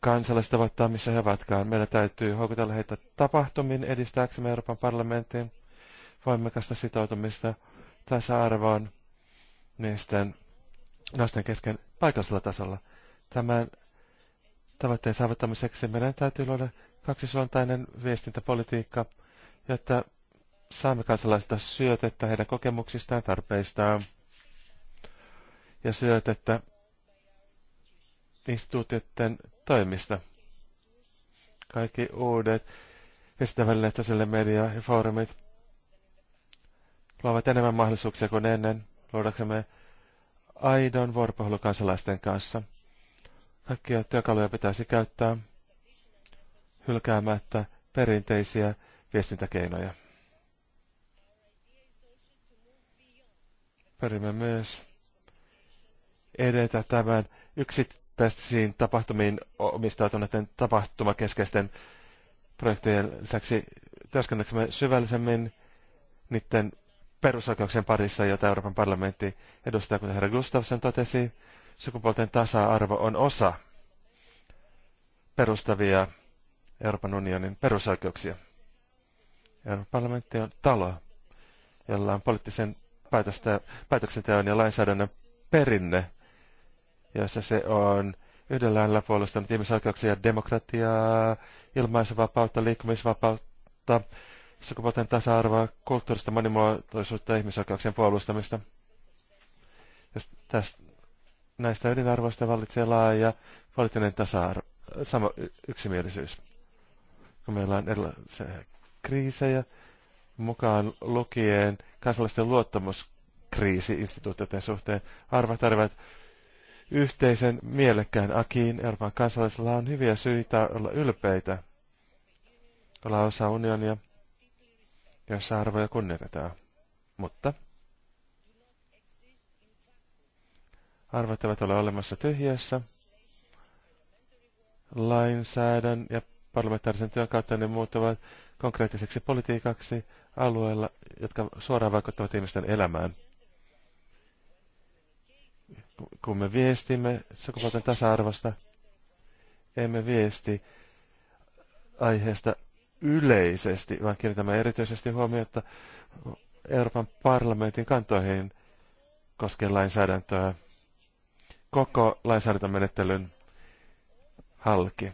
kansalaiset tavoittaa missä he ovatkaan. Meidän täytyy houkutella heitä tapahtumiin edistääksemme Euroopan parlamentin voimakasta sitoutumista tasa-arvoon miesten naisten kesken paikallisella tasolla. Tämän tavoitteen saavuttamiseksi meidän täytyy luoda kaksisuuntainen viestintäpolitiikka, jotta saamme kansalaisista syötettä heidän kokemuksistaan, tarpeistaan ja syötettä instituutioiden toimista. Kaikki uudet esittävälineet, sosiaalinen media ja foorumit luovat enemmän mahdollisuuksia kuin ennen luodaksemme aidon vuoropuhelun kansalaisten kanssa. Kaikkia työkaluja pitäisi käyttää hylkäämättä perinteisiä viestintäkeinoja. Pyrimme myös edetä tämän yksi tällaisiin tapahtumiin omistautuneiden tapahtumakeskeisten projektien lisäksi työskennelläksemme syvällisemmin niiden perusoikeuksien parissa, joita Euroopan parlamentti edustaa, kuten herra Gustafsson totesi, sukupuolten tasa-arvo on osa perustavia Euroopan unionin perusoikeuksia. Euroopan parlamentti on talo, jolla on poliittisen päätöksenteon ja lainsäädännön perinne joissa se on yhdellä äänellä puolustanut ihmisoikeuksia ja demokratiaa, ilmaisuvapautta, liikkumisvapautta, sukupuolten tasa-arvoa, kulttuurista monimuotoisuutta ja ihmisoikeuksien puolustamista. Jos tästä, näistä ydinarvoista vallitsee laaja poliittinen tasa-arvo, sama yksimielisyys. Kun meillä on erilaisia kriisejä, mukaan lukien kansalaisten luottamuskriisi instituutioiden suhteen, arvat arvat yhteisen mielekkään akiin. Euroopan kansalaisilla on hyviä syitä olla ylpeitä, olla osa unionia, jossa arvoja kunnioitetaan. Mutta arvot eivät ole olemassa tyhjässä. Lainsäädän ja parlamentaarisen työn kautta ne muuttuvat konkreettiseksi politiikaksi alueilla, jotka suoraan vaikuttavat ihmisten elämään kun me viestimme sukupuolten tasa-arvosta, emme viesti aiheesta yleisesti, vaan kiinnitämme erityisesti huomiota Euroopan parlamentin kantoihin koskien lainsäädäntöä koko lainsäädäntömenettelyn halki.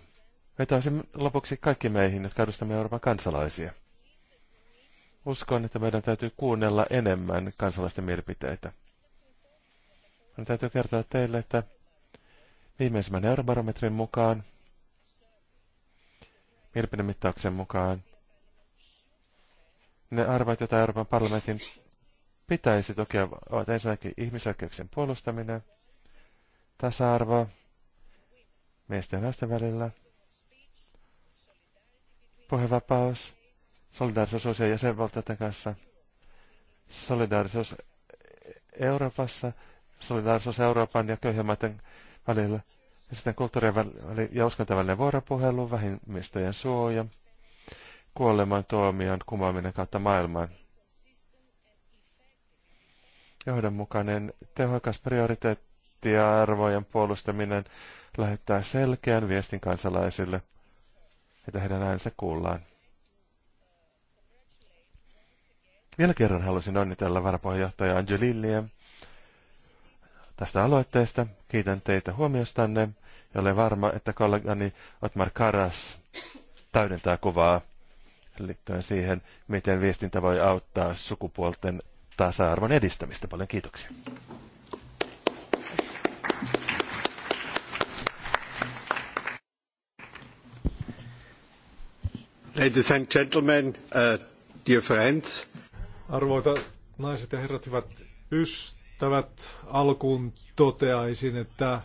Vetäisin lopuksi kaikki meihin, jotka edustamme Euroopan kansalaisia. Uskon, että meidän täytyy kuunnella enemmän kansalaisten mielipiteitä. Minun niin täytyy kertoa teille, että viimeisimmän eurobarometrin mukaan, mielipidemittauksen mukaan, ne arvot, joita Euroopan parlamentin pitäisi tukea, ovat ensinnäkin ihmisoikeuksien puolustaminen, tasa-arvo miesten ja naisten välillä, puhevapaus, solidaarisuus uusien jäsenvaltioiden kanssa, solidaarisuus Euroopassa solidaarisuus Euroopan ja köyhien välillä. Ja sitten kulttuurien väli- ja uskontavälinen vuoropuhelu, vähimmistöjen suoja, kuoleman tuomion kumoaminen kautta maailmaan. Johdonmukainen tehokas prioriteetti ja arvojen puolustaminen lähettää selkeän viestin kansalaisille, että heidän äänensä kuullaan. Vielä kerran haluaisin onnitella varapuheenjohtaja Angelillia tästä aloitteesta. Kiitän teitä huomiostanne ja olen varma, että kollegani Otmar Karas täydentää kuvaa liittyen siihen, miten viestintä voi auttaa sukupuolten tasa-arvon edistämistä. Paljon kiitoksia. Ladies and gentlemen, uh, dear friends. Arvoita naiset ja herrat, hyvät ystävät ystävät, alkuun toteaisin, että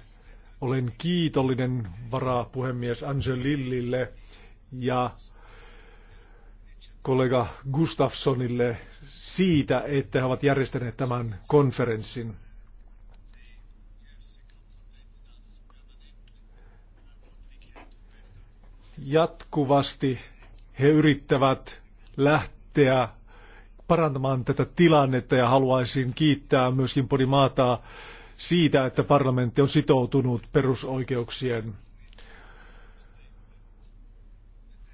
olen kiitollinen varapuhemies Angelillille ja kollega Gustafssonille siitä, että he ovat järjestäneet tämän konferenssin. Jatkuvasti he yrittävät lähteä parantamaan tätä tilannetta ja haluaisin kiittää myöskin Podimaataa siitä, että parlamentti on sitoutunut perusoikeuksien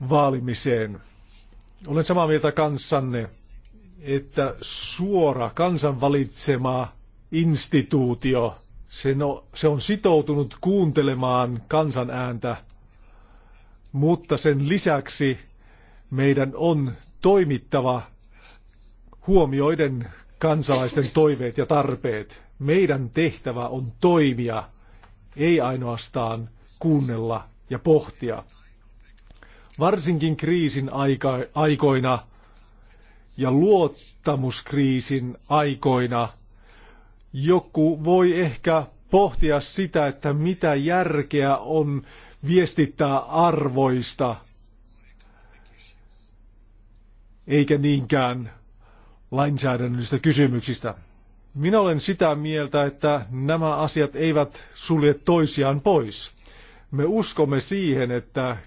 vaalimiseen. Olen samaa mieltä kanssanne, että suora kansan valitsema instituutio, se no, on sitoutunut kuuntelemaan kansan ääntä, mutta sen lisäksi meidän on toimittava huomioiden kansalaisten toiveet ja tarpeet. Meidän tehtävä on toimia, ei ainoastaan kuunnella ja pohtia. Varsinkin kriisin aika, aikoina ja luottamuskriisin aikoina joku voi ehkä pohtia sitä, että mitä järkeä on viestittää arvoista, eikä niinkään lainsäädännöllisistä kysymyksistä. Minä olen sitä mieltä, että nämä asiat eivät sulje toisiaan pois. Me uskomme siihen, että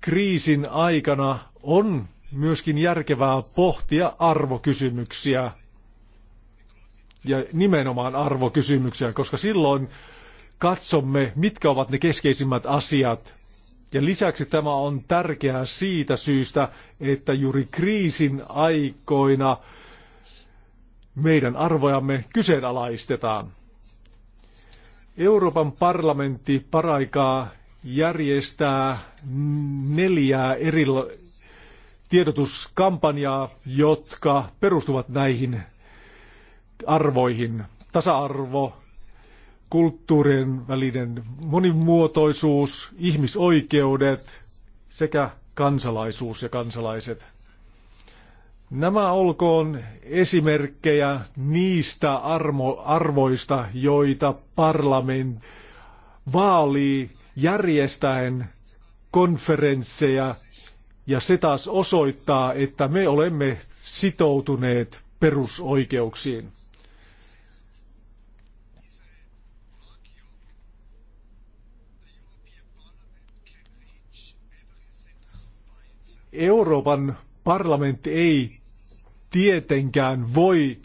kriisin aikana on myöskin järkevää pohtia arvokysymyksiä ja nimenomaan arvokysymyksiä, koska silloin katsomme, mitkä ovat ne keskeisimmät asiat, ja lisäksi tämä on tärkeää siitä syystä, että juuri kriisin aikoina meidän arvojamme kyseenalaistetaan. Euroopan parlamentti paraikaa järjestää neljää eri tiedotuskampanjaa, jotka perustuvat näihin arvoihin. Tasa-arvo, kulttuurien välinen monimuotoisuus, ihmisoikeudet sekä kansalaisuus ja kansalaiset. Nämä olkoon esimerkkejä niistä armo, arvoista, joita parlament vaalii järjestäen konferensseja, ja se taas osoittaa, että me olemme sitoutuneet perusoikeuksiin. Euroopan parlamentti ei tietenkään voi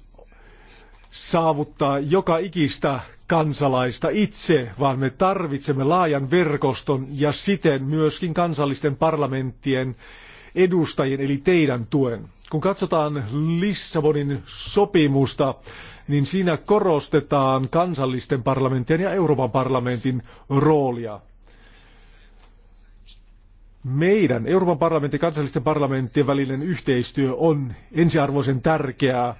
saavuttaa joka ikistä kansalaista itse, vaan me tarvitsemme laajan verkoston ja siten myöskin kansallisten parlamenttien edustajien eli teidän tuen. Kun katsotaan Lissabonin sopimusta, niin siinä korostetaan kansallisten parlamenttien ja Euroopan parlamentin roolia. Meidän Euroopan parlamentin ja kansallisten parlamenttien välinen yhteistyö on ensiarvoisen tärkeää,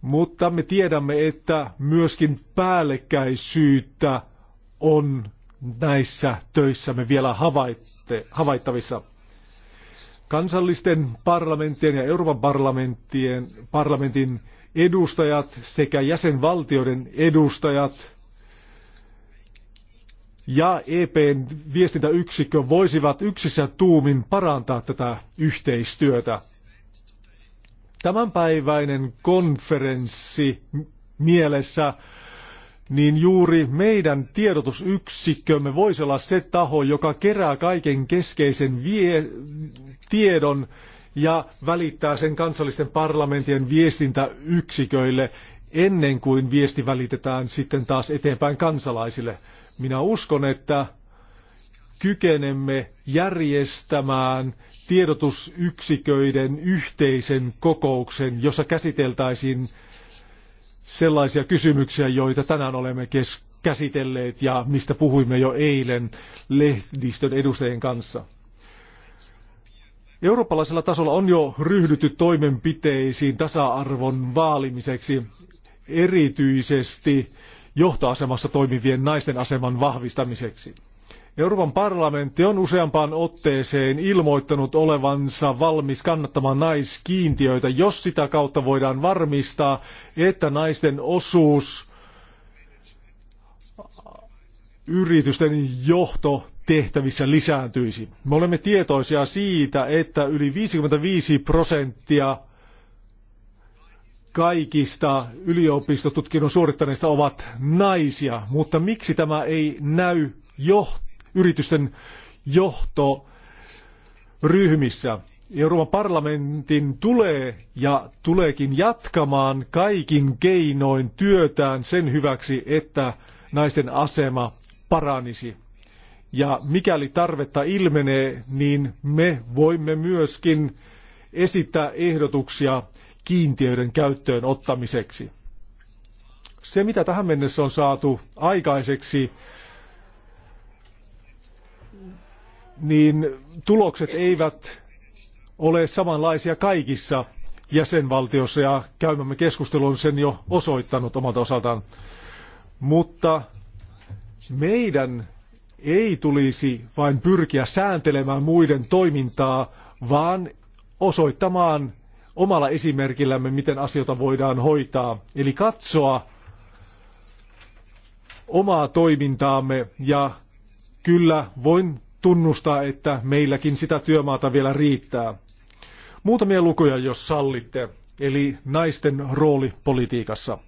mutta me tiedämme, että myöskin päällekkäisyyttä on näissä töissämme vielä havaitte, havaittavissa. Kansallisten parlamenttien ja Euroopan parlamenttien, parlamentin edustajat sekä jäsenvaltioiden edustajat ja EPn viestintäyksikkö voisivat yksissä tuumin parantaa tätä yhteistyötä. Tämänpäiväinen konferenssi mielessä niin juuri meidän tiedotusyksikkömme voisi olla se taho, joka kerää kaiken keskeisen vie- tiedon ja välittää sen kansallisten parlamentien viestintäyksiköille ennen kuin viesti välitetään sitten taas eteenpäin kansalaisille. Minä uskon, että kykenemme järjestämään tiedotusyksiköiden yhteisen kokouksen, jossa käsiteltäisiin sellaisia kysymyksiä, joita tänään olemme käsitelleet ja mistä puhuimme jo eilen lehdistön edustajien kanssa. Eurooppalaisella tasolla on jo ryhdytty toimenpiteisiin tasa-arvon vaalimiseksi erityisesti johtoasemassa toimivien naisten aseman vahvistamiseksi. Euroopan parlamentti on useampaan otteeseen ilmoittanut olevansa valmis kannattamaan naiskiintiöitä, jos sitä kautta voidaan varmistaa, että naisten osuus yritysten johto tehtävissä lisääntyisi. Me olemme tietoisia siitä, että yli 55 prosenttia kaikista yliopistotutkinnon suorittaneista ovat naisia, mutta miksi tämä ei näy jo, yritysten johtoryhmissä? Euroopan parlamentin tulee ja tuleekin jatkamaan kaikin keinoin työtään sen hyväksi, että naisten asema paranisi. Ja mikäli tarvetta ilmenee, niin me voimme myöskin esittää ehdotuksia kiintiöiden käyttöön ottamiseksi. Se, mitä tähän mennessä on saatu aikaiseksi, niin tulokset eivät ole samanlaisia kaikissa jäsenvaltioissa ja käymämme keskustelu on sen jo osoittanut omalta osaltaan. Mutta meidän ei tulisi vain pyrkiä sääntelemään muiden toimintaa, vaan osoittamaan omalla esimerkillämme, miten asioita voidaan hoitaa. Eli katsoa omaa toimintaamme ja kyllä voin tunnustaa, että meilläkin sitä työmaata vielä riittää. Muutamia lukuja, jos sallitte, eli naisten rooli politiikassa.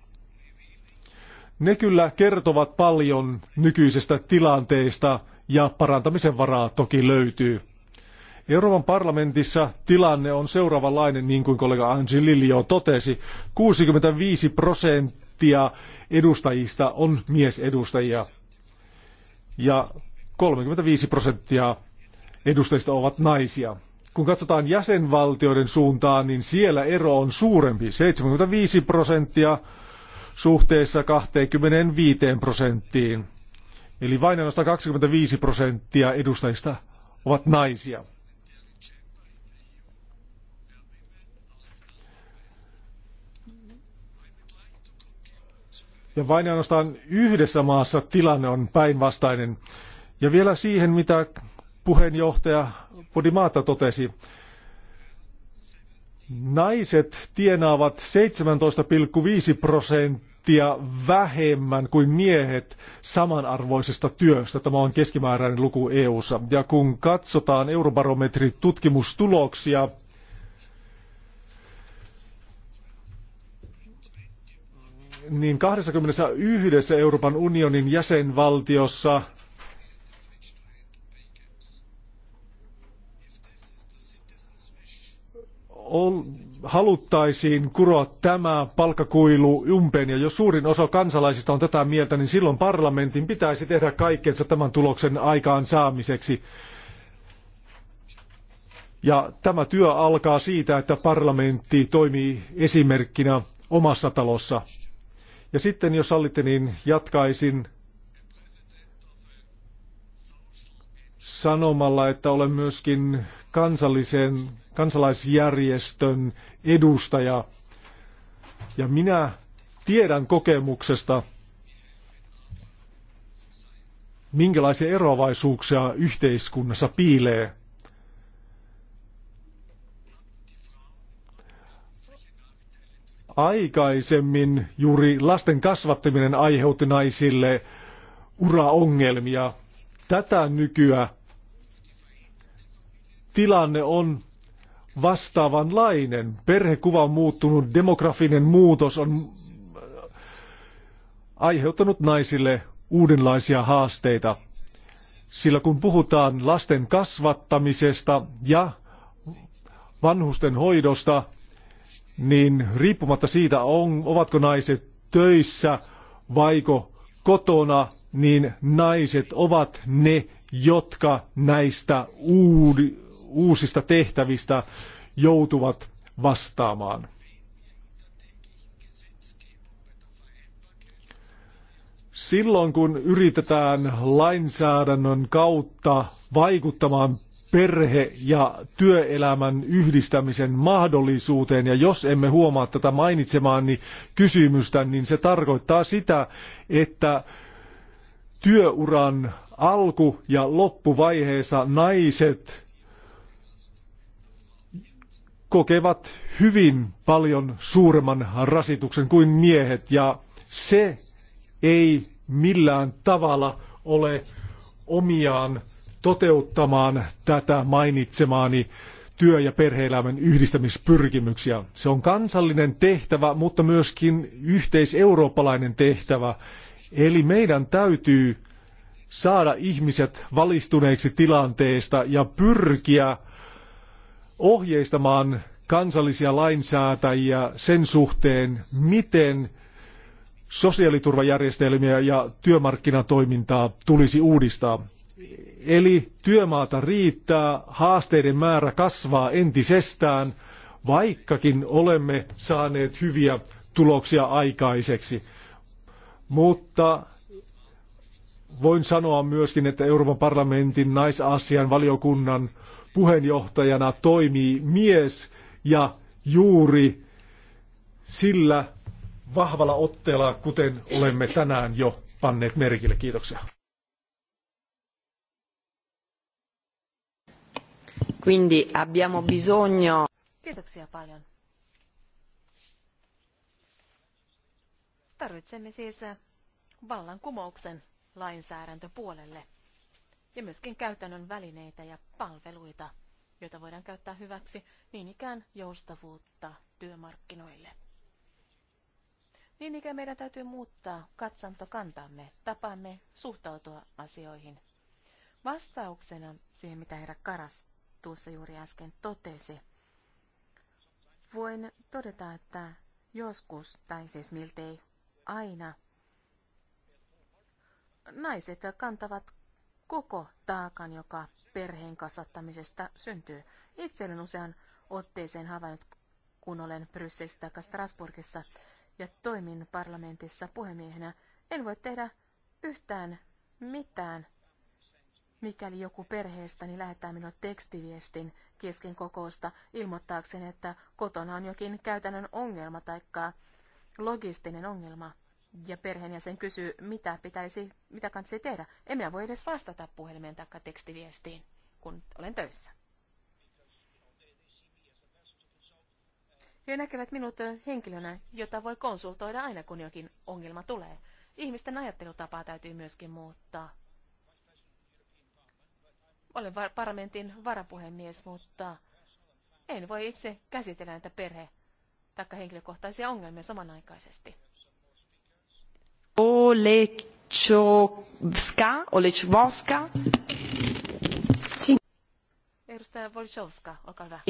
Ne kyllä kertovat paljon nykyisestä tilanteesta ja parantamisen varaa toki löytyy. Euroopan parlamentissa tilanne on seuraavanlainen, niin kuin kollega Angelilio totesi. 65 prosenttia edustajista on miesedustajia ja 35 prosenttia edustajista ovat naisia. Kun katsotaan jäsenvaltioiden suuntaan, niin siellä ero on suurempi, 75 prosenttia suhteessa 25 prosenttiin. Eli vain ainoastaan 25 prosenttia edustajista ovat naisia. Ja vain ainoastaan yhdessä maassa tilanne on päinvastainen. Ja vielä siihen, mitä puheenjohtaja Podimaata totesi. Naiset tienaavat 17,5 prosenttia vähemmän kuin miehet samanarvoisesta työstä. Tämä on keskimääräinen luku EU:ssa. Ja kun katsotaan eurobarometrin tutkimustuloksia, niin 21 Euroopan unionin jäsenvaltiossa ol, haluttaisiin kuroa tämä palkkakuilu umpeen, ja jos suurin osa kansalaisista on tätä mieltä, niin silloin parlamentin pitäisi tehdä kaikkensa tämän tuloksen aikaan saamiseksi. Ja tämä työ alkaa siitä, että parlamentti toimii esimerkkinä omassa talossa. Ja sitten, jos sallitte, niin jatkaisin sanomalla, että olen myöskin kansallisen, kansalaisjärjestön edustaja. Ja minä tiedän kokemuksesta, minkälaisia eroavaisuuksia yhteiskunnassa piilee. Aikaisemmin juuri lasten kasvattaminen aiheutti naisille uraongelmia. Tätä nykyä tilanne on vastaavanlainen. Perhekuva on muuttunut, demografinen muutos on aiheuttanut naisille uudenlaisia haasteita. Sillä kun puhutaan lasten kasvattamisesta ja vanhusten hoidosta, niin riippumatta siitä, on, ovatko naiset töissä vaiko kotona, niin naiset ovat ne, jotka näistä uud, uusista tehtävistä joutuvat vastaamaan. Silloin kun yritetään lainsäädännön kautta vaikuttamaan perhe- ja työelämän yhdistämisen mahdollisuuteen, ja jos emme huomaa tätä mainitsemaan niin kysymystä, niin se tarkoittaa sitä, että työuran alku- ja loppuvaiheessa naiset kokevat hyvin paljon suuremman rasituksen kuin miehet, ja se ei millään tavalla ole omiaan toteuttamaan tätä mainitsemaani työ- ja perheelämän yhdistämispyrkimyksiä. Se on kansallinen tehtävä, mutta myöskin yhteiseurooppalainen tehtävä. Eli meidän täytyy saada ihmiset valistuneiksi tilanteesta ja pyrkiä ohjeistamaan kansallisia lainsäätäjiä sen suhteen, miten sosiaaliturvajärjestelmiä ja työmarkkinatoimintaa tulisi uudistaa. Eli työmaata riittää, haasteiden määrä kasvaa entisestään, vaikkakin olemme saaneet hyviä tuloksia aikaiseksi. Mutta voin sanoa myöskin, että Euroopan parlamentin naisasian valiokunnan puheenjohtajana toimii mies ja juuri sillä vahvalla otteella, kuten olemme tänään jo panneet merkille. Kiitoksia. Quindi abbiamo bisogno... Kiitoksia paljon. Tarvitsemme siis vallankumouksen lainsäädäntöpuolelle ja myöskin käytännön välineitä ja palveluita, joita voidaan käyttää hyväksi niin ikään joustavuutta työmarkkinoille. Niin ikään meidän täytyy muuttaa katsantokantamme, tapamme suhtautua asioihin. Vastauksena siihen, mitä herra Karas tuossa juuri äsken totesi, voin todeta, että joskus, tai siis miltei aina, naiset kantavat koko taakan, joka perheen kasvattamisesta syntyy. Itse olen usean otteeseen havainnut, kun olen Brysselissä tai Strasbourgissa, ja toimin parlamentissa puhemiehenä, en voi tehdä yhtään mitään, mikäli joku perheestäni lähettää minut tekstiviestin kesken kokousta ilmoittaakseen, että kotona on jokin käytännön ongelma tai logistinen ongelma. Ja perheenjäsen kysyy, mitä pitäisi, mitä kannattaisi tehdä. En minä voi edes vastata puhelimeen tai tekstiviestiin, kun olen töissä. He näkevät minut eh, henkilönä, jota voi konsultoida aina, kun jokin ongelma tulee. Ihmisten ajattelutapaa täytyy myöskin muuttaa. Olen var- parlamentin varapuhemies, mutta en voi itse käsitellä näitä perhe- tai henkilökohtaisia ongelmia samanaikaisesti. Olechowska, Olechowska. Edustaja Volchowska, olkaa hyvä.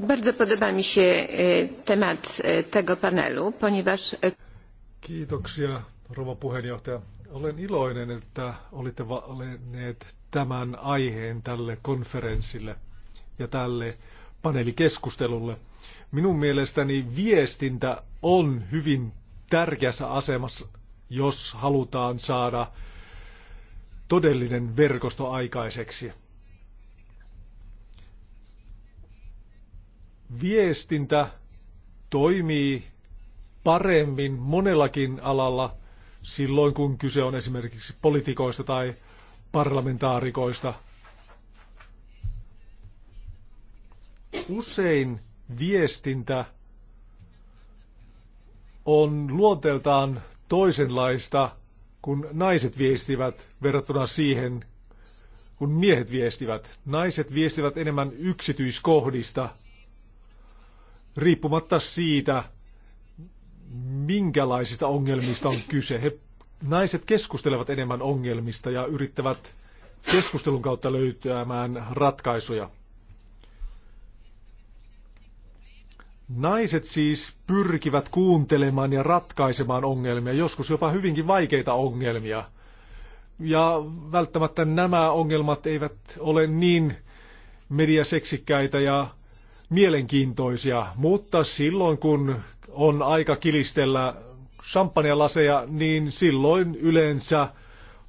Bardzo podoba mi się e, temat e, tego panelu, ponieważ... E, Kiitoksia, rouva puheenjohtaja. Olen iloinen, että olitte valinneet tämän aiheen tälle konferenssille ja tälle paneelikeskustelulle. Minun mielestäni viestintä on hyvin tärkeässä asemassa, jos halutaan saada todellinen verkosto aikaiseksi. viestintä toimii paremmin monellakin alalla silloin, kun kyse on esimerkiksi politikoista tai parlamentaarikoista. Usein viestintä on luonteeltaan toisenlaista, kun naiset viestivät verrattuna siihen, kun miehet viestivät. Naiset viestivät enemmän yksityiskohdista – riippumatta siitä, minkälaisista ongelmista on kyse. He, naiset keskustelevat enemmän ongelmista ja yrittävät keskustelun kautta löytämään ratkaisuja. Naiset siis pyrkivät kuuntelemaan ja ratkaisemaan ongelmia, joskus jopa hyvinkin vaikeita ongelmia. Ja välttämättä nämä ongelmat eivät ole niin mediaseksikkäitä ja mielenkiintoisia, mutta silloin kun on aika kilistellä champagne-laseja, niin silloin yleensä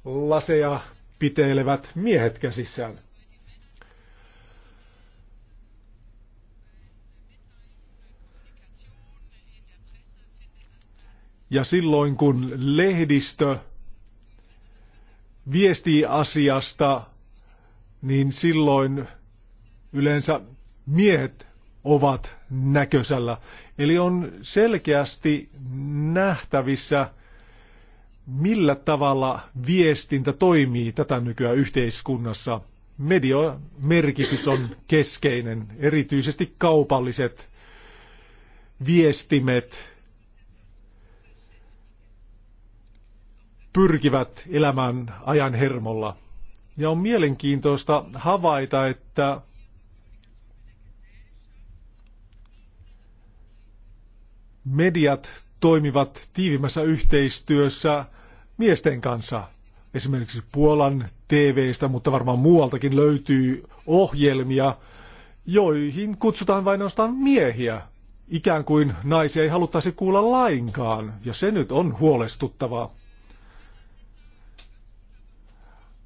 laseja pitelevät miehet käsissään. Ja silloin kun lehdistö viestii asiasta, niin silloin yleensä miehet ovat näkösällä. Eli on selkeästi nähtävissä, millä tavalla viestintä toimii tätä nykyä yhteiskunnassa. Median merkitys on keskeinen, erityisesti kaupalliset viestimet pyrkivät elämään ajan hermolla. Ja on mielenkiintoista havaita, että mediat toimivat tiivimmässä yhteistyössä miesten kanssa. Esimerkiksi Puolan TVstä, mutta varmaan muualtakin löytyy ohjelmia, joihin kutsutaan vain ainoastaan miehiä. Ikään kuin naisia ei haluttaisi kuulla lainkaan, ja se nyt on huolestuttavaa.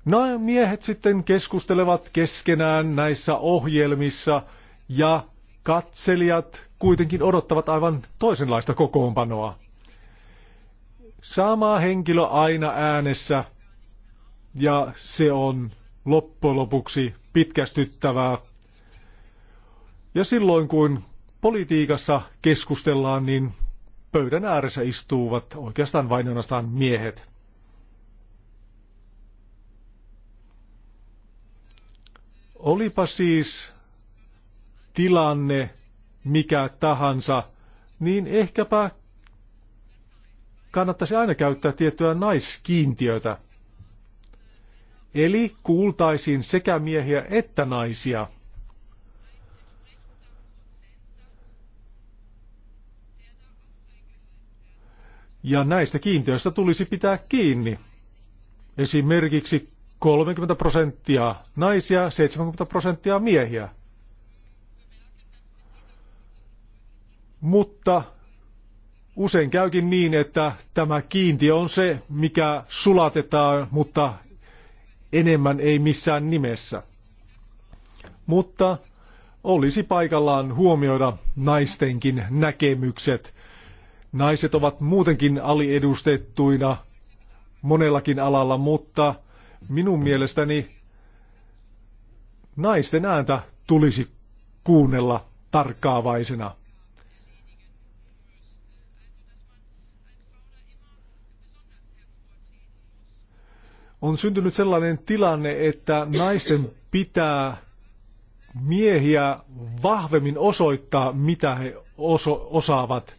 No, miehet sitten keskustelevat keskenään näissä ohjelmissa, ja katselijat kuitenkin odottavat aivan toisenlaista kokoonpanoa. Sama henkilö aina äänessä ja se on loppujen lopuksi pitkästyttävää. Ja silloin kun politiikassa keskustellaan, niin pöydän ääressä istuvat oikeastaan vain ainoastaan miehet. Olipa siis tilanne mikä tahansa, niin ehkäpä kannattaisi aina käyttää tiettyä naiskiintiötä. Eli kuultaisiin sekä miehiä että naisia. Ja näistä kiintiöistä tulisi pitää kiinni. Esimerkiksi 30 prosenttia naisia, 70 prosenttia miehiä. Mutta usein käykin niin, että tämä kiintiö on se, mikä sulatetaan, mutta enemmän ei missään nimessä. Mutta olisi paikallaan huomioida naistenkin näkemykset. Naiset ovat muutenkin aliedustettuina monellakin alalla, mutta minun mielestäni naisten ääntä tulisi kuunnella tarkkaavaisena. on syntynyt sellainen tilanne, että naisten pitää miehiä vahvemmin osoittaa, mitä he oso- osaavat.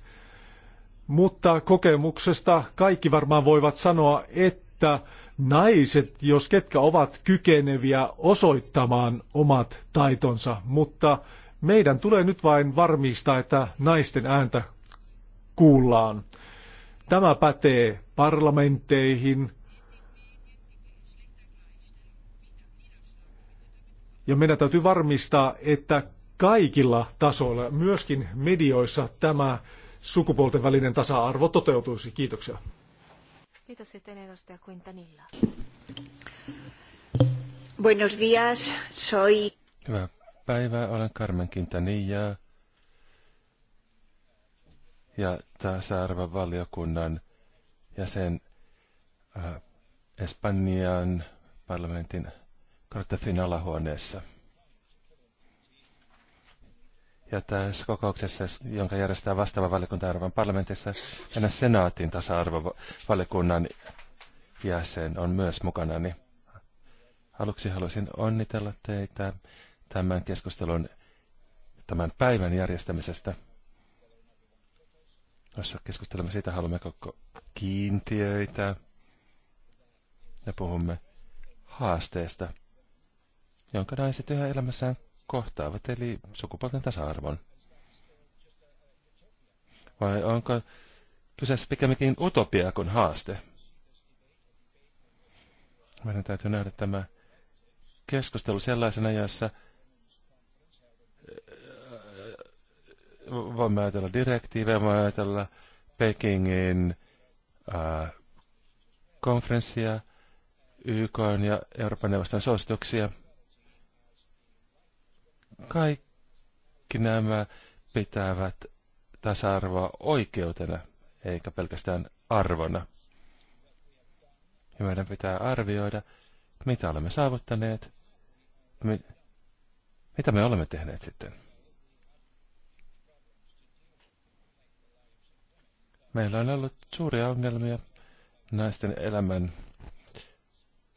Mutta kokemuksesta kaikki varmaan voivat sanoa, että naiset, jos ketkä ovat kykeneviä osoittamaan omat taitonsa, mutta meidän tulee nyt vain varmistaa, että naisten ääntä kuullaan. Tämä pätee parlamentteihin, Ja meidän täytyy varmistaa, että kaikilla tasoilla, myöskin medioissa, tämä sukupuolten välinen tasa-arvo toteutuisi. Kiitoksia. Kiitos sitten edustaja Quintanilla. Buenos días, soy... Hyvää päivää, olen Carmen Quintanilla ja tasa-arvon valiokunnan jäsen äh, Espanjan parlamentin Kartafin alahuoneessa. Ja tässä kokouksessa, jonka järjestää vastaava valiokunta Euroopan parlamentissa, aina senaatin tasa arvovalikunnan jäsen on myös Niin Aluksi haluaisin onnitella teitä tämän keskustelun, tämän päivän järjestämisestä. Tuossa keskustelemme siitä, koko kiintiöitä ja puhumme haasteesta, jonka naiset yhä elämässään kohtaavat, eli sukupuolten tasa-arvon. Vai onko kyseessä pikemminkin utopia kuin haaste? Meidän täytyy nähdä tämä keskustelu sellaisena, jossa äh, voimme ajatella direktiivejä, voimme ajatella Pekingin ää, äh, konferenssia, YK ja Euroopan neuvoston suosituksia. Kaikki nämä pitävät tasa-arvoa oikeutena, eikä pelkästään arvona. Ja meidän pitää arvioida, mitä olemme saavuttaneet, mi- mitä me olemme tehneet sitten. Meillä on ollut suuria ongelmia naisten elämän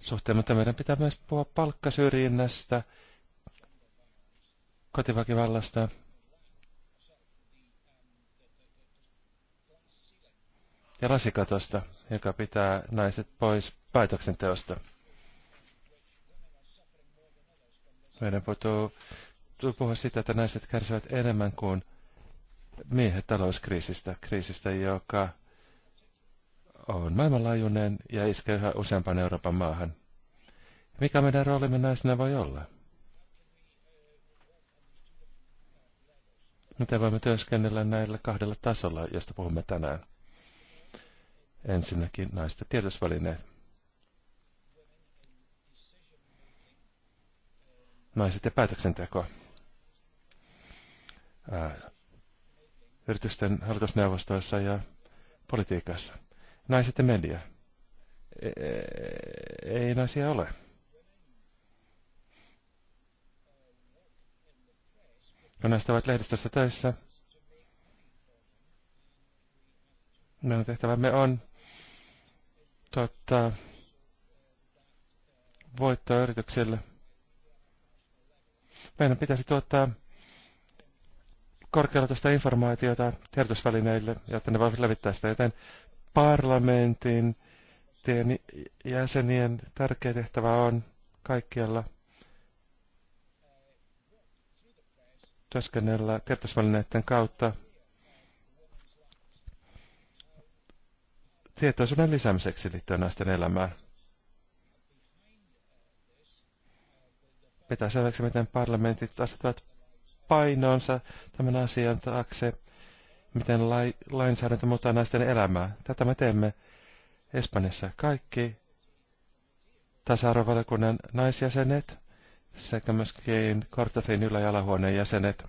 suhteen, mutta meidän pitää myös puhua palkkasyrjinnästä – kotiväkivallasta. ja lasikatosta, joka pitää naiset pois päätöksenteosta. Meidän voi puhua siitä, että naiset kärsivät enemmän kuin miehet talouskriisistä, kriisistä, joka on maailmanlaajuinen ja iskee yhä useampaan Euroopan maahan. Mikä meidän roolimme naisena voi olla? miten voimme työskennellä näillä kahdella tasolla, josta puhumme tänään. Ensinnäkin naisten tiedotusvälineet. Naiset ja päätöksenteko. Ää, yritysten hallitusneuvostoissa ja politiikassa. Naiset ja media. E-, e ei naisia ole. No näistä ovat lehdistössä töissä. Meidän tehtävämme on tuottaa voittoa yrityksille. Meidän pitäisi tuottaa korkealaatuista informaatiota tiedotusvälineille, jotta ne voivat levittää sitä, joten parlamentin jäsenien tärkeä tehtävä on kaikkialla – työskennellä tiedotusvälineiden kautta tietoisuuden lisäämiseksi liittyen naisten elämään. Pitää selväksi, miten parlamentit asettavat painonsa tämän asian taakse, miten lai, lainsäädäntö muuttaa naisten elämää. Tätä me teemme Espanjassa kaikki tasa-arvovaliokunnan naisjäsenet sekä myöskin Kartafin yläjalahuoneen jäsenet.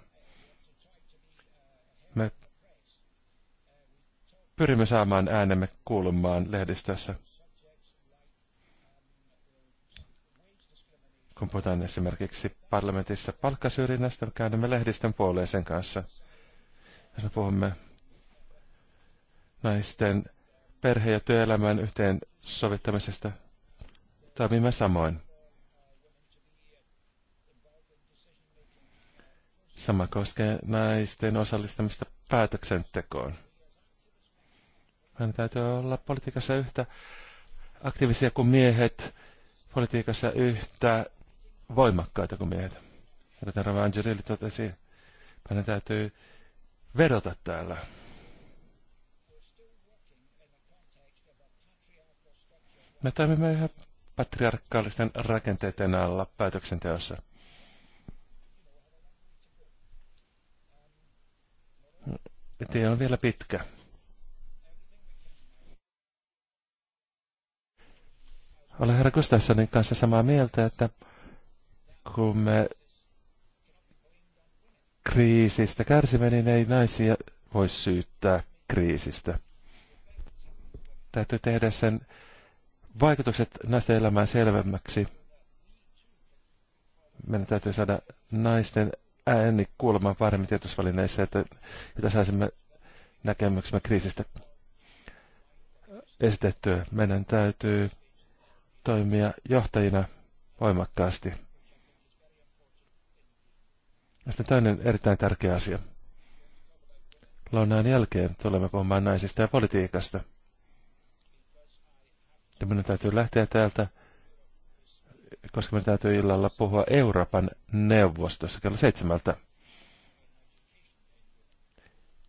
Me pyrimme saamaan äänemme kuulumaan lehdistössä. Kun puhutaan esimerkiksi parlamentissa palkkasyrjinnästä, käännymme lehdistön puoleen sen kanssa. Jos me puhumme naisten perhe- ja työelämän yhteensovittamisesta, toimimme samoin. Sama koskee naisten osallistamista päätöksentekoon. Hän täytyy olla politiikassa yhtä aktiivisia kuin miehet, politiikassa yhtä voimakkaita kuin miehet. Ja kuten Rava Angelilli totesi, meidän täytyy vedota täällä. Me toimimme yhä patriarkaalisten rakenteiden alla päätöksenteossa. tie on vielä pitkä. Olen herra Gustafssonin kanssa samaa mieltä, että kun me kriisistä kärsimme, niin ei naisia voi syyttää kriisistä. Täytyy tehdä sen vaikutukset naisten elämään selvemmäksi. Meidän täytyy saada naisten ääni kuulemaan paremmin tiedotusvälineissä, että, että saisimme näkemyksemme kriisistä esitettyä. Meidän täytyy toimia johtajina voimakkaasti. Ja sitten toinen erittäin tärkeä asia. Lounaan jälkeen tulemme puhumaan naisista ja politiikasta. Ja minun täytyy lähteä täältä koska meidän täytyy illalla puhua Euroopan neuvostossa kello seitsemältä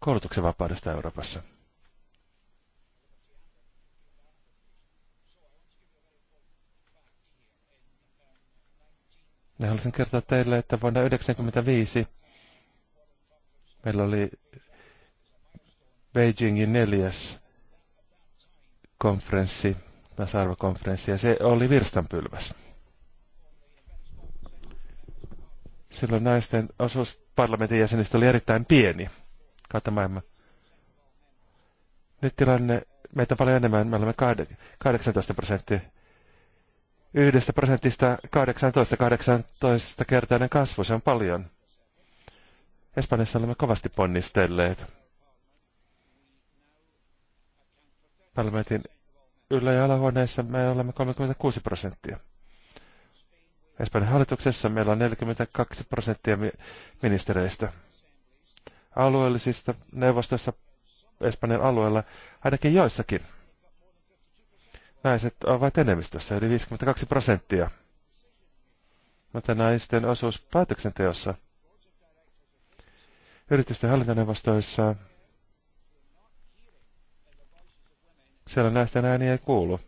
koulutuksen vapaudesta Euroopassa. Ja haluaisin kertoa teille, että vuonna 1995 meillä oli Beijingin neljäs konferenssi, tasa-arvokonferenssi, ja se oli virstanpylväs. Silloin naisten osuus parlamentin jäsenistä oli erittäin pieni kautta maailma. Nyt tilanne, meitä on paljon enemmän, me olemme 18 prosenttia. Yhdestä prosentista 18, 18 kertainen kasvu, se on paljon. Espanjassa olemme kovasti ponnistelleet. Parlamentin ylä- ja alahuoneessa me olemme 36 prosenttia. Espanjan hallituksessa meillä on 42 prosenttia ministereistä. Alueellisista neuvostoissa Espanjan alueella, ainakin joissakin, naiset ovat enemmistössä, yli 52 prosenttia. Mutta naisten osuus päätöksenteossa, yritysten hallintoneuvostoissa, siellä naisten ääni ei kuulu.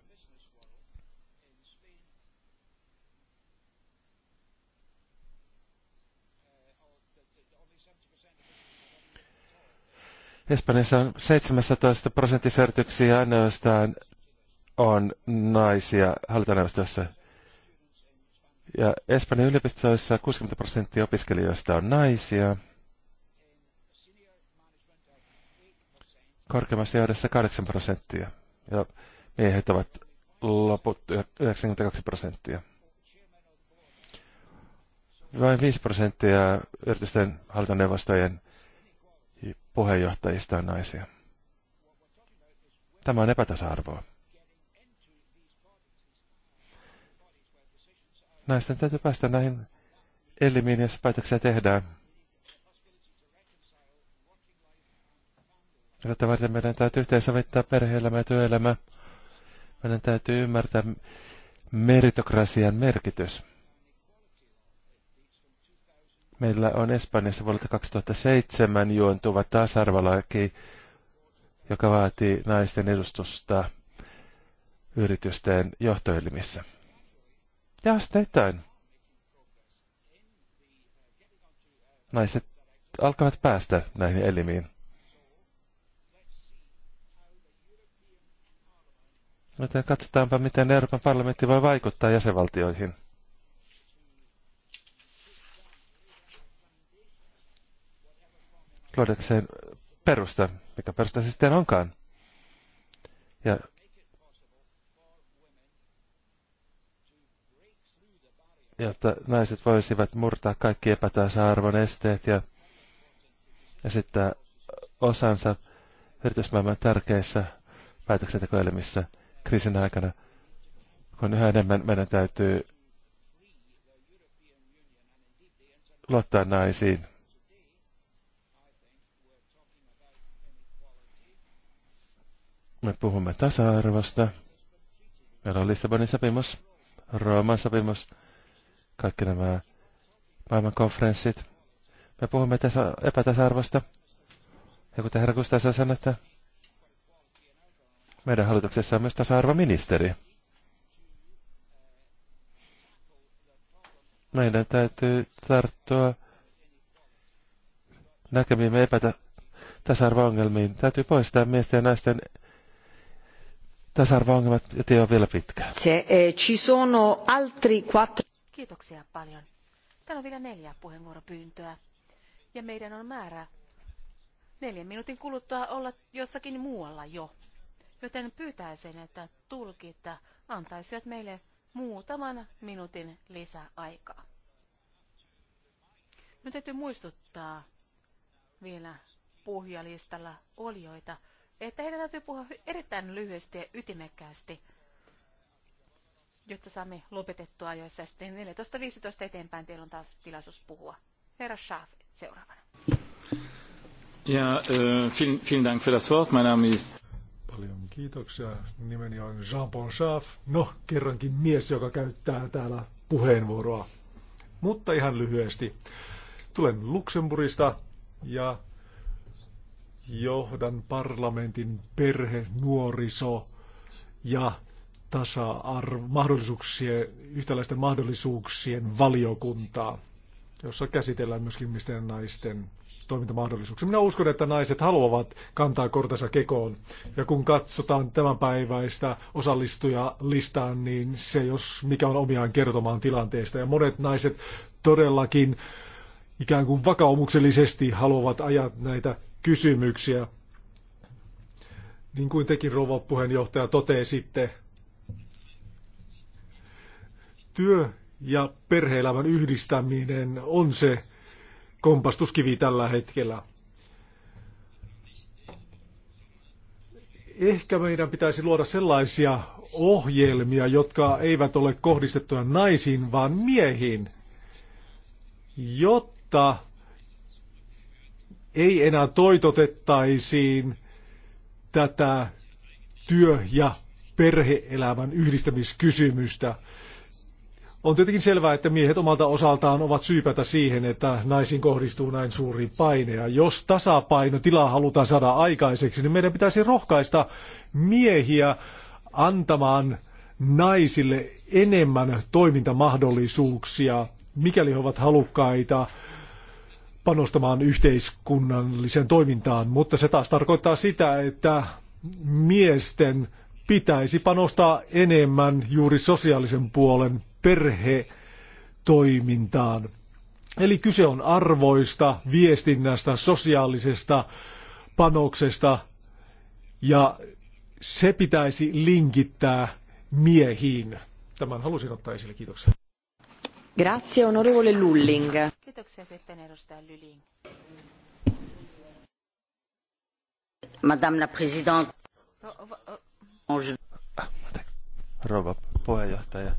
Espanjassa on 17 prosentissa yrityksiä ainoastaan on naisia hallintoneuvostossa. Ja Espanjan yliopistoissa 60 prosenttia opiskelijoista on naisia. Korkeimmassa johdossa 8 prosenttia. Ja miehet ovat loput 92 prosenttia. Vain 5 prosenttia yritysten hallintoneuvostojen puheenjohtajista on naisia. Tämä on epätasa-arvoa. Naisten täytyy päästä näihin elimiin, jos päätöksiä tehdään. Tätä varten meidän täytyy yhteensovittaa perhe-elämä ja työelämä. Meidän täytyy ymmärtää meritokrasian merkitys. Meillä on Espanjassa vuodelta 2007 juontuva tasa-arvolaki, joka vaatii naisten edustusta yritysten johtoelimissä. Ja asteittain naiset alkavat päästä näihin elimiin. Joten katsotaanpa, miten Euroopan parlamentti voi vaikuttaa jäsenvaltioihin. luodakseen perusta, mikä perusta se sitten onkaan. Ja jotta naiset voisivat murtaa kaikki epätasa-arvon esteet ja esittää osansa yritysmaailman tärkeissä päätöksentekoelimissä kriisin aikana, kun yhä enemmän meidän täytyy luottaa naisiin. Me puhumme tasa-arvosta. Meillä on Lissabonin sopimus, Rooman sopimus, kaikki nämä maailmankonferenssit. Me puhumme tasa- epätasa-arvosta. Ja kuten herra Gustafsson sanoi, että meidän hallituksessa on myös tasa-arvoministeri. Meidän täytyy tarttua näkemiimme epätasa-arvo-ongelmiin. Täytyy poistaa miesten ja naisten tasa-arvo-ongelmat ja tie on vielä pitkä. Se, eh, ci sono altri quattro... Kiitoksia paljon. Täällä on vielä neljä puheenvuoropyyntöä. Ja meidän on määrä neljän minuutin kuluttua olla jossakin muualla jo. Joten pyytäisin, että tulkita antaisivat meille muutaman minuutin lisäaikaa. Nyt täytyy muistuttaa vielä puhujalistalla olijoita että heidän täytyy puhua erittäin lyhyesti ja ytimekkäästi, jotta saamme lopetettua ajoissa. Sitten 14.15 eteenpäin teillä on taas tilaisuus puhua. Herra Schaaf seuraavana. Ja, äh, vielen, vielen Dank für das Wort. Mein Name ist... Paljon kiitoksia. Nimeni on Jean-Paul Schaaf. No, kerrankin mies, joka käyttää täällä puheenvuoroa. Mutta ihan lyhyesti. Tulen Luxemburgista ja johdan parlamentin perhe, nuoriso ja tasa mahdollisuuksien, yhtäläisten mahdollisuuksien valiokuntaa, jossa käsitellään myöskin miesten ja naisten toimintamahdollisuuksia. Minä uskon, että naiset haluavat kantaa kortensa kekoon. Ja kun katsotaan tämänpäiväistä osallistujalistaa, niin se jos mikä on omiaan kertomaan tilanteesta. Ja monet naiset todellakin ikään kuin vakaumuksellisesti haluavat ajaa näitä kysymyksiä. Niin kuin tekin rouva puheenjohtaja totesitte, työ ja perheelämän yhdistäminen on se kompastuskivi tällä hetkellä. Ehkä meidän pitäisi luoda sellaisia ohjelmia, jotka eivät ole kohdistettuja naisiin, vaan miehiin, jotta ei enää toitotettaisiin tätä työ- ja perheelämän yhdistämiskysymystä. On tietenkin selvää, että miehet omalta osaltaan ovat syypätä siihen, että naisiin kohdistuu näin suuri paine. Ja jos tasapaino tilaa halutaan saada aikaiseksi, niin meidän pitäisi rohkaista miehiä antamaan naisille enemmän toimintamahdollisuuksia, mikäli he ovat halukkaita panostamaan yhteiskunnalliseen toimintaan, mutta se taas tarkoittaa sitä, että miesten pitäisi panostaa enemmän juuri sosiaalisen puolen perhetoimintaan. Eli kyse on arvoista, viestinnästä, sosiaalisesta panoksesta ja se pitäisi linkittää miehiin. Tämän halusin ottaa esille. Kiitoksia. Grazie, onorevole Madame la Présidente. Rouva puheenjohtaja,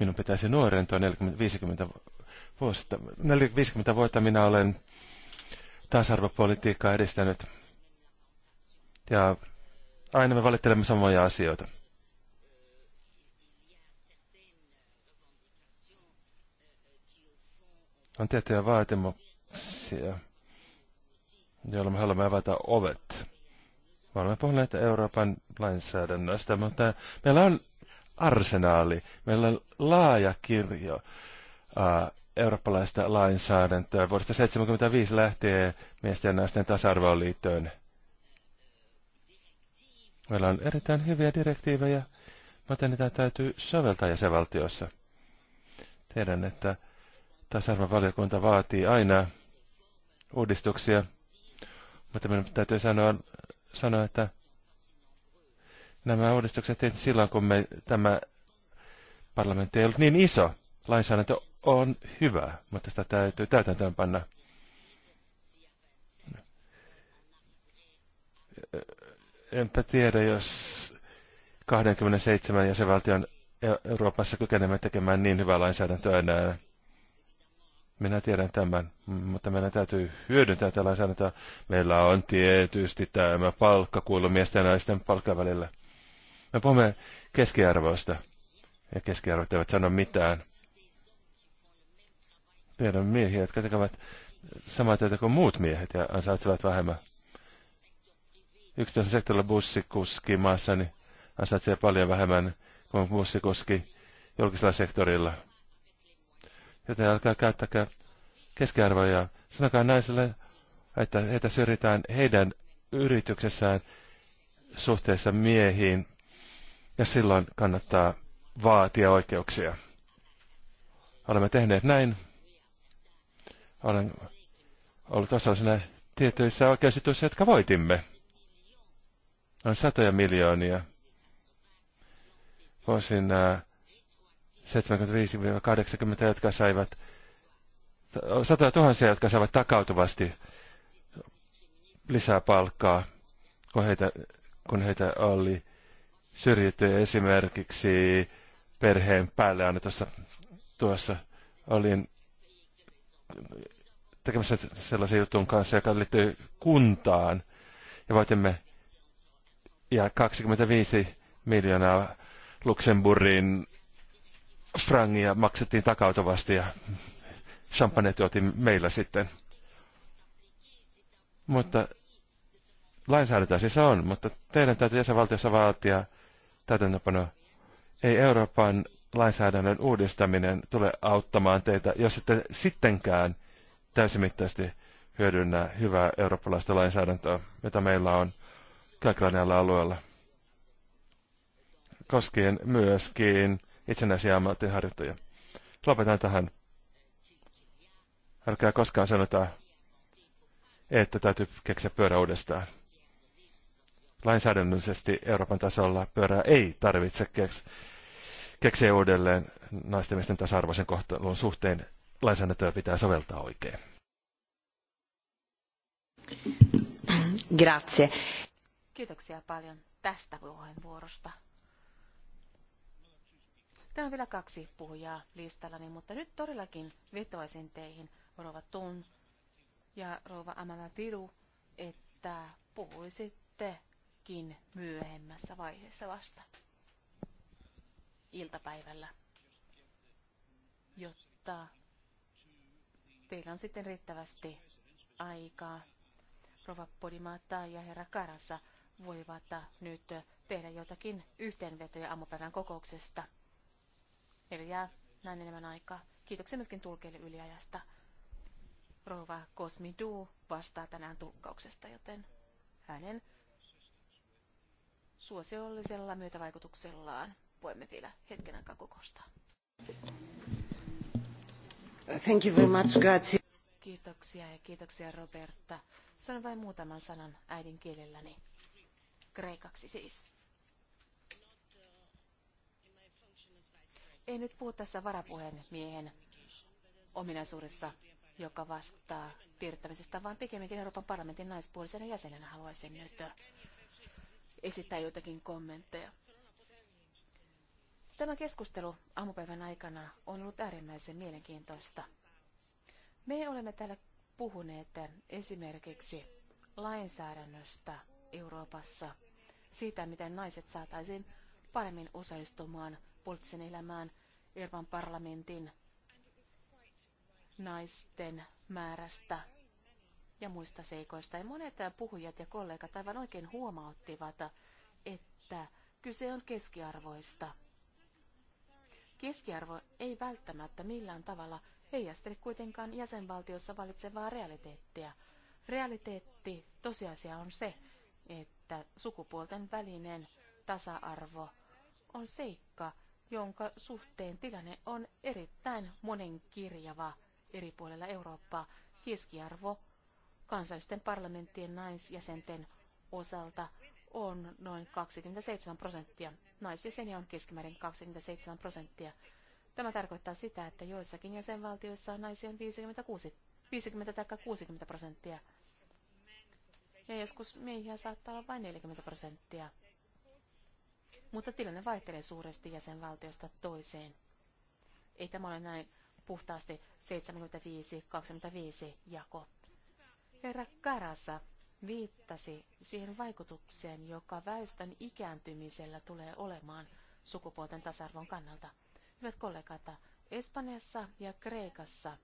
minun pitäisi nuorentua 40, vuotta. vuotta minä olen tasa-arvopolitiikkaa edistänyt. Ja aina me valittelemme samoja asioita. On tiettyjä vaatimuksia, joilla me haluamme avata ovet. Me olemme puhuneet Euroopan lainsäädännöstä, mutta meillä on arsenaali, meillä on laaja kirjo ää, eurooppalaista lainsäädäntöä vuodesta 1975 lähtien miesten ja naisten tasa-arvoon liittyen. Meillä on erittäin hyviä direktiivejä, mutta niitä täytyy soveltaa jäsenvaltiossa. Tiedän, että Tasa-arvovaliokunta vaatii aina uudistuksia, mutta minun täytyy sanoa, sanoa että nämä uudistukset tehtiin silloin, kun me, tämä parlamentti ei ollut niin iso. Lainsäädäntö on hyvä, mutta sitä täytyy täytäntöön panna. Enpä tiedä, jos 27 jäsenvaltion Euroopassa kykenemme tekemään niin hyvää lainsäädäntöä enää. Minä tiedän tämän, mutta meidän täytyy hyödyntää tällä lainsäädäntöä. Meillä on tietysti tämä kuulu miesten ja naisten palkkan välillä. Me puhumme keskiarvoista, ja keskiarvot eivät sano mitään. Tiedän miehiä, jotka tekevät samaa työtä kuin muut miehet ja ansaitsevat vähemmän. Yksityisen sektorilla bussikuski maassani niin ansaitsee paljon vähemmän kuin bussikuski julkisella sektorilla – Joten älkää käyttäkää keskiarvoja. Sanokaa naisille, että heitä syrjitään heidän yrityksessään suhteessa miehiin. Ja silloin kannattaa vaatia oikeuksia. Olemme tehneet näin. Olen ollut osallisena tietyissä oikeusjutuissa, jotka voitimme. On satoja miljoonia. Voisin äh, 75-80, jotka saivat, satoja tuhansia, jotka saivat takautuvasti lisää palkkaa, kun heitä, kun heitä oli syrjitty esimerkiksi perheen päälle annetussa tuossa. Olin tekemässä sellaisen jutun kanssa, joka liittyy kuntaan, ja voitimme ja 25 miljoonaa Luxemburgin frangia maksettiin takautuvasti ja champagne tuotiin meillä sitten. Mutta lainsäädäntöä siis on, mutta teidän täytyy jäsenvaltiossa vaatia täytäntöpanoa. Ei Euroopan lainsäädännön uudistaminen tule auttamaan teitä, jos ette sittenkään täysimittaisesti hyödynnä hyvää eurooppalaista lainsäädäntöä, jota meillä on kaikilla näillä alueilla. Koskien myöskin itsenäisiä ammattiharjoittajia. Lopetan tähän. Älkää koskaan sanota, että täytyy keksiä pyörä uudestaan. Lainsäädännöllisesti Euroopan tasolla pyörää ei tarvitse keks, keksiä uudelleen naisten miesten tasa-arvoisen kohtelun suhteen. Lainsäädäntöä pitää soveltaa oikein. Grazie. Kiitoksia paljon tästä puheenvuorosta. Täällä on vielä kaksi puhujaa listallani, mutta nyt todellakin vetoaisin teihin, Rova Tun ja Rova Amama tiru, että puhuisittekin myöhemmässä vaiheessa vasta iltapäivällä, jotta teillä on sitten riittävästi aikaa. Rova Podimata ja herra Karassa voivat nyt tehdä jotakin yhteenvetoja aamupäivän kokouksesta. Eli jää näin enemmän aikaa. Kiitoksia myöskin tulkeille yliajasta. Rova Kosmidu vastaa tänään tulkkauksesta, joten hänen suosiollisella myötävaikutuksellaan voimme vielä hetken aikaa kokoustaa. Thank you very much, grazie. Kiitoksia ja kiitoksia Roberta. Sanon vain muutaman sanan äidinkielelläni. Kreikaksi siis. Ei nyt puhu tässä varapuhemiehen ominaisuudessa, joka vastaa tiedottamisesta, vaan pikemminkin Euroopan parlamentin naispuolisena jäsenenä haluaisin nyt esittää jotakin kommentteja. Tämä keskustelu aamupäivän aikana on ollut äärimmäisen mielenkiintoista. Me olemme täällä puhuneet esimerkiksi lainsäädännöstä Euroopassa, siitä, miten naiset saataisiin paremmin osallistumaan poliittisen elämään Euroopan parlamentin naisten määrästä ja muista seikoista. Ja monet puhujat ja kollegat aivan oikein huomauttivat, että kyse on keskiarvoista. Keskiarvo ei välttämättä millään tavalla heijastele kuitenkaan jäsenvaltiossa valitsevaa realiteettia. Realiteetti, tosiasia on se, että sukupuolten välinen tasa-arvo on seikka, jonka suhteen tilanne on erittäin monenkirjava eri puolilla Eurooppaa. Keskiarvo kansallisten parlamenttien naisjäsenten osalta on noin 27 prosenttia. Naisjäseniä on keskimäärin 27 prosenttia. Tämä tarkoittaa sitä, että joissakin jäsenvaltioissa on naisia 56, 50 tai 60 prosenttia. Ja joskus miehiä saattaa olla vain 40 prosenttia mutta tilanne vaihtelee suuresti jäsenvaltiosta toiseen. Ei tämä ole näin puhtaasti 75-25 jako. Herra Karasa viittasi siihen vaikutukseen, joka väestön ikääntymisellä tulee olemaan sukupuolten tasa-arvon kannalta. Hyvät kollegat, Espanjassa ja Kreikassa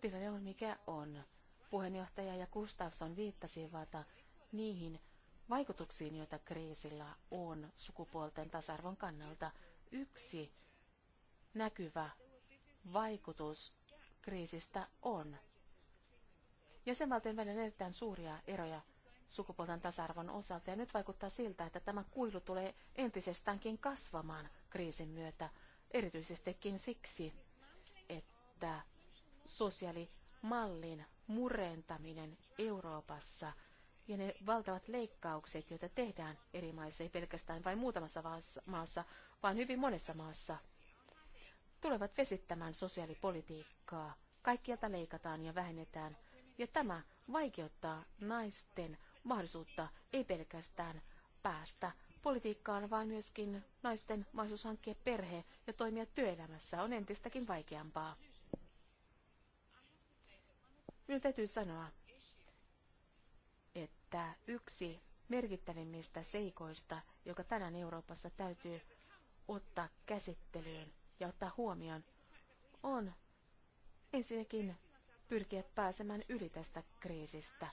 tilanne on mikä on. Puheenjohtaja ja Gustafsson viittasivat niihin vaikutuksiin, joita kriisillä on sukupuolten tasa-arvon kannalta. Yksi näkyvä vaikutus kriisistä on. Jäsenvaltion välillä on erittäin suuria eroja sukupuolten tasa-arvon osalta ja nyt vaikuttaa siltä, että tämä kuilu tulee entisestäänkin kasvamaan kriisin myötä, erityisestikin siksi, että sosiaalimallin murentaminen Euroopassa – ja ne valtavat leikkaukset, joita tehdään eri maissa, ei pelkästään vain muutamassa maassa, vaan hyvin monessa maassa, tulevat vesittämään sosiaalipolitiikkaa. Kaikkialta leikataan ja vähennetään, ja tämä vaikeuttaa naisten mahdollisuutta ei pelkästään päästä politiikkaan, vaan myöskin naisten mahdollisuus hankkia perhe ja toimia työelämässä on entistäkin vaikeampaa. Minun täytyy sanoa, että yksi merkittävimmistä seikoista, joka tänään Euroopassa täytyy ottaa käsittelyyn ja ottaa huomioon, on ensinnäkin pyrkiä pääsemään yli tästä kriisistä.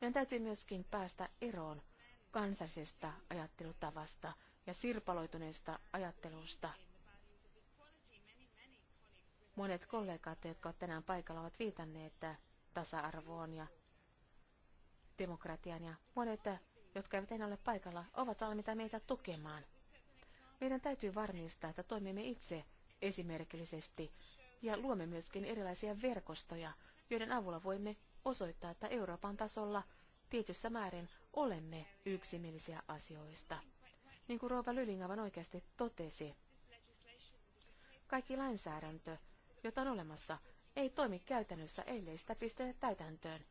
Meidän täytyy myöskin päästä eroon kansallisesta ajattelutavasta ja sirpaloituneesta ajattelusta. Monet kollegat, jotka ovat tänään paikalla, ovat viitanneet tasa-arvoon ja demokratian ja monet, jotka eivät enää ole paikalla, ovat valmiita meitä tukemaan. Meidän täytyy varmistaa, että toimimme itse esimerkillisesti ja luomme myöskin erilaisia verkostoja, joiden avulla voimme osoittaa, että Euroopan tasolla tietyssä määrin olemme yksimielisiä asioista. Niin kuin Rouva Lylingavan oikeasti totesi, kaikki lainsäädäntö, jota on olemassa, ei toimi käytännössä, ellei sitä pistetä täytäntöön.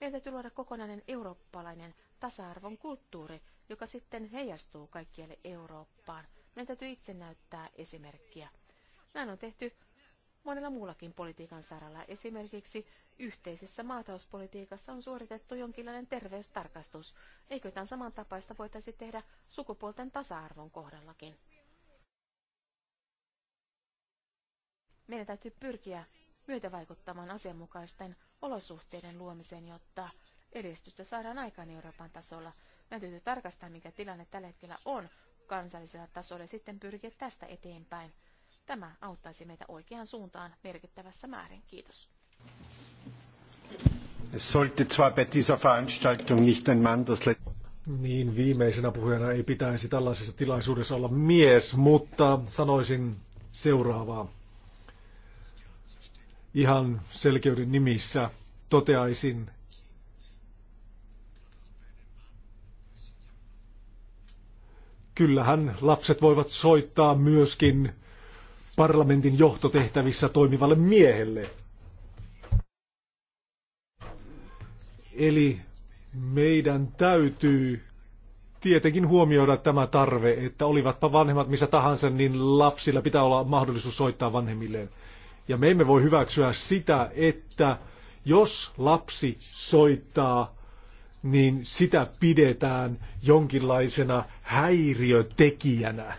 Meidän täytyy luoda kokonainen eurooppalainen tasa-arvon kulttuuri, joka sitten heijastuu kaikkialle Eurooppaan. Meidän täytyy itse näyttää esimerkkiä. Näin on tehty monella muullakin politiikan saralla. Esimerkiksi yhteisessä maatalouspolitiikassa on suoritettu jonkinlainen terveystarkastus. Eikö tämän samantapaista voitaisi tehdä sukupuolten tasa-arvon kohdallakin? Meidän täytyy pyrkiä myötävaikuttamaan asianmukaisten olosuhteiden luomiseen, jotta edistystä saadaan aikaan Euroopan tasolla. Meidän täytyy tarkastaa, mikä tilanne tällä hetkellä on kansallisella tasolla ja sitten pyrkiä tästä eteenpäin. Tämä auttaisi meitä oikeaan suuntaan merkittävässä määrin. Kiitos. Es sollte zwar bei dieser Veranstaltung nicht ein Mann das niin viimeisenä puhujana ei pitäisi tällaisessa tilaisuudessa olla mies, mutta sanoisin seuraavaa ihan selkeyden nimissä toteaisin, kyllähän lapset voivat soittaa myöskin parlamentin johtotehtävissä toimivalle miehelle. Eli meidän täytyy tietenkin huomioida tämä tarve, että olivatpa vanhemmat missä tahansa, niin lapsilla pitää olla mahdollisuus soittaa vanhemmilleen. Ja me emme voi hyväksyä sitä, että jos lapsi soittaa, niin sitä pidetään jonkinlaisena häiriötekijänä.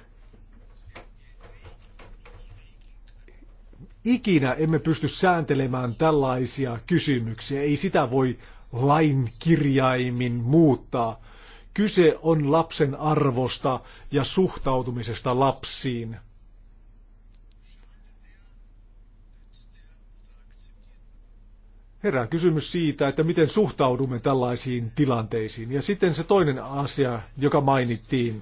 Ikinä emme pysty sääntelemään tällaisia kysymyksiä. Ei sitä voi lain kirjaimin muuttaa. Kyse on lapsen arvosta ja suhtautumisesta lapsiin. Herää kysymys siitä, että miten suhtaudumme tällaisiin tilanteisiin. Ja sitten se toinen asia, joka mainittiin,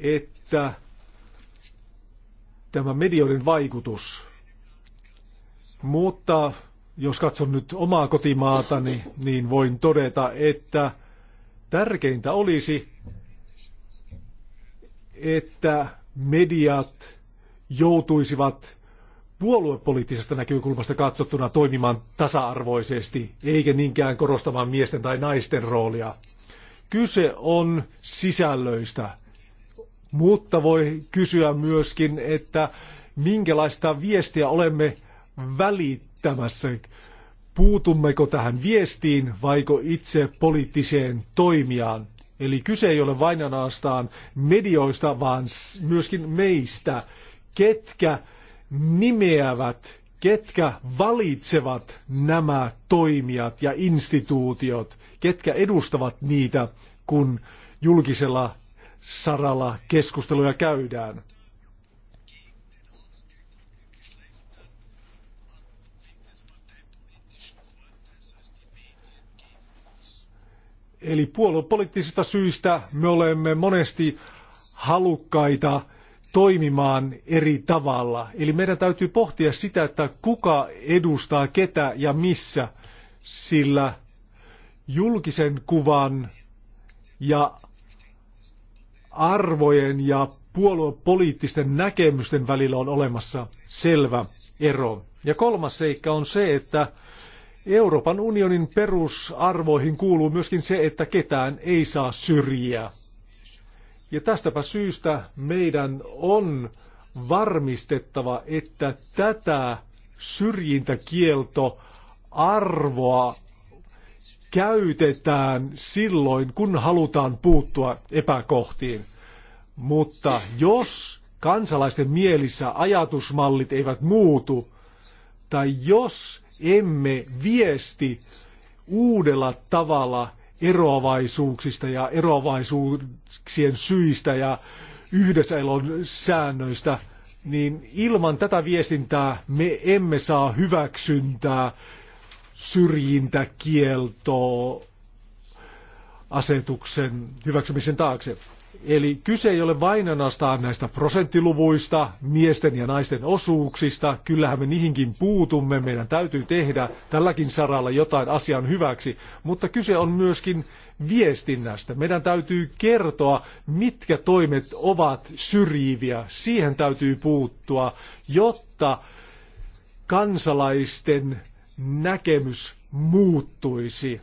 että tämä medioiden vaikutus. Mutta jos katson nyt omaa kotimaatani, niin voin todeta, että tärkeintä olisi, että mediat joutuisivat puoluepoliittisesta näkökulmasta katsottuna toimimaan tasa-arvoisesti, eikä niinkään korostamaan miesten tai naisten roolia. Kyse on sisällöistä, mutta voi kysyä myöskin, että minkälaista viestiä olemme välittämässä. Puutummeko tähän viestiin vaiko itse poliittiseen toimijaan? Eli kyse ei ole vain ainoastaan medioista, vaan myöskin meistä, ketkä nimeävät, ketkä valitsevat nämä toimijat ja instituutiot, ketkä edustavat niitä, kun julkisella saralla keskusteluja käydään. Eli puoluepoliittisista syistä me olemme monesti halukkaita toimimaan eri tavalla. Eli meidän täytyy pohtia sitä, että kuka edustaa ketä ja missä, sillä julkisen kuvan ja arvojen ja puoluepoliittisten näkemysten välillä on olemassa selvä ero. Ja kolmas seikka on se, että Euroopan unionin perusarvoihin kuuluu myöskin se, että ketään ei saa syrjiä. Ja tästäpä syystä meidän on varmistettava, että tätä syrjintäkielto arvoa käytetään silloin, kun halutaan puuttua epäkohtiin. Mutta jos kansalaisten mielissä ajatusmallit eivät muutu, tai jos emme viesti uudella tavalla eroavaisuuksista ja eroavaisuuksien syistä ja yhdessäelon säännöistä, niin ilman tätä viestintää me emme saa hyväksyntää syrjintäkieltoa asetuksen hyväksymisen taakse. Eli kyse ei ole vain ainoastaan näistä prosenttiluvuista, miesten ja naisten osuuksista. Kyllähän me niihinkin puutumme, meidän täytyy tehdä tälläkin saralla jotain asian hyväksi. Mutta kyse on myöskin viestinnästä. Meidän täytyy kertoa, mitkä toimet ovat syrjiviä. Siihen täytyy puuttua, jotta kansalaisten näkemys muuttuisi,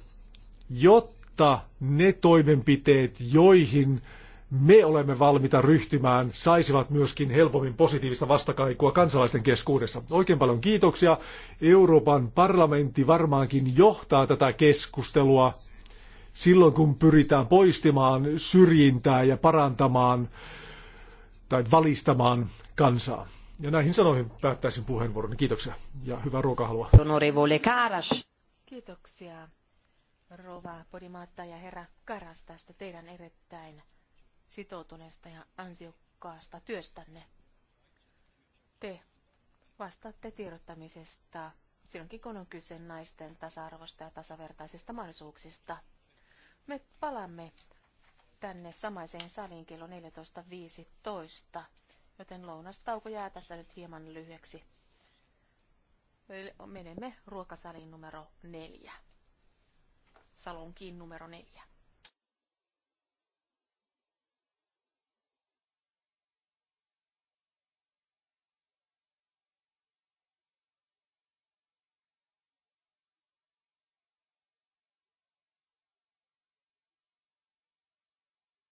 jotta ne toimenpiteet, joihin me olemme valmiita ryhtymään, saisivat myöskin helpommin positiivista vastakaikua kansalaisten keskuudessa. Oikein paljon kiitoksia. Euroopan parlamentti varmaankin johtaa tätä keskustelua silloin, kun pyritään poistamaan syrjintää ja parantamaan tai valistamaan kansaa. Ja näihin sanoihin päättäisin puheenvuoroni. Kiitoksia ja hyvää ruokahalua. Kiitoksia, Rova Podimaatta ja herra Karas tästä teidän erittäin sitoutuneesta ja ansiokkaasta työstänne. Te vastaatte tiedottamisesta silloinkin, kun on kyse naisten tasa-arvosta ja tasavertaisista mahdollisuuksista. Me palaamme tänne samaiseen saliin kello 14.15, joten lounastauko jää tässä nyt hieman lyhyeksi. Menemme ruokasaliin numero neljä. Salonkiin numero neljä.